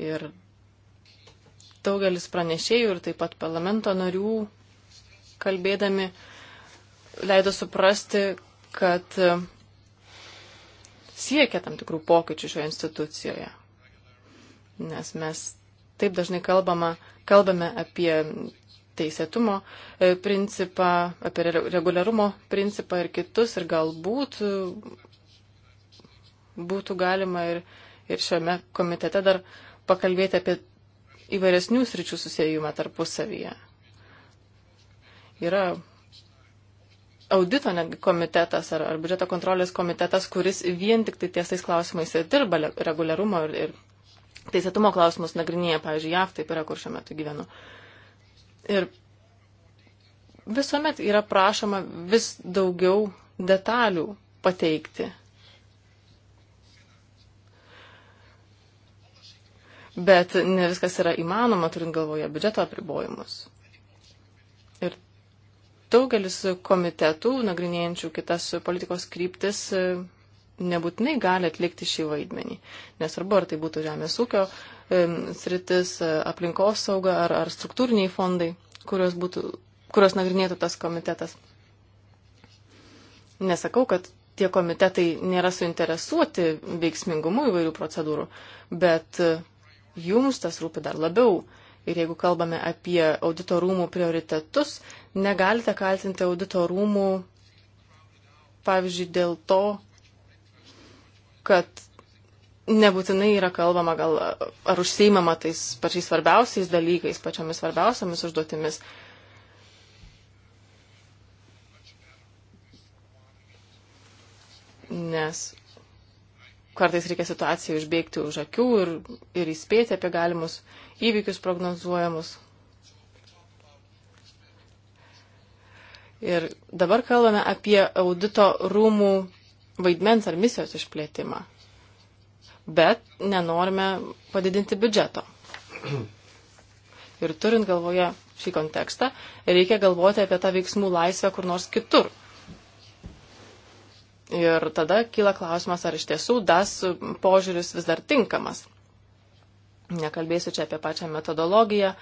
Ir daugelis pranešėjų ir taip pat parlamento narių kalbėdami leido suprasti, kad e, siekia tam tikrų pokyčių šioje institucijoje. Nes mes taip dažnai kalbama, kalbame apie teisėtumo e, principą, apie reguliarumo principą ir kitus ir galbūt e, būtų galima ir, ir šiame komitete dar pakalbėti apie įvairesnių sričių susijimą tarpusavyje. Yra audito netgi komitetas ar, ar biudžeto kontrolės komitetas, kuris vien tik tai tiesais klausimais dirba reguliarumo ir, ir teisėtumo klausimus nagrinėja, pavyzdžiui, JAV, taip yra, kur šiuo metu gyvenu. Ir visuomet yra prašoma vis daugiau detalių pateikti. Bet ne viskas yra įmanoma, turint galvoje biudžeto apribojimus. Daugelis komitetų, nagrinėjančių kitas politikos kryptis, nebūtinai gali atlikti šį vaidmenį. Nesvarbu, ar tai būtų žemės ūkio sritis, e, aplinkos sauga ar, ar struktūriniai fondai, kurios, būtų, kurios nagrinėtų tas komitetas. Nesakau, kad tie komitetai nėra suinteresuoti veiksmingumu įvairių procedūrų, bet e, jums tas rūpi dar labiau. Ir jeigu kalbame apie auditorumų prioritetus, negalite kaltinti auditorumų, pavyzdžiui, dėl to, kad nebūtinai yra kalbama gal ar užseimama tais pačiais svarbiausiais dalykais, pačiomis svarbiausiamis užduotimis. Nes kartais reikia situaciją užbėgti už akių ir, ir įspėti apie galimus įvykius prognozuojamus. Ir dabar kalbame apie audito rūmų vaidmens ar misijos išplėtimą. Bet nenorime padidinti biudžeto. Ir turint galvoje šį kontekstą, reikia galvoti apie tą veiksmų laisvę kur nors kitur. Ir tada kyla klausimas, ar iš tiesų tas požiūris vis dar tinkamas. Nekalbėsiu čia apie pačią metodologiją,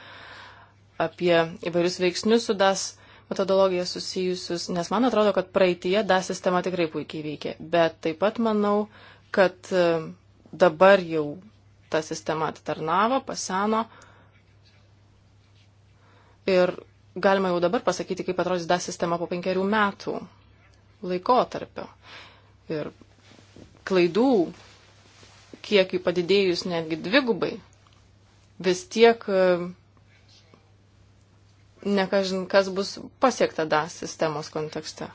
apie įvairius veiksnius su DAS metodologija susijusius, nes man atrodo, kad praeitie DAS sistema tikrai puikiai veikė, bet taip pat manau, kad e, dabar jau ta sistema attarnavo, paseno ir galima jau dabar pasakyti, kaip atrodys DAS sistema po penkerių metų laikotarpio. Ir klaidų kiekiui padidėjus netgi dvigubai vis tiek e, nekažin kas bus pasiekta DAS sistemos kontekste.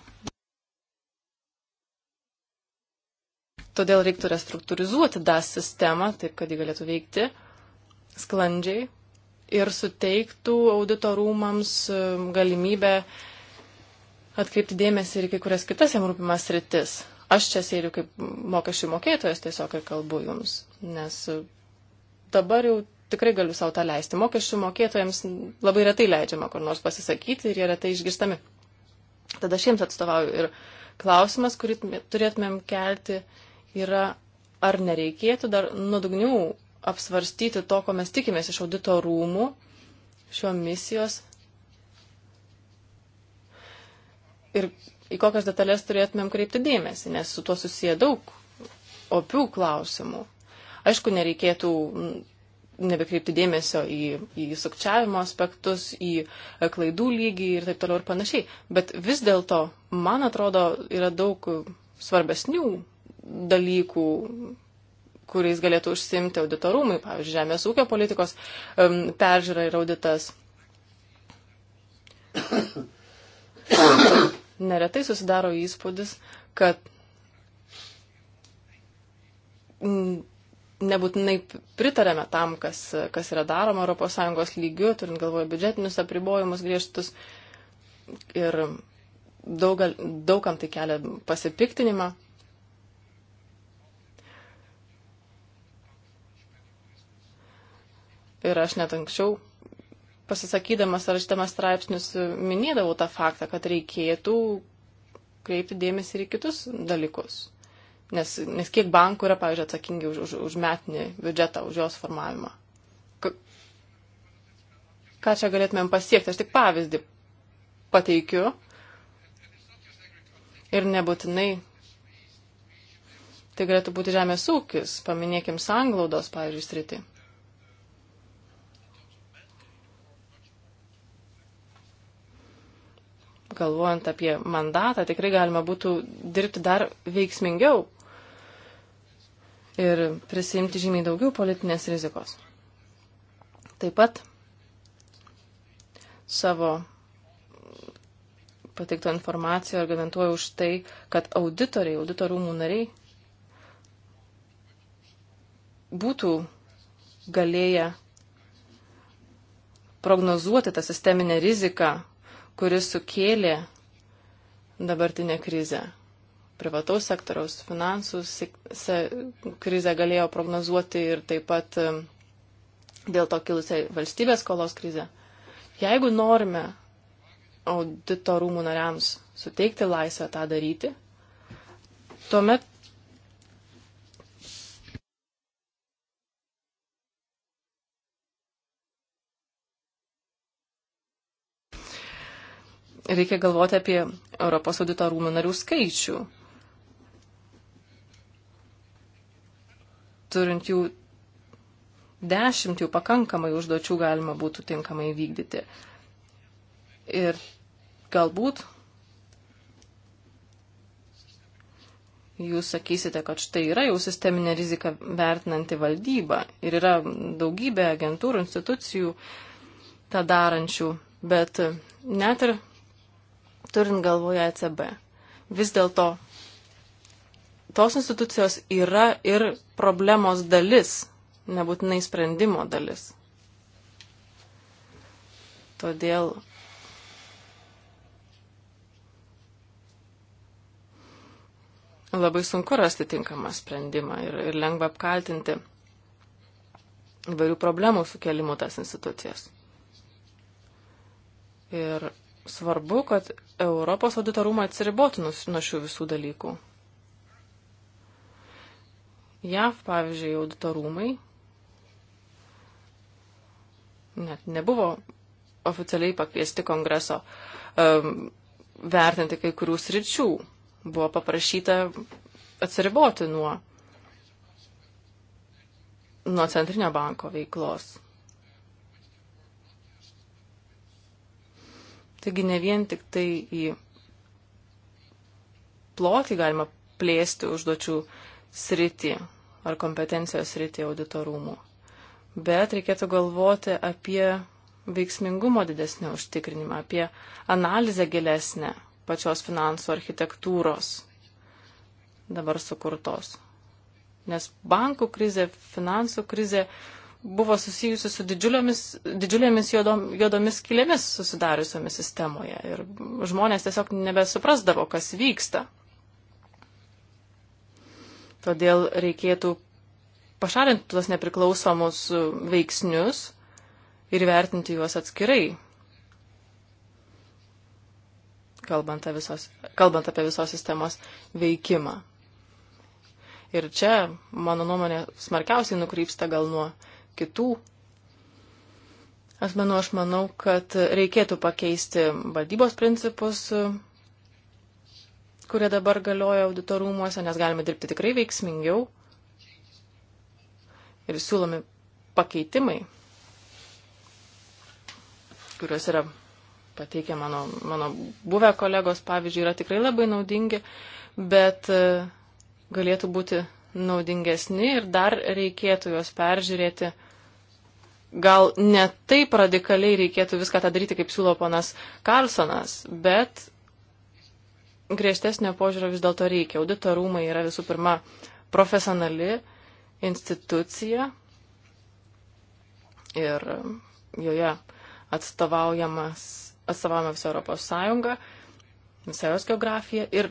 Todėl reiktų restruktūrizuoti DAS sistemą, taip kad ji galėtų veikti sklandžiai ir suteiktų auditorumams e, galimybę atkreipti dėmesį ir kai kurias kitas jam rūpimas rytis. Aš čia sėdžiu kaip mokesčių mokėtojas tiesiog ir kalbu jums, nes dabar jau tikrai galiu savo tą leisti. Mokesčių mokėtojams labai retai leidžiama kur nors pasisakyti ir jie retai išgirstami. Tada aš jiems atstovauju. Ir klausimas, kurį turėtumėm kelti, yra, ar nereikėtų dar nuodugniau apsvarstyti to, ko mes tikimės iš audito rūmų, šio misijos. Ir į kokias detalės turėtumėm kreipti dėmesį, nes su tuo susiję daug opių klausimų. Aišku, nereikėtų nebekreipti dėmesio į, į sukčiavimo aspektus, į e, klaidų lygį ir taip toliau ir panašiai. Bet vis dėlto, man atrodo, yra daug svarbesnių dalykų, kuriais galėtų užsimti auditorumai, pavyzdžiui, žemės ūkio politikos um, peržiūra ir auditas. Neretai susidaro įspūdis, kad nebūtinai pritarėme tam, kas, kas yra daroma ES lygiu, turint galvoje biudžetinius apribojimus griežtus. Ir daugal, daugam tai kelia pasipiktinimą. Ir aš net anksčiau pasisakydamas ar šitamas straipsnius minėdavau tą faktą, kad reikėtų kreipti dėmesį ir į kitus dalykus. Nes, nes kiek bankų yra, pavyzdžiui, atsakingi už, už, už metinį biudžetą, už jos formavimą. Ka, ką čia galėtumėm pasiekti? Aš tik pavyzdį pateikiu. Ir nebūtinai tai galėtų būti žemės ūkis, paminėkim sanglaudos, pavyzdžiui, sritį. galvojant apie mandatą, tikrai galima būtų dirbti dar veiksmingiau ir prisimti žymiai daugiau politinės rizikos. Taip pat savo pateikto informaciją argumentuoju už tai, kad auditoriai, auditorumų nariai būtų galėję prognozuoti tą sisteminę riziką kuris sukėlė dabartinę krizę. Privataus sektoriaus finansų krizę galėjo prognozuoti ir taip pat e, dėl to kilusią valstybės skolos krizę. Jeigu norime audito rūmų nariams suteikti laisvę tą daryti, tuomet reikia galvoti apie Europos audito rūmų narių skaičių. Turint jų dešimt jau pakankamai užduočių galima būtų tinkamai vykdyti. Ir galbūt jūs sakysite, kad štai yra jau sisteminė rizika vertinanti valdyba ir yra daugybė agentūrų, institucijų tą darančių, bet net ir turint galvoje ECB. Vis dėlto tos institucijos yra ir problemos dalis, nebūtinai sprendimo dalis. Todėl labai sunku rasti tinkamą sprendimą ir, ir lengva apkaltinti įvairių problemų sukelimu tas institucijas. Ir svarbu, kad Europos audito rūmai atsiribotų nuo šių visų dalykų. JAV, pavyzdžiui, audito rūmai net nebuvo oficialiai pakviesti kongreso um, vertinti kai kurių sričių. Buvo paprašyta atsiriboti nuo, nuo centrinio banko veiklos. Taigi ne vien tik tai į plotį galima plėsti užduočių sritį ar kompetencijos sritį auditorumų, bet reikėtų galvoti apie veiksmingumo didesnį užtikrinimą, apie analizę gilesnę pačios finansų architektūros dabar sukurtos. Nes bankų krizė, finansų krizė buvo susijusi su didžiulėmis, didžiulėmis juodom, juodomis kilėmis susidariusiomis sistemoje ir žmonės tiesiog nebesuprasdavo, kas vyksta. Todėl reikėtų pašalinti tuos nepriklausomus veiksnius ir vertinti juos atskirai, kalbant, visos, kalbant apie visos sistemos veikimą. Ir čia, mano nuomonė, smarkiausiai nukrypsta gal nuo kitų asmenų, aš manau, kad reikėtų pakeisti valdybos principus, kurie dabar galioja auditorumuose, nes galime dirbti tikrai veiksmingiau. Ir siūlomi pakeitimai, kuriuos yra pateikę mano, mano buvę kolegos, pavyzdžiui, yra tikrai labai naudingi, bet e, galėtų būti naudingesni ir dar reikėtų juos peržiūrėti gal ne taip radikaliai reikėtų viską tą daryti, kaip siūlo ponas Karlsonas, bet griežtesnio požiūrio vis dėlto reikia. Audito rūmai yra visų pirma profesionali institucija ir joje atstovaujamas, atstovaujama visa Europos Sąjunga, visa jos geografija ir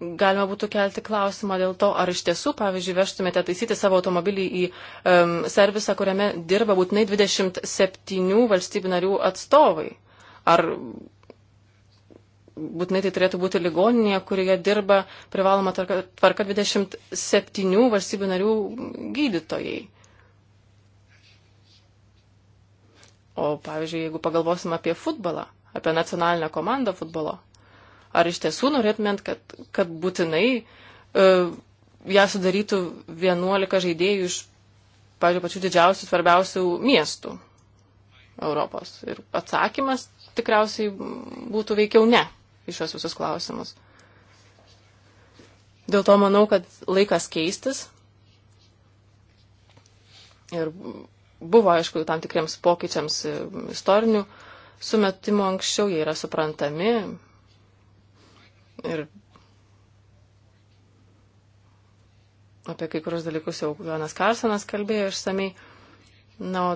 galima būtų kelti klausimą dėl to, ar iš tiesų, pavyzdžiui, vežtumėte taisyti savo automobilį į um, servisą, kuriame dirba būtinai 27 valstybių narių atstovai. Ar būtinai tai turėtų būti ligoninė, kurioje dirba privaloma tvarka, tvarka 27 valstybių narių gydytojai. O pavyzdžiui, jeigu pagalvosim apie futbolą, apie nacionalinę komandą futbolo, Ar iš tiesų norėtumėt, kad, kad būtinai uh, ją sudarytų 11 žaidėjų iš, pavyzdžiui, pačių didžiausių, svarbiausių miestų Europos? Ir atsakymas tikriausiai būtų veikiau ne iš šios visus klausimus. Dėl to manau, kad laikas keistis. Ir buvo, aišku, tam tikriems pokyčiams e, istorinių sumetimų anksčiau, jie yra suprantami, Ir apie kai kurios dalykus jau Jonas Karsonas kalbėjo išsamei. Na, o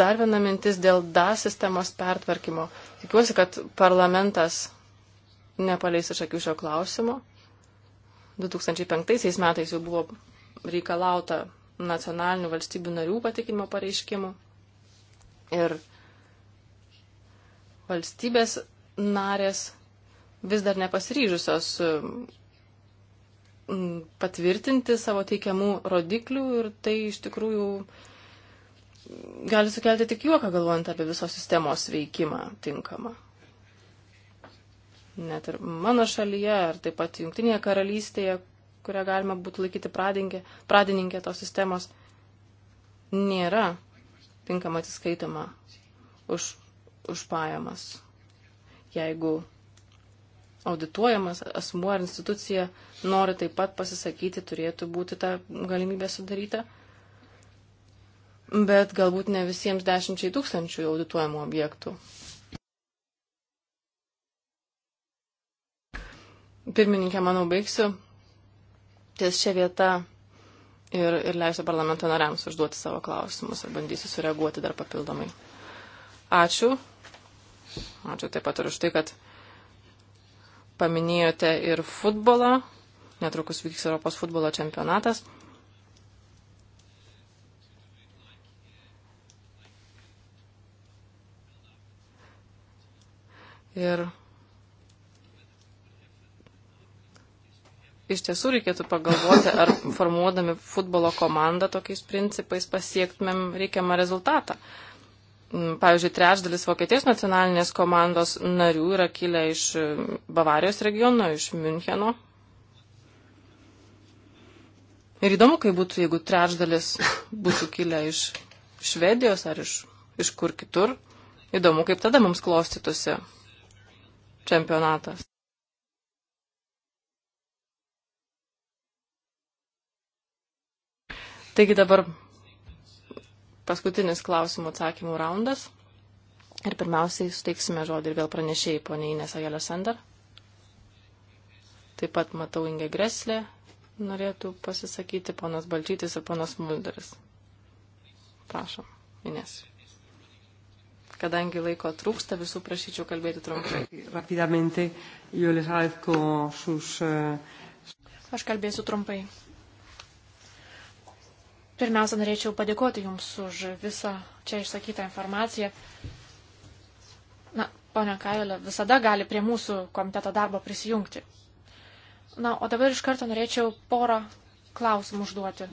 dar viena mintis dėl DA sistemos pertvarkymo. Tikiuosi, kad parlamentas nepaleis iš akių šio klausimo. 2005 metais jau buvo reikalauta nacionalinių valstybių narių patikinimo pareiškimų. Ir valstybės narės vis dar nepasiryžusios mm, patvirtinti savo teikiamų rodiklių ir tai iš tikrųjų gali sukelti tik juoką, galvojant apie visos sistemos veikimą tinkamą. Net ir mano šalyje, ar taip pat Junktinėje karalystėje, kurią galima būtų laikyti pradininkė tos sistemos, nėra tinkama atsiskaitama už, už pajamas. Jeigu audituojamas asmuo ar institucija nori taip pat pasisakyti, turėtų būti ta galimybė sudaryta. Bet galbūt ne visiems dešimčiai tūkstančių audituojamų objektų. Pirmininkė, manau, baigsiu ties šią vietą ir, ir leisiu parlamento nariams užduoti savo klausimus ir bandysiu sureaguoti dar papildomai. Ačiū. Ačiū taip pat ir už tai, kad paminėjote ir futbolą, netrukus vyks Europos futbolo čempionatas. Ir iš tiesų reikėtų pagalvoti, ar formuodami futbolo komandą tokiais principais pasiektumėm reikiamą rezultatą pavyzdžiui, trečdalis Vokietijos nacionalinės komandos narių yra kilę iš Bavarijos regiono, iš Müncheno. Ir įdomu, kai būtų, jeigu trečdalis būtų kilę iš Švedijos ar iš, iš kur kitur. Įdomu, kaip tada mums klostytųsi čempionatas. Taigi dabar paskutinis klausimų atsakymų raundas. Ir pirmiausiai suteiksime žodį ir vėl pranešėjai poniai Inesa Jelesender. Taip pat matau Inge Greslė, norėtų pasisakyti ponas Balčytis ir ponas Mulderis. Prašom, Ines. Kadangi laiko trūksta, visų prašyčiau kalbėti trumpai. Eh, Aš kalbėsiu trumpai. Pirmiausia, norėčiau padėkoti Jums už visą čia išsakytą informaciją. Na, ponia Kailė, visada gali prie mūsų komiteto darbo prisijungti. Na, o dabar iš karto norėčiau porą klausimų užduoti.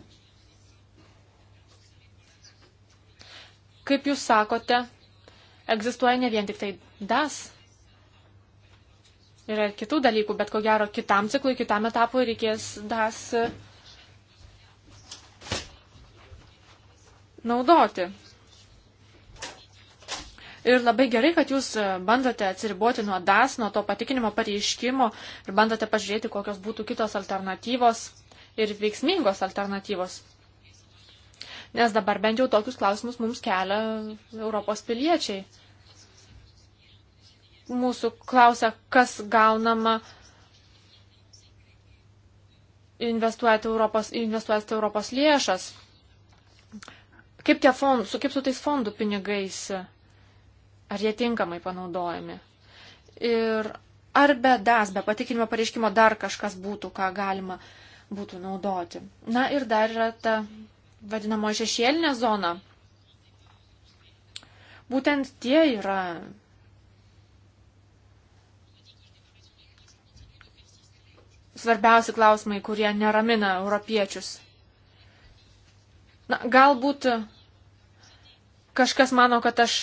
Kaip Jūs sakote, egzistuoja ne vien tik tai DAS. Yra ir kitų dalykų, bet ko gero kitam ciklui, kitam etapui reikės DAS. Uh, naudoti. Ir labai gerai, kad jūs e, bandote atsiriboti nuo DAS, nuo to patikinimo pareiškimo ir bandote pažiūrėti, kokios būtų kitos alternatyvos ir veiksmingos alternatyvos. Nes dabar bent jau tokius klausimus mums kelia Europos piliečiai. Mūsų klausia, kas gaunama investuojant Europos, investuojant Europos lėšas. Kaip, fond, su, kaip su tais fondų pinigais, ar jie tinkamai panaudojami? Ir ar be DAS, be patikinimo pareiškimo dar kažkas būtų, ką galima būtų naudoti. Na ir dar yra ta vadinamo šešėlinė zona. Būtent tie yra. Svarbiausi klausimai, kurie neramina europiečius. Na, galbūt kažkas mano, kad aš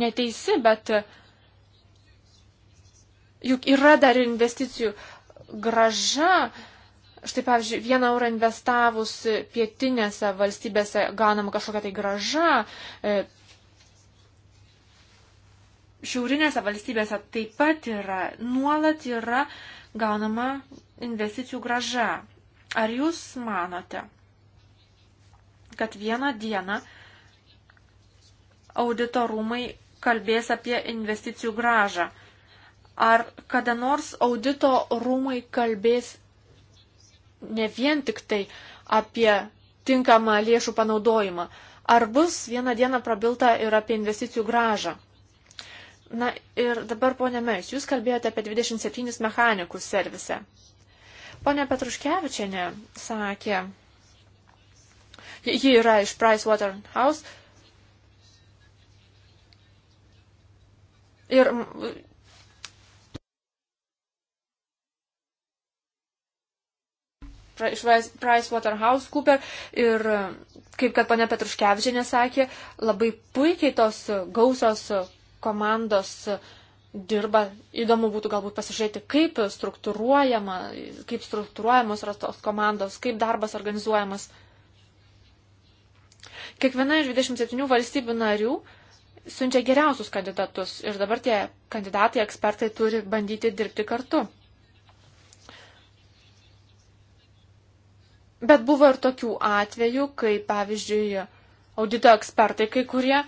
neteisi, bet juk yra dar investicijų graža. Štai, pavyzdžiui, vieną eurą investavus pietinėse valstybėse gaunama kažkokia tai graža. E, šiaurinėse valstybėse taip pat yra, nuolat yra gaunama investicijų graža. Ar jūs manote, kad vieną dieną auditorumai kalbės apie investicijų gražą. Ar kada nors audito rūmai kalbės ne vien tik tai apie tinkamą lėšų panaudojimą, ar bus vieną dieną prabilta ir apie investicijų gražą? Na ir dabar, ponė Mes, jūs kalbėjote apie 27 mechanikus servise. Pone Petruškevičiane sakė, Ji yra iš Pricewaterhouse. Ir iš Pricewaterhouse Cooper ir, kaip kad pane Petruškevičianė sakė, labai puikiai tos gausios komandos dirba. Įdomu būtų galbūt pasižiūrėti, kaip, struktūruojama, kaip struktūruojamos yra tos komandos, kaip darbas organizuojamas. Kiekviena iš 27 valstybių narių siunčia geriausius kandidatus ir dabar tie kandidatai, ekspertai turi bandyti dirbti kartu. Bet buvo ir tokių atvejų, kai, pavyzdžiui, audito ekspertai, kai kurie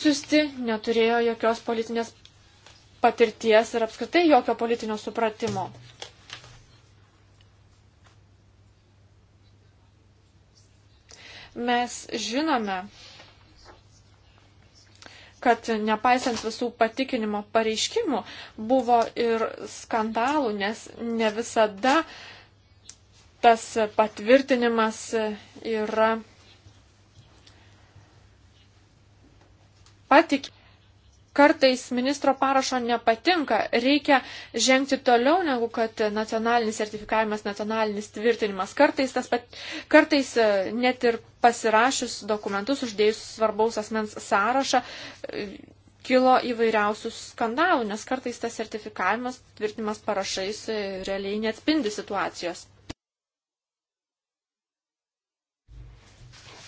susti neturėjo jokios politinės patirties ir apskritai jokio politinio supratimo. Mes žinome, kad nepaisant visų patikinimo pareiškimų buvo ir skandalų, nes ne visada tas patvirtinimas yra patik kartais ministro parašo nepatinka, reikia žengti toliau negu kad nacionalinis sertifikavimas, nacionalinis tvirtinimas. Kartais, tas pat, kartais e, net ir pasirašius dokumentus, uždėjus svarbaus asmens sąrašą, e, kilo įvairiausių skandalų, nes kartais tas sertifikavimas, tvirtinimas parašais e, realiai neatspindi situacijos.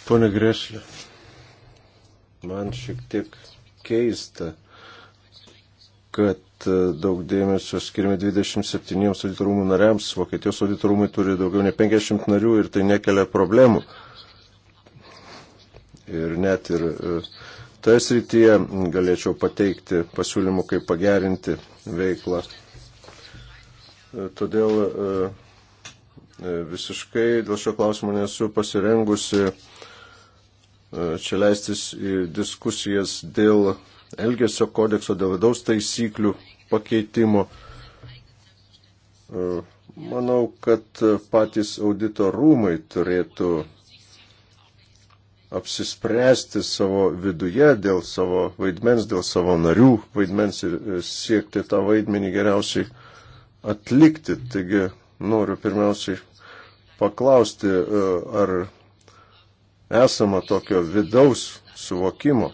Pone Greslė, man šiek tiek keista, kad e, daug dėmesio skirime 27 auditorumų nariams, Vokietijos auditorumai turi daugiau nei 50 narių ir tai nekelia problemų. Ir net ir e, toje srityje galėčiau pateikti pasiūlymų, kaip pagerinti veiklą. E, todėl visiškai dėl šio klausimo nesu pasirengusi E, čia leistis į diskusijas dėl Elgesio kodekso, dėl vidaus taisyklių pakeitimo. E, manau, kad patys audito rūmai turėtų apsispręsti savo viduje dėl savo vaidmens, dėl savo narių vaidmens ir e, siekti tą vaidmenį geriausiai atlikti. Taigi noriu pirmiausiai paklausti, ar esama tokio vidaus suvokimo.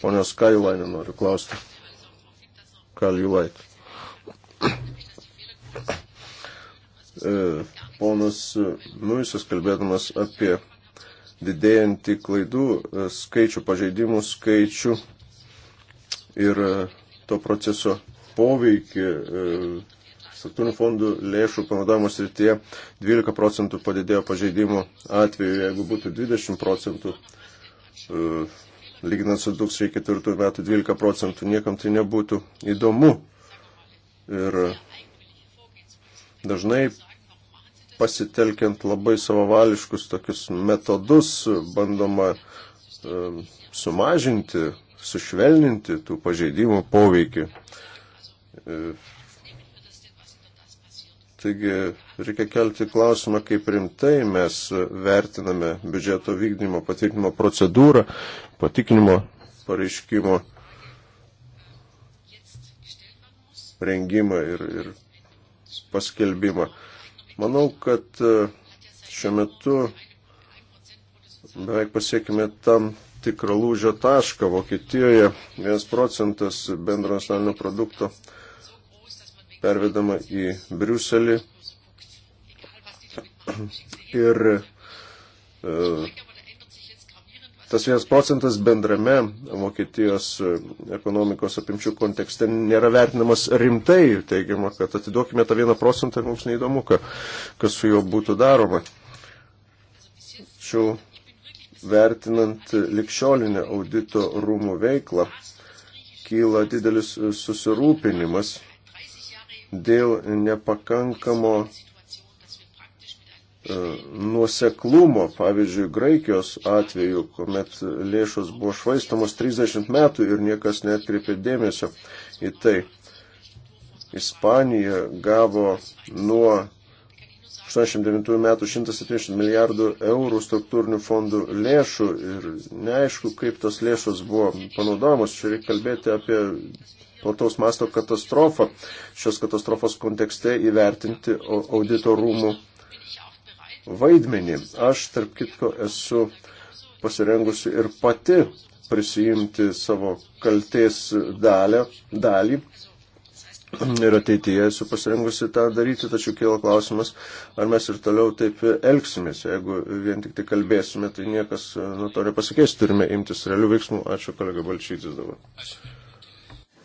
Pone Skailainė noriu klausti. Kaljulait. E, ponas Nuisas kalbėdamas apie didėjantį klaidų e, skaičių, pažeidimų skaičių ir e, to proceso poveikį struktūrinių fondų lėšų panaudojimo srityje 12 procentų padidėjo pažeidimų atveju, jeigu būtų 20 procentų, e, lyginant su 2004 metų 12 procentų, niekam tai nebūtų įdomu. Ir dažnai pasitelkiant labai savavališkus tokius metodus bandoma e, sumažinti, sušvelninti tų pažeidimų poveikį e, Taigi reikia kelti klausimą, kaip rimtai mes vertiname biudžeto vykdymo patvirtinimo procedūrą, patikinimo pareiškimo rengimą ir, ir paskelbimą. Manau, kad e, šiuo metu beveik pasiekime tam tikrą lūžio tašką. Vokietijoje 1 procentas bendro nacionalinio produkto pervedama į Briuselį. Ir e, tas vienas procentas bendrame Vokietijos e, ekonomikos apimčių kontekste nėra vertinamas rimtai, teigiama, kad atiduokime tą vieną procentą ir mums neįdomu, kas su juo būtų daroma. Tačiau vertinant likščiolinę audito rūmų veiklą, kyla didelis e, susirūpinimas dėl nepakankamo e, nuoseklumo, pavyzdžiui, Graikijos atveju, kuomet lėšos buvo švaistamos 30 metų ir niekas netkreipė dėmesio į tai. Ispanija gavo nuo 89 metų 170 milijardų eurų struktūrinių fondų lėšų ir neaišku, kaip tos lėšos buvo panaudojamos. Čia reikia kalbėti apie plataus masto katastrofą. Šios katastrofos kontekste įvertinti audito rūmų vaidmenį. Aš, tarp kitko, esu pasirengusi ir pati prisijimti savo kalties dalę, dalį. Ir ateityje esu pasirengusi tą daryti, tačiau kėla klausimas, ar mes ir toliau taip elgsimės. Jeigu vien tik tai kalbėsime, tai niekas nuo to nepasikeis. Turime imtis realių veiksmų. Ačiū, kolega Balčytis dabar.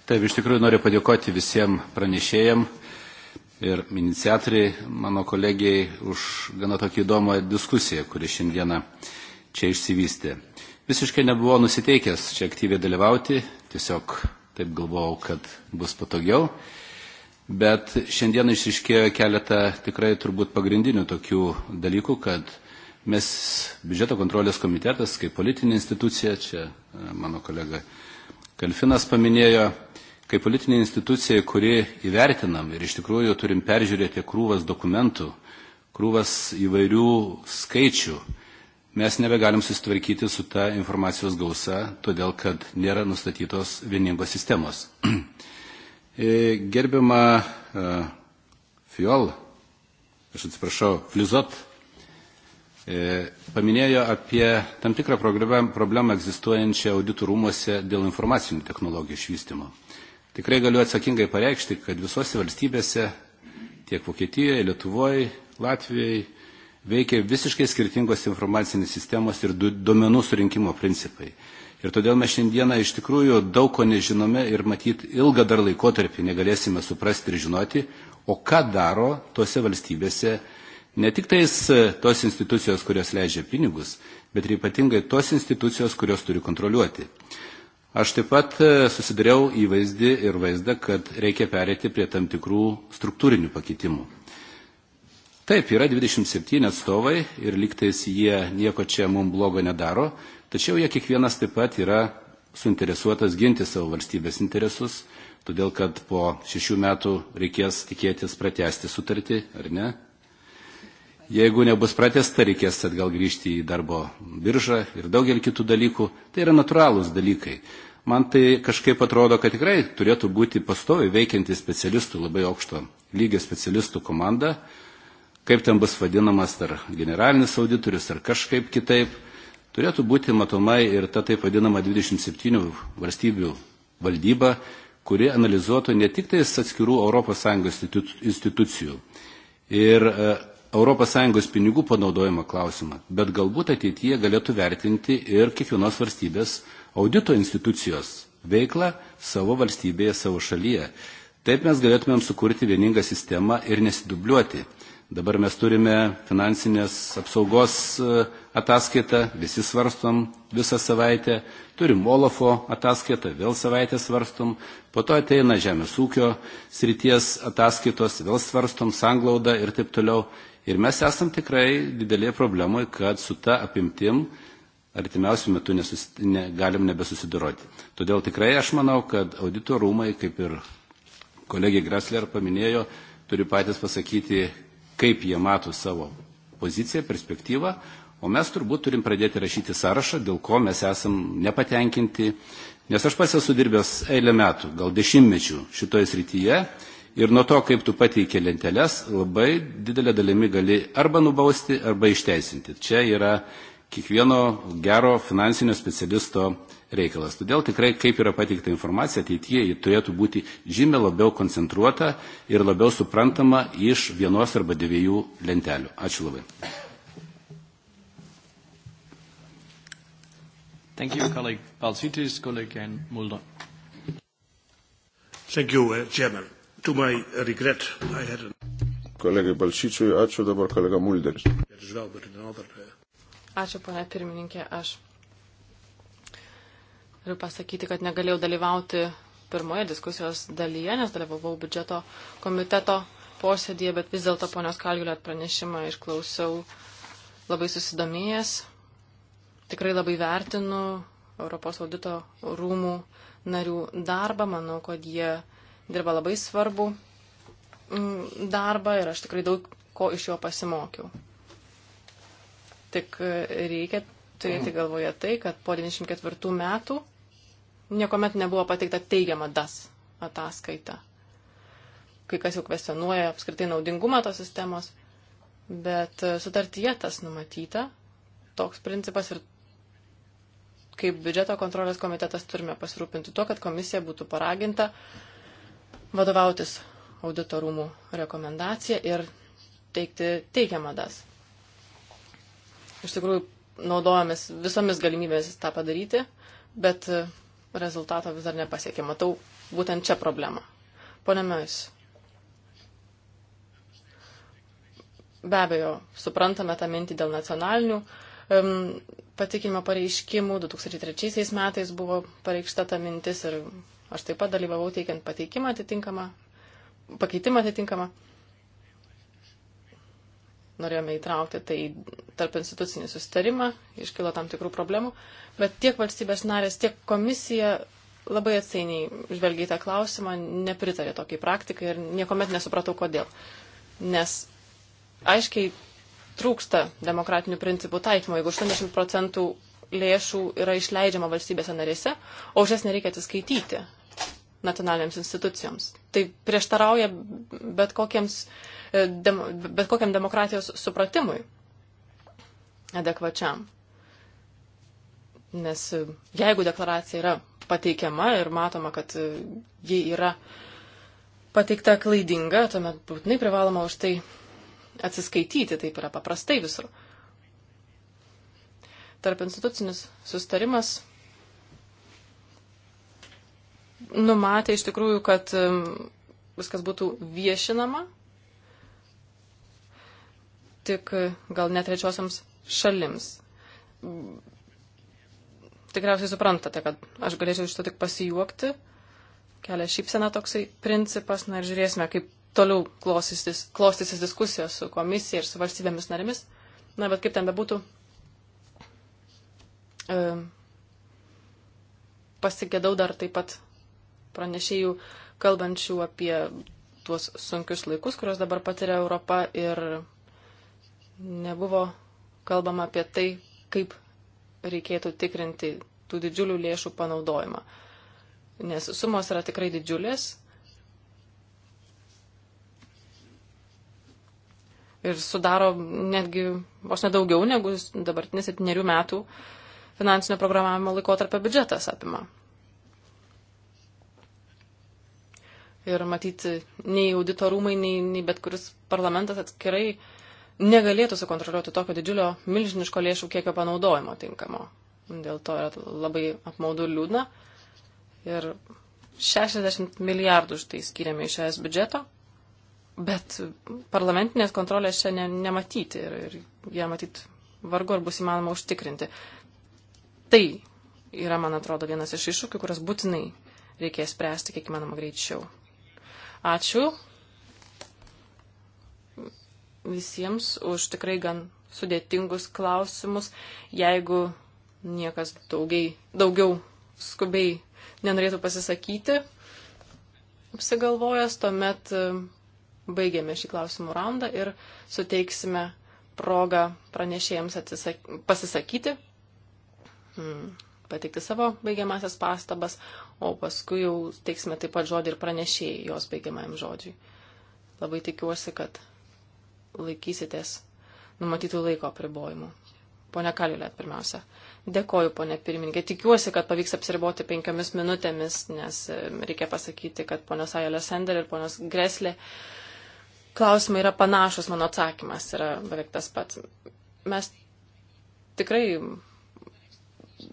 Taip, iš tikrųjų noriu padėkoti visiems pranešėjim ir iniciatoriai, mano kolegijai, už gana tokį įdomą diskusiją, kuri šiandieną čia išsivystė. Visiškai nebuvau nusiteikęs čia aktyviai dalyvauti, tiesiog taip galvojau, kad bus patogiau, bet šiandien išriškėjo keletą tikrai turbūt pagrindinių tokių dalykų, kad mes biudžeto kontrolės komitetas kaip politinė institucija, čia e, mano kolega Kalfinas paminėjo, Kaip politinė institucija, kuri įvertinam ir iš tikrųjų turim peržiūrėti krūvas dokumentų, krūvas įvairių skaičių, mes nebegalim susitvarkyti su ta informacijos gausa, todėl kad nėra nustatytos vieningos sistemos. E, gerbiama e, Fiol, aš atsiprašau, Flizot, e, paminėjo apie tam tikrą problemą egzistuojančią auditų rūmose dėl informacinių technologijų išvystymo. Tikrai galiu atsakingai pareikšti, kad visose valstybėse, tiek Vokietijoje, Lietuvoje, Latvijoje, veikia visiškai skirtingos informacinės sistemos ir duomenų surinkimo principai. Ir todėl mes šiandieną iš tikrųjų daug ko nežinome ir matyt ilgą dar laikotarpį negalėsime suprasti ir žinoti, o ką daro tose valstybėse ne tik tais e, tos institucijos, kurios leidžia pinigus, bet ir ypatingai tos institucijos, kurios turi kontroliuoti. Aš taip pat e, susidariau įvaizdį ir vaizdą, kad reikia perėti prie tam tikrų struktūrinių pakeitimų. Taip, yra 27 atstovai ir liktais jie nieko čia mums blogo nedaro, tačiau jie kiekvienas taip pat yra suinteresuotas ginti savo valstybės interesus, todėl kad po šešių metų reikės tikėtis pratesti sutartį, ar ne, Jeigu nebus pratesta, reikės atgal grįžti į darbo biržą ir daugelį kitų dalykų. Tai yra natūralūs dalykai. Man tai kažkaip atrodo, kad tikrai turėtų būti pastovi veikianti specialistų, labai aukšto lygio specialistų komanda. Kaip ten bus vadinamas, ar generalinis auditorius, ar kažkaip kitaip. Turėtų būti matomai ir ta taip vadinama 27 valstybių valdyba, kuri analizuotų ne tik tais atskirų ES institucijų. Ir e, ES pinigų panaudojimo klausimą, bet galbūt ateityje galėtų vertinti ir kiekvienos valstybės audito institucijos veiklą savo valstybėje, savo šalyje. Taip mes galėtumėm sukurti vieningą sistemą ir nesidubliuoti. Dabar mes turime finansinės apsaugos uh, ataskaitą, visi svarstom visą savaitę, turim Olafo ataskaitą, vėl savaitę svarstom, po to ateina žemės ūkio srities ataskaitos, vėl svarstom sanglaudą ir taip toliau. Ir mes esam tikrai didelėje problemoje, kad su ta apimtim artimiausių metų nesus, ne, galim nebesusidoroti. Todėl tikrai aš manau, kad audito rūmai, kaip ir kolegė Gressler paminėjo, turi patys pasakyti, kaip jie mato savo poziciją, perspektyvą, o mes turbūt turim pradėti rašyti sąrašą, dėl ko mes esam nepatenkinti, nes aš pats esu dirbęs eilę metų, gal dešimtmečių šitoje srityje ir nuo to, kaip tu pateikė lenteles, labai didelė dalimi gali arba nubausti, arba išteisinti. Čia yra kiekvieno gero finansinio specialisto reikalas. Todėl tikrai, kaip yra pateikta informacija, ateityje ji turėtų būti žymiai labiau koncentruota ir labiau suprantama iš vienos arba dviejų lentelių. Ačiū labai. Thank you, colleague Balsitis, colleague and Mulder. Thank you, uh, Chairman. To my regret, I had an... Kolegai Balšyčiui, ačiū dabar kolega Mulderis. Uh, ačiū, ponia pirmininkė, aš turiu pasakyti, kad negalėjau dalyvauti pirmoje diskusijos dalyje, nes dalyvavau biudžeto komiteto posėdėje, bet vis dėlto ponios Kalgiulėt pranešimą išklausiau labai susidomėjęs Tikrai labai vertinu Europos audito rūmų narių darbą. Manau, kad jie dirba labai svarbu mm, darbą ir aš tikrai daug ko iš jo pasimokiau. Tik e, reikia turėti galvoje tai, kad po 94 metų niekuomet nebuvo pateikta teigiama DAS ataskaita. Kai kas jau kvestionuoja apskritai naudingumą tos sistemos, bet e, sutartyje tas numatyta, toks principas ir kaip biudžeto kontrolės komitetas turime pasirūpinti tuo, kad komisija būtų paraginta vadovautis auditorumų rekomendacija ir teikti teigiamą das. Iš tikrųjų, naudojomės visomis galimybėmis tą padaryti, bet rezultato vis dar nepasiekė. Matau būtent čia problemą. Pone Meus. Be abejo, suprantame tą mintį dėl nacionalinių um, patikinimo pareiškimų. 2003 metais buvo pareikšta ta mintis ir aš taip pat dalyvavau teikiant pateikimą atitinkamą, pakeitimą atitinkamą. Norėjome įtraukti tai tarp institucinį sustarimą, iškilo tam tikrų problemų, bet tiek valstybės narės, tiek komisija labai atsainiai žvelgia į tą klausimą, nepritarė tokiai praktikai ir niekuomet nesupratau kodėl. Nes aiškiai trūksta demokratinių principų taikymo, jeigu 80 procentų lėšų yra išleidžiama valstybėse narėse, o už jas nereikia atsiskaityti nacionalinėms institucijoms. Tai prieštarauja bet, kokiems, e, bet kokiam demokratijos supratimui adekvačiam. Nes e, jeigu deklaracija yra pateikiama ir matoma, kad e, ji yra pateikta klaidinga, tuomet būtinai privaloma už tai atsiskaityti, taip yra paprastai visur. Tarp institucinis sustarimas numatė iš tikrųjų, kad um, viskas būtų viešinama, tik uh, gal net trečiosiams šalims. Tikriausiai suprantate, kad aš galėčiau iš to tik pasijuokti. Kelia šypsena toksai principas, na ir žiūrėsime, kaip toliau klostysis, klostysis diskusijos su komisija ir su valstybėmis narėmis. Na, bet kaip ten bebūtų, e, pasigėdau dar taip pat pranešėjų kalbančių apie tuos sunkius laikus, kuriuos dabar patiria Europa ir nebuvo kalbama apie tai, kaip reikėtų tikrinti tų didžiulių lėšų panaudojimą. Nes sumos yra tikrai didžiulės ir sudaro netgi vos nedaugiau negu dabartinis septyniarių metų finansinio programavimo laikotarpio biudžetas apima. Ir matyti, nei auditorumai, nei, nei bet kuris parlamentas atskirai negalėtų sukontroliuoti tokio didžiulio milžiniško lėšų kiekio panaudojimo tinkamo. Dėl to yra labai apmaudu liūdna. Ir 60 milijardų štai skiriame iš ES biudžeto Bet parlamentinės kontrolės čia ne, nematyti ir, ir ją matyt vargu ar bus įmanoma užtikrinti. Tai yra, man atrodo, vienas iš iššūkių, kurias būtinai reikės spręsti kiek įmanoma greičiau. Ačiū visiems už tikrai gan sudėtingus klausimus. Jeigu niekas daugiai, daugiau skubiai nenorėtų pasisakyti, apsigalvojęs, tuomet baigėme šį klausimų raundą ir suteiksime progą pranešėjams atsisak... pasisakyti, hmm, pateikti savo baigiamasias pastabas, o paskui jau teiksime taip pat žodį ir pranešėjai jos baigiamajam žodžiui. Labai tikiuosi, kad laikysitės numatytų laiko apribojimų. Pone Kaliulėt, pirmiausia. Dėkoju, ponė pirmininkė. Tikiuosi, kad pavyks apsiriboti penkiomis minutėmis, nes e, reikia pasakyti, kad ponios Ajelė Sender ir ponios Greslė klausimai yra panašus, mano atsakymas yra beveik tas pats. Mes tikrai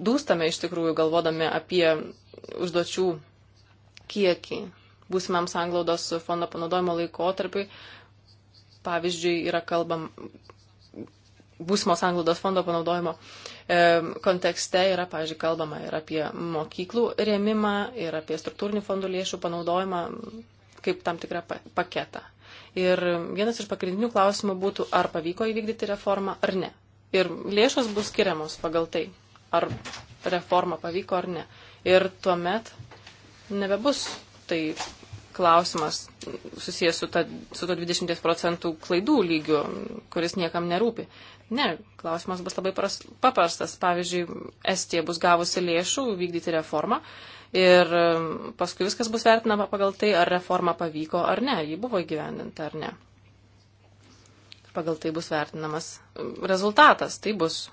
dūstame iš tikrųjų galvodami apie užduočių kiekį būsimam sanglaudos fondo panaudojimo laikotarpiui. Pavyzdžiui, yra kalbam, būsimo sanglaudos fondo panaudojimo e, kontekste yra, pavyzdžiui, kalbama ir apie mokyklų rėmimą, ir apie struktūrinių fondų lėšų panaudojimą kaip tam tikrą paketą. Ir vienas iš pagrindinių klausimų būtų, ar pavyko įvykdyti reformą ar ne. Ir lėšos bus skiriamos pagal tai, ar reforma pavyko ar ne. Ir tuomet nebebus tai klausimas susijęs su, ta, su to 20 procentų klaidų lygiu, kuris niekam nerūpi. Ne, klausimas bus labai pras, paprastas. Pavyzdžiui, Estija bus gavusi lėšų vykdyti reformą ir paskui viskas bus vertinama pagal tai, ar reforma pavyko ar ne, ji buvo įgyvendinta ar ne. Pagal tai bus vertinamas rezultatas, tai bus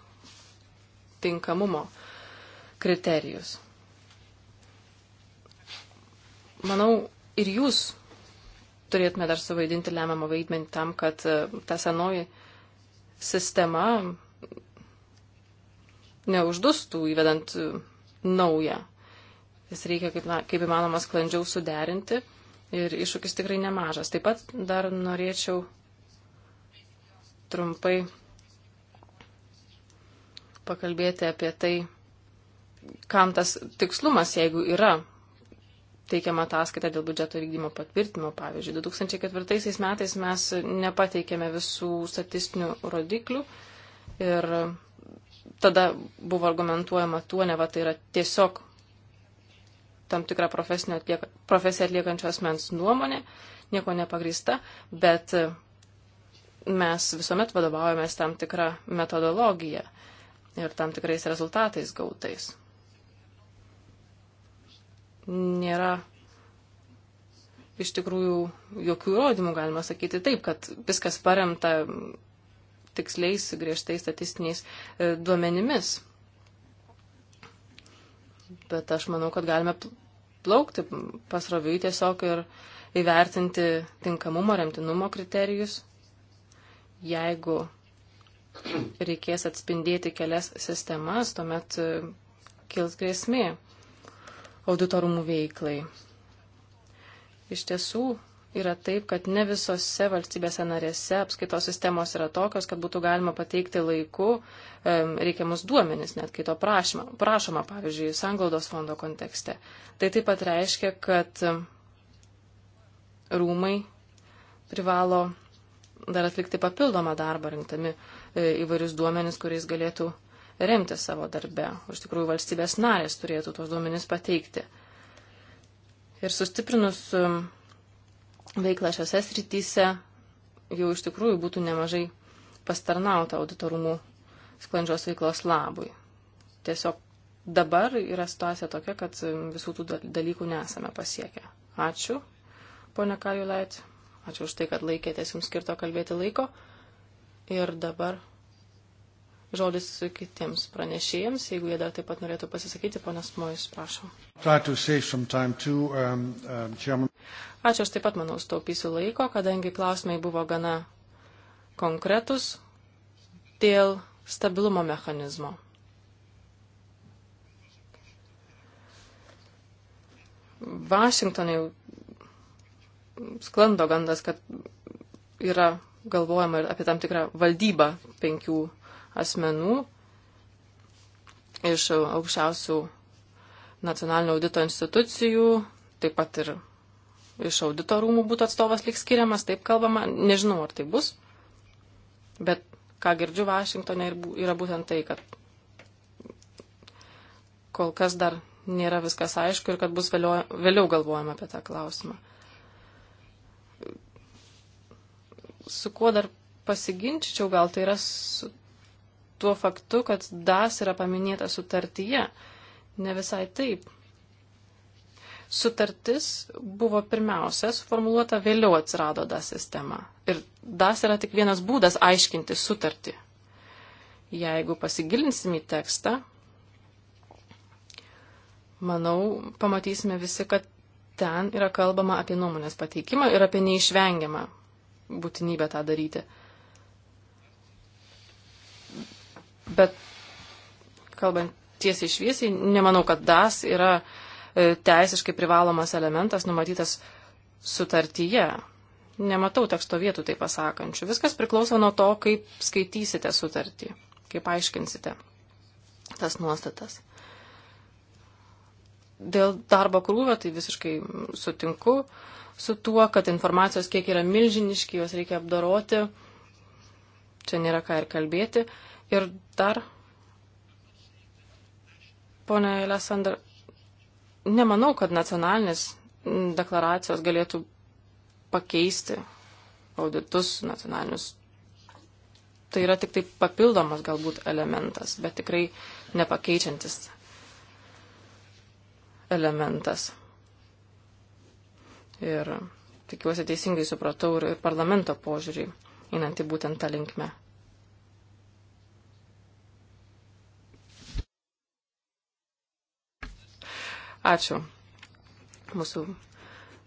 tinkamumo kriterijus. Manau, ir jūs turėtume dar suvaidinti lemiamą vaidmenį tam, kad ta senoji sistema neuždustų įvedant naują jas reikia kaip, na, kaip įmanoma sklandžiau suderinti ir iššūkis tikrai nemažas. Taip pat dar norėčiau trumpai pakalbėti apie tai, kam tas tikslumas, jeigu yra teikiama ataskaita dėl biudžeto vykdymo patvirtimo. Pavyzdžiui, 2004 metais mes nepateikėme visų statistinių rodiklių ir tada buvo argumentuojama tuo, ne va tai yra tiesiog tam tikrą atlieka, profesiją atliekančio asmens nuomonė, nieko nepagrįsta, bet mes visuomet vadovaujamės tam tikrą metodologiją ir tam tikrais rezultatais gautais. Nėra iš tikrųjų jokių įrodymų, galima sakyti taip, kad viskas paremta tiksliais, griežtais statistiniais e, duomenimis. Bet aš manau, kad galime plaukti pasroviui tiesiog ir įvertinti tinkamumo, remtinumo kriterijus. Jeigu reikės atspindėti kelias sistemas, tuomet e, kils grėsmė auditorumų veiklai. Iš tiesų, yra taip, kad ne visose valstybėse narėse apskaitos sistemos yra tokios, kad būtų galima pateikti laiku reikiamus duomenis, net kai to prašoma, prašoma pavyzdžiui, Sanglaudos fondo kontekste. Tai taip pat reiškia, kad rūmai privalo dar atlikti papildomą darbą, rinktami e, įvairius duomenis, kuriais galėtų remti savo darbę. Iš tikrųjų, valstybės narės turėtų tuos duomenis pateikti. Ir sustiprinus veiklą šiose srityse, jau iš tikrųjų būtų nemažai pastarnauta auditorumų sklandžios veiklos labui. Tiesiog dabar yra situacija tokia, kad e, visų tų dalykų nesame pasiekę. Ačiū, ponia Kajulait. Ačiū už tai, kad laikėtės jums skirto kalbėti laiko. Ir dabar žodis kitiems pranešėjams, jeigu jie dar taip pat norėtų pasisakyti, ponas Mojus, prašom. Ačiū, aš taip pat, manau, staupysiu laiko, kadangi klausimai buvo gana konkretus dėl stabilumo mechanizmo. Vašingtonai sklando gandas, kad yra galvojama ir apie tam tikrą valdybą penkių asmenų iš aukščiausių nacionalinio audito institucijų, taip pat ir iš audito rūmų būtų atstovas lyg skiriamas, taip kalbama, nežinau ar tai bus, bet ką girdžiu Vašingtone yra būtent tai, kad kol kas dar nėra viskas aišku ir kad bus vėliau, vėliau galvojama apie tą klausimą. Su kuo dar pasiginčičiau, gal tai yra su tuo faktu, kad DAS yra paminėta sutartyje. Ne visai taip sutartis buvo pirmiausia suformuoluota, vėliau atsirado DAS sistema. Ir DAS yra tik vienas būdas aiškinti sutartį. Jeigu pasigilinsim į tekstą, manau, pamatysime visi, kad ten yra kalbama apie nuomonės pateikimą ir apie neišvengiamą būtinybę tą daryti. Bet kalbant tiesiai šviesiai, nemanau, kad DAS yra uh, E, teisiškai privalomas elementas numatytas sutartyje. Nematau teksto vietų tai pasakančių. Viskas priklauso nuo to, kaip skaitysite sutartį, kaip aiškinsite tas nuostatas. Dėl darbo krūvio tai visiškai sutinku su tuo, kad informacijos kiek yra milžiniški, juos reikia apdaroti. Čia nėra ką ir kalbėti. Ir dar, ponė Lesandra, nemanau, kad nacionalinės deklaracijos galėtų pakeisti auditus nacionalinius. Tai yra tik tai papildomas galbūt elementas, bet tikrai nepakeičiantis elementas. Ir tikiuosi teisingai supratau ir parlamento požiūrį, einantį būtent tą linkmę. Ačiū. Mūsų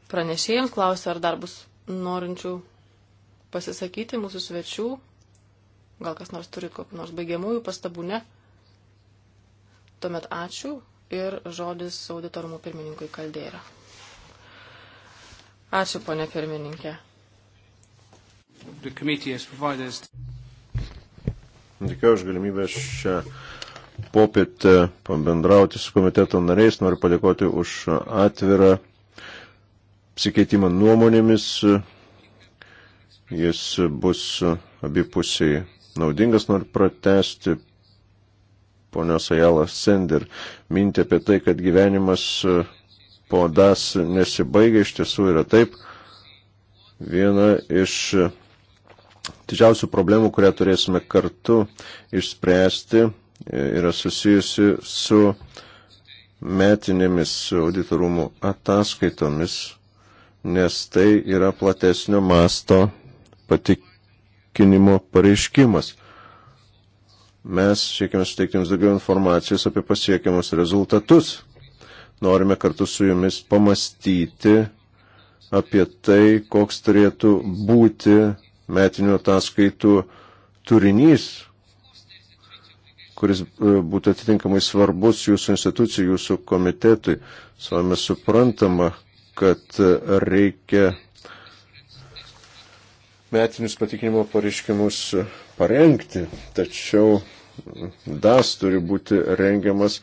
pranešėjams klausia, ar dar bus norinčių pasisakyti mūsų svečių. Gal kas nors turit kokiu nors baigiamųjų pastabų, ne? Tuomet ačiū ir žodis auditorumų pirmininkui Kaldeira. Ačiū, ponė pirmininkė. Dėkuoju už galimybę šią popietę pabendrauti su komiteto nariais. Noriu padėkoti už atvirą apsikeitimą nuomonėmis. Jis bus abipusiai naudingas. Noriu pratesti ponios Ajalas Sender mintį apie tai, kad gyvenimas po das nesibaigia. Iš tiesų yra taip. Viena iš didžiausių problemų, kurią turėsime kartu išspręsti, yra susijusi su metinėmis auditorumų ataskaitomis, nes tai yra platesnio masto patikinimo pareiškimas. Mes siekime suteikti jums daugiau informacijos apie pasiekiamus rezultatus. Norime kartu su jumis pamastyti apie tai, koks turėtų būti metinių ataskaitų turinys, kuris e, būtų atitinkamai svarbus jūsų institucijų, jūsų komitetui. Savame suprantama, kad e, reikia metinius patikinimo pareiškimus parengti, tačiau DAS turi būti rengiamas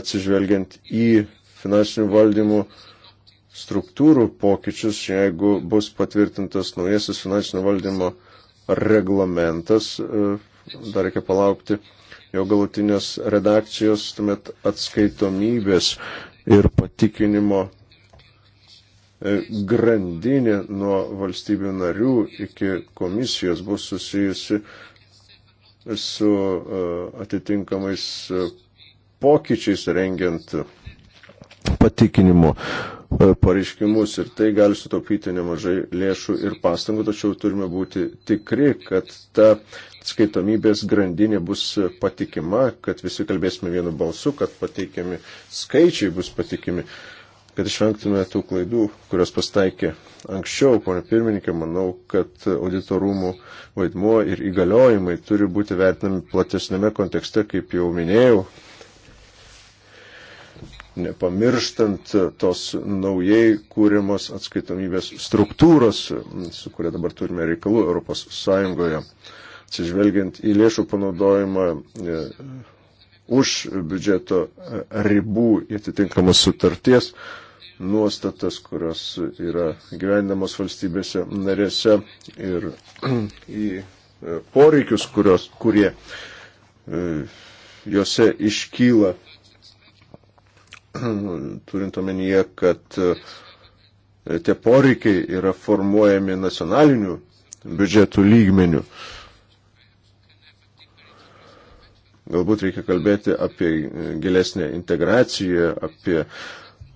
atsižvelgiant į finansinių valdymų struktūrų pokyčius, jeigu bus patvirtintas naujasis finansinio valdymo reglamentas, e, dar reikia palaukti jo galutinės redakcijos, tuomet atskaitomybės ir patikinimo e, grandinė nuo valstybių narių iki komisijos bus susijusi su e, atitinkamais e, pokyčiais rengiant patikinimo pareiškimus ir tai gali sutaupyti nemažai lėšų ir pastangų, tačiau turime būti tikri, kad ta skaitomybės grandinė bus patikima, kad visi kalbėsime vienu balsu, kad pateikiami skaičiai bus patikimi, kad išvengtume tų klaidų, kurios pastaikė anksčiau, ponė pirmininkė, manau, kad auditorumų vaidmuo ir įgaliojimai turi būti vertinami platesnėme kontekste, kaip jau minėjau, nepamirštant tos naujai kūrimos atskaitomybės struktūros, su kuria dabar turime reikalų Europos Sąjungoje atsižvelgiant į lėšų panaudojimą e, už biudžeto e, ribų atitinkamas sutarties nuostatas, kurios yra gyvenamos valstybėse narėse ir į e, poreikius, kurios, kurie juose iškyla, turint omenyje, kad tie poreikiai yra formuojami nacionalinių biudžetų lygmenių. Uh, Galbūt reikia kalbėti apie e, gilesnę integraciją, apie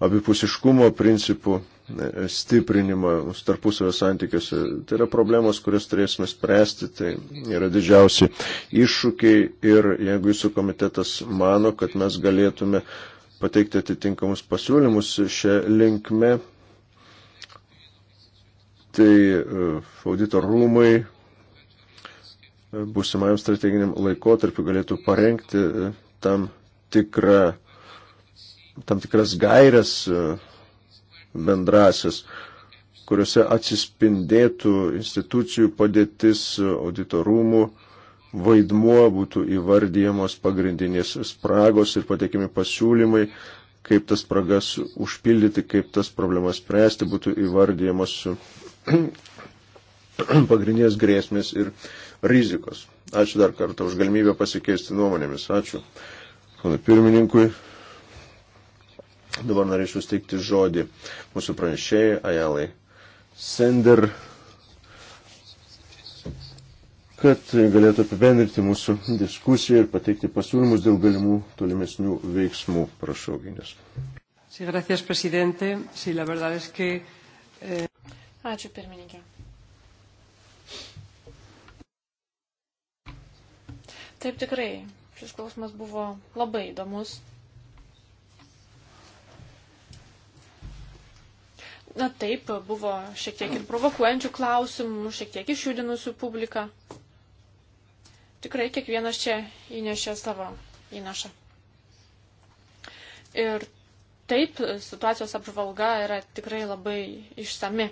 abipusiškumo principų e, stiprinimą tarpusavio santykiuose. Tai yra problemos, kurias turėsime spręsti, tai yra didžiausi iššūkiai ir jeigu jūsų komitetas mano, kad mes galėtume pateikti atitinkamus pasiūlymus šią linkmę, tai e, audito rūmai būsimajam strateginiam laikotarpiu galėtų parengti e, tam, tikrą, tam tikras gairias e, bendrasis, kuriuose atsispindėtų institucijų padėtis, auditorumų vaidmuo, būtų įvardyjamos pagrindinės spragos ir pateikimi pasiūlymai, kaip tas spragas užpildyti, kaip tas problemas spręsti, būtų įvardyjamos pagrindinės grėsmės ir uh, rizikos. Ačiū dar kartą už galimybę pasikeisti nuomonėmis. Ačiū ponui pirmininkui. Dabar norėčiau steigti žodį mūsų pranešėjai Ajalai Sender, kad galėtų apibendrinti mūsų diskusiją ir pateikti pasiūlymus dėl galimų tolimesnių veiksmų. Prašau, Ginės. Eh, Ačiū, pirmininkė. Taip tikrai, šis klausimas buvo labai įdomus. Na taip, buvo šiek tiek ir provokuojančių klausimų, šiek tiek išjudinusių publiką. Tikrai kiekvienas čia įnešė savo įnašą. Ir taip, situacijos apžvalga yra tikrai labai išsami.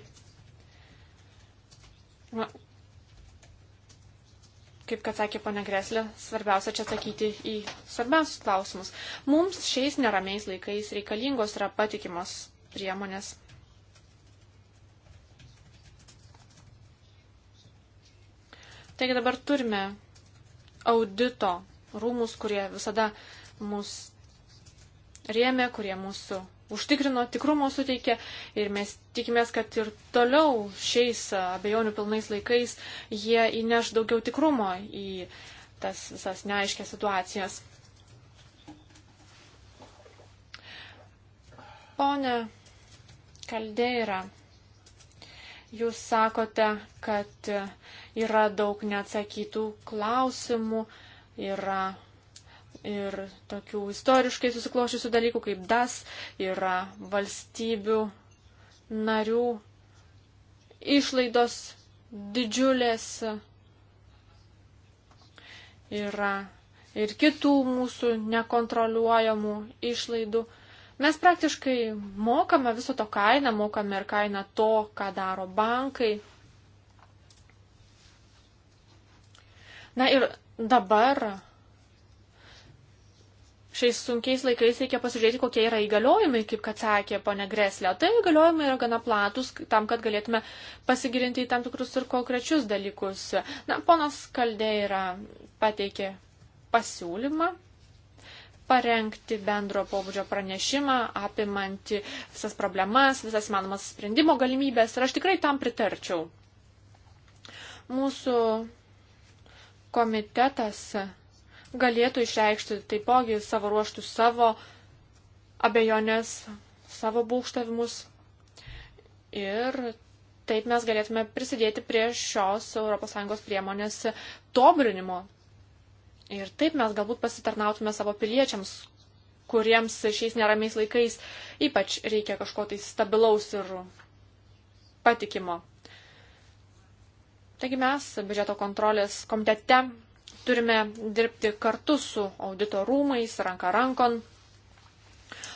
Na, kaip kad sakė ponia Greslė, svarbiausia čia atsakyti į svarbiausius klausimus. Mums šiais neramiais laikais reikalingos yra patikimos priemonės. Taigi dabar turime audito rūmus, kurie visada mus rėmė, kurie mūsų užtikrino, tikrumo suteikė ir mes tikimės, kad ir toliau šiais abejonių pilnais laikais jie įneš daugiau tikrumo į tas visas neaiškės situacijas. Pone Kaldeira, jūs sakote, kad yra daug neatsakytų klausimų, yra ir tokių istoriškai susiklošiusių dalykų kaip DAS, yra valstybių narių išlaidos didžiulės, yra ir kitų mūsų nekontroliuojamų išlaidų. Mes praktiškai mokame viso to kainą, mokame ir kainą to, ką daro bankai. Na ir dabar šiais sunkiais laikais reikia pasižiūrėti, kokie yra įgaliojimai, kaip kad sakė ponė Greslė. Tai įgaliojimai yra gana platus, tam, kad galėtume pasigirinti į tam tikrus ir konkrečius dalykus. Na, ponas Kaldeira pateikė pasiūlymą parengti bendro pobūdžio pranešimą, apimanti visas problemas, visas įmanomas sprendimo galimybės ir aš tikrai tam pritarčiau. Mūsų komitetas galėtų išreikšti taipogi savo ruoštų savo abejonės, savo būkštavimus. Ir taip mes galėtume prisidėti prie šios ES priemonės tobulinimo. Ir taip mes galbūt pasitarnautume savo piliečiams, kuriems šiais neramiais laikais ypač reikia kažko tai stabilaus ir patikimo. Taigi mes biudžeto kontrolės komitete turime dirbti kartu su audito rūmais, ranka rankon.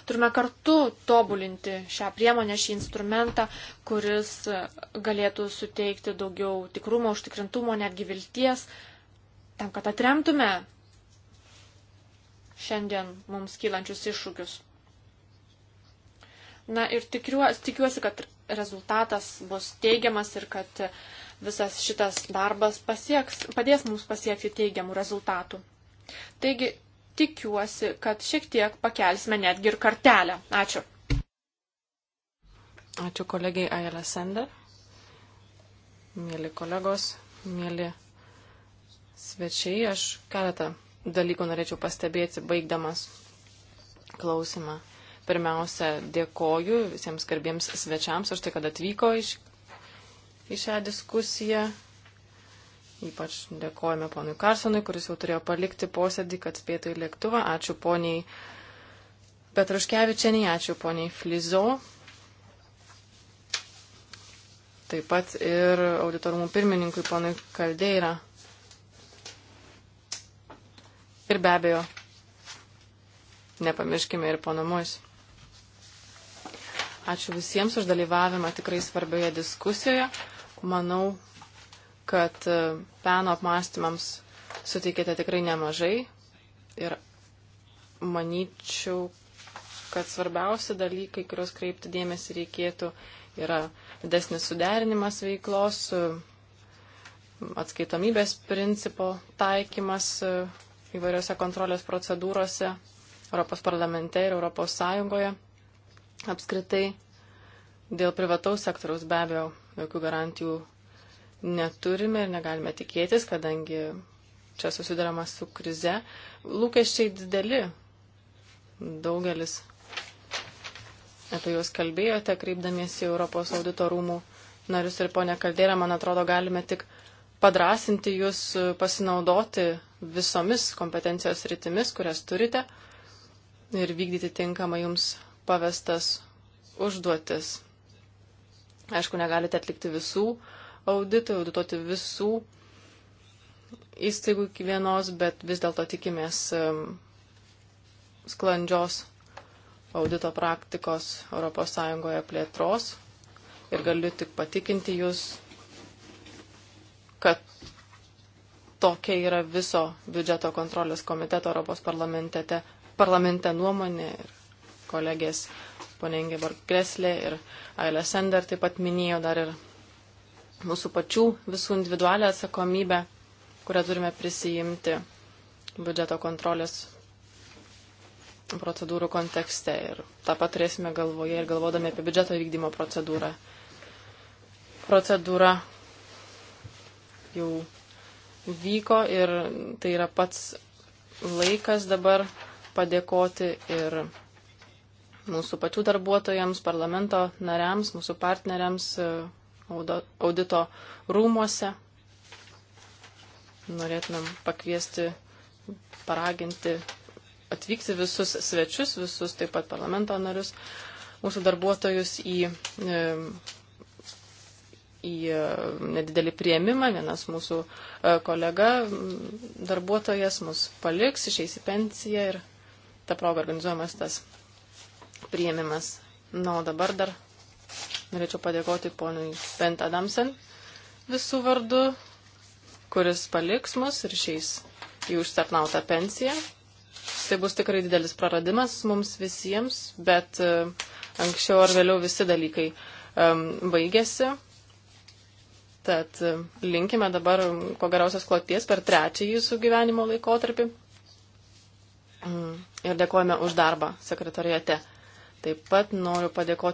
Turime kartu tobulinti šią priemonę, šį instrumentą, kuris galėtų suteikti daugiau tikrumo, užtikrintumo, netgi vilties, tam, kad atremtume šiandien mums kylančius iššūkius. Na ir tikiuosi, tikiuosi kad rezultatas bus teigiamas ir kad uh, visas šitas darbas pasieks, padės mums pasiekti teigiamų rezultatų. Taigi tikiuosi, kad šiek tiek pakelsime netgi ir kartelę. Ačiū. Ačiū kolegiai Aile Sender. Mėly kolegos, mėly svečiai, aš keletą dalykų norėčiau pastebėti, baigdamas klausimą. Pirmiausia, dėkoju visiems garbiems svečiams už tai, kad atvyko iš į šią diskusiją. Ypač dėkojame ponui Karsonui, kuris jau turėjo palikti posėdį, kad spėtų į lėktuvą. Ačiū poniai Petruškevičianiai, ačiū poniai Flizo. Taip pat ir auditorumų pirmininkui ponui Kaldeira. Ir be abejo, nepamirškime ir pono Mois. Ačiū visiems už dalyvavimą tikrai svarbioje diskusijoje. Manau, kad e, peno apmąstymams suteikėte tikrai nemažai ir manyčiau, kad svarbiausi dalykai, kuriuos kreipti dėmesį reikėtų, yra didesnis suderinimas veiklos, e, atskaitomybės principo taikymas e, įvairiose kontrolės procedūrose Europos parlamente ir Europos Sąjungoje. Apskritai, dėl privataus sektoriaus be abejo jokių garantijų neturime ir negalime tikėtis, kadangi čia susidurama su krize. Lūkesčiai dideli. Daugelis apie juos kalbėjote, kreipdamiesi Europos audito rūmų narius ir ponė Kaldėra, man atrodo, galime tik padrasinti jūs pasinaudoti visomis kompetencijos rytimis, kurias turite ir vykdyti tinkamą jums pavestas užduotis. Aišku, negalite atlikti visų auditų, audituoti visų įstaigų iki vienos, bet vis dėlto tikimės um, sklandžios audito praktikos ES plėtros ir galiu tik patikinti jūs, kad tokia yra viso biudžeto kontrolės komiteto Europos parlamente nuomonė ir kolegės ponė Ingeborg Greslė ir Ailė Sender taip pat minėjo dar ir mūsų pačių visų individualią atsakomybę, kurią turime prisijimti biudžeto kontrolės procedūrų kontekste. Ir tą pat turėsime galvoje ir galvodami apie biudžeto vykdymo procedūrą. Procedūra jau vyko ir tai yra pats laikas dabar padėkoti ir mūsų pačių darbuotojams, parlamento nariams, mūsų partneriams e, audito rūmuose. Norėtumėm pakviesti, paraginti, atvykti visus svečius, visus taip pat parlamento narius, mūsų darbuotojus į, e, į e, nedidelį prieimimą. Vienas mūsų kolega, darbuotojas, mus paliks, išeis į pensiją ir tą progą organizuojamas tas priėmimas. Na, o dabar dar norėčiau padėkoti ponui Bent Adamsen visų vardu, kuris paliks mus ir šiais į užsarnautą pensiją. Tai bus tikrai didelis praradimas mums visiems, bet e, anksčiau ar vėliau visi dalykai um, baigėsi. Tad e, linkime dabar ko geriausios kloties per trečiąjį jūsų gyvenimo laikotarpį. Mm. Ir dėkojame už darbą sekretariate. Taip pat noriu padėkoti.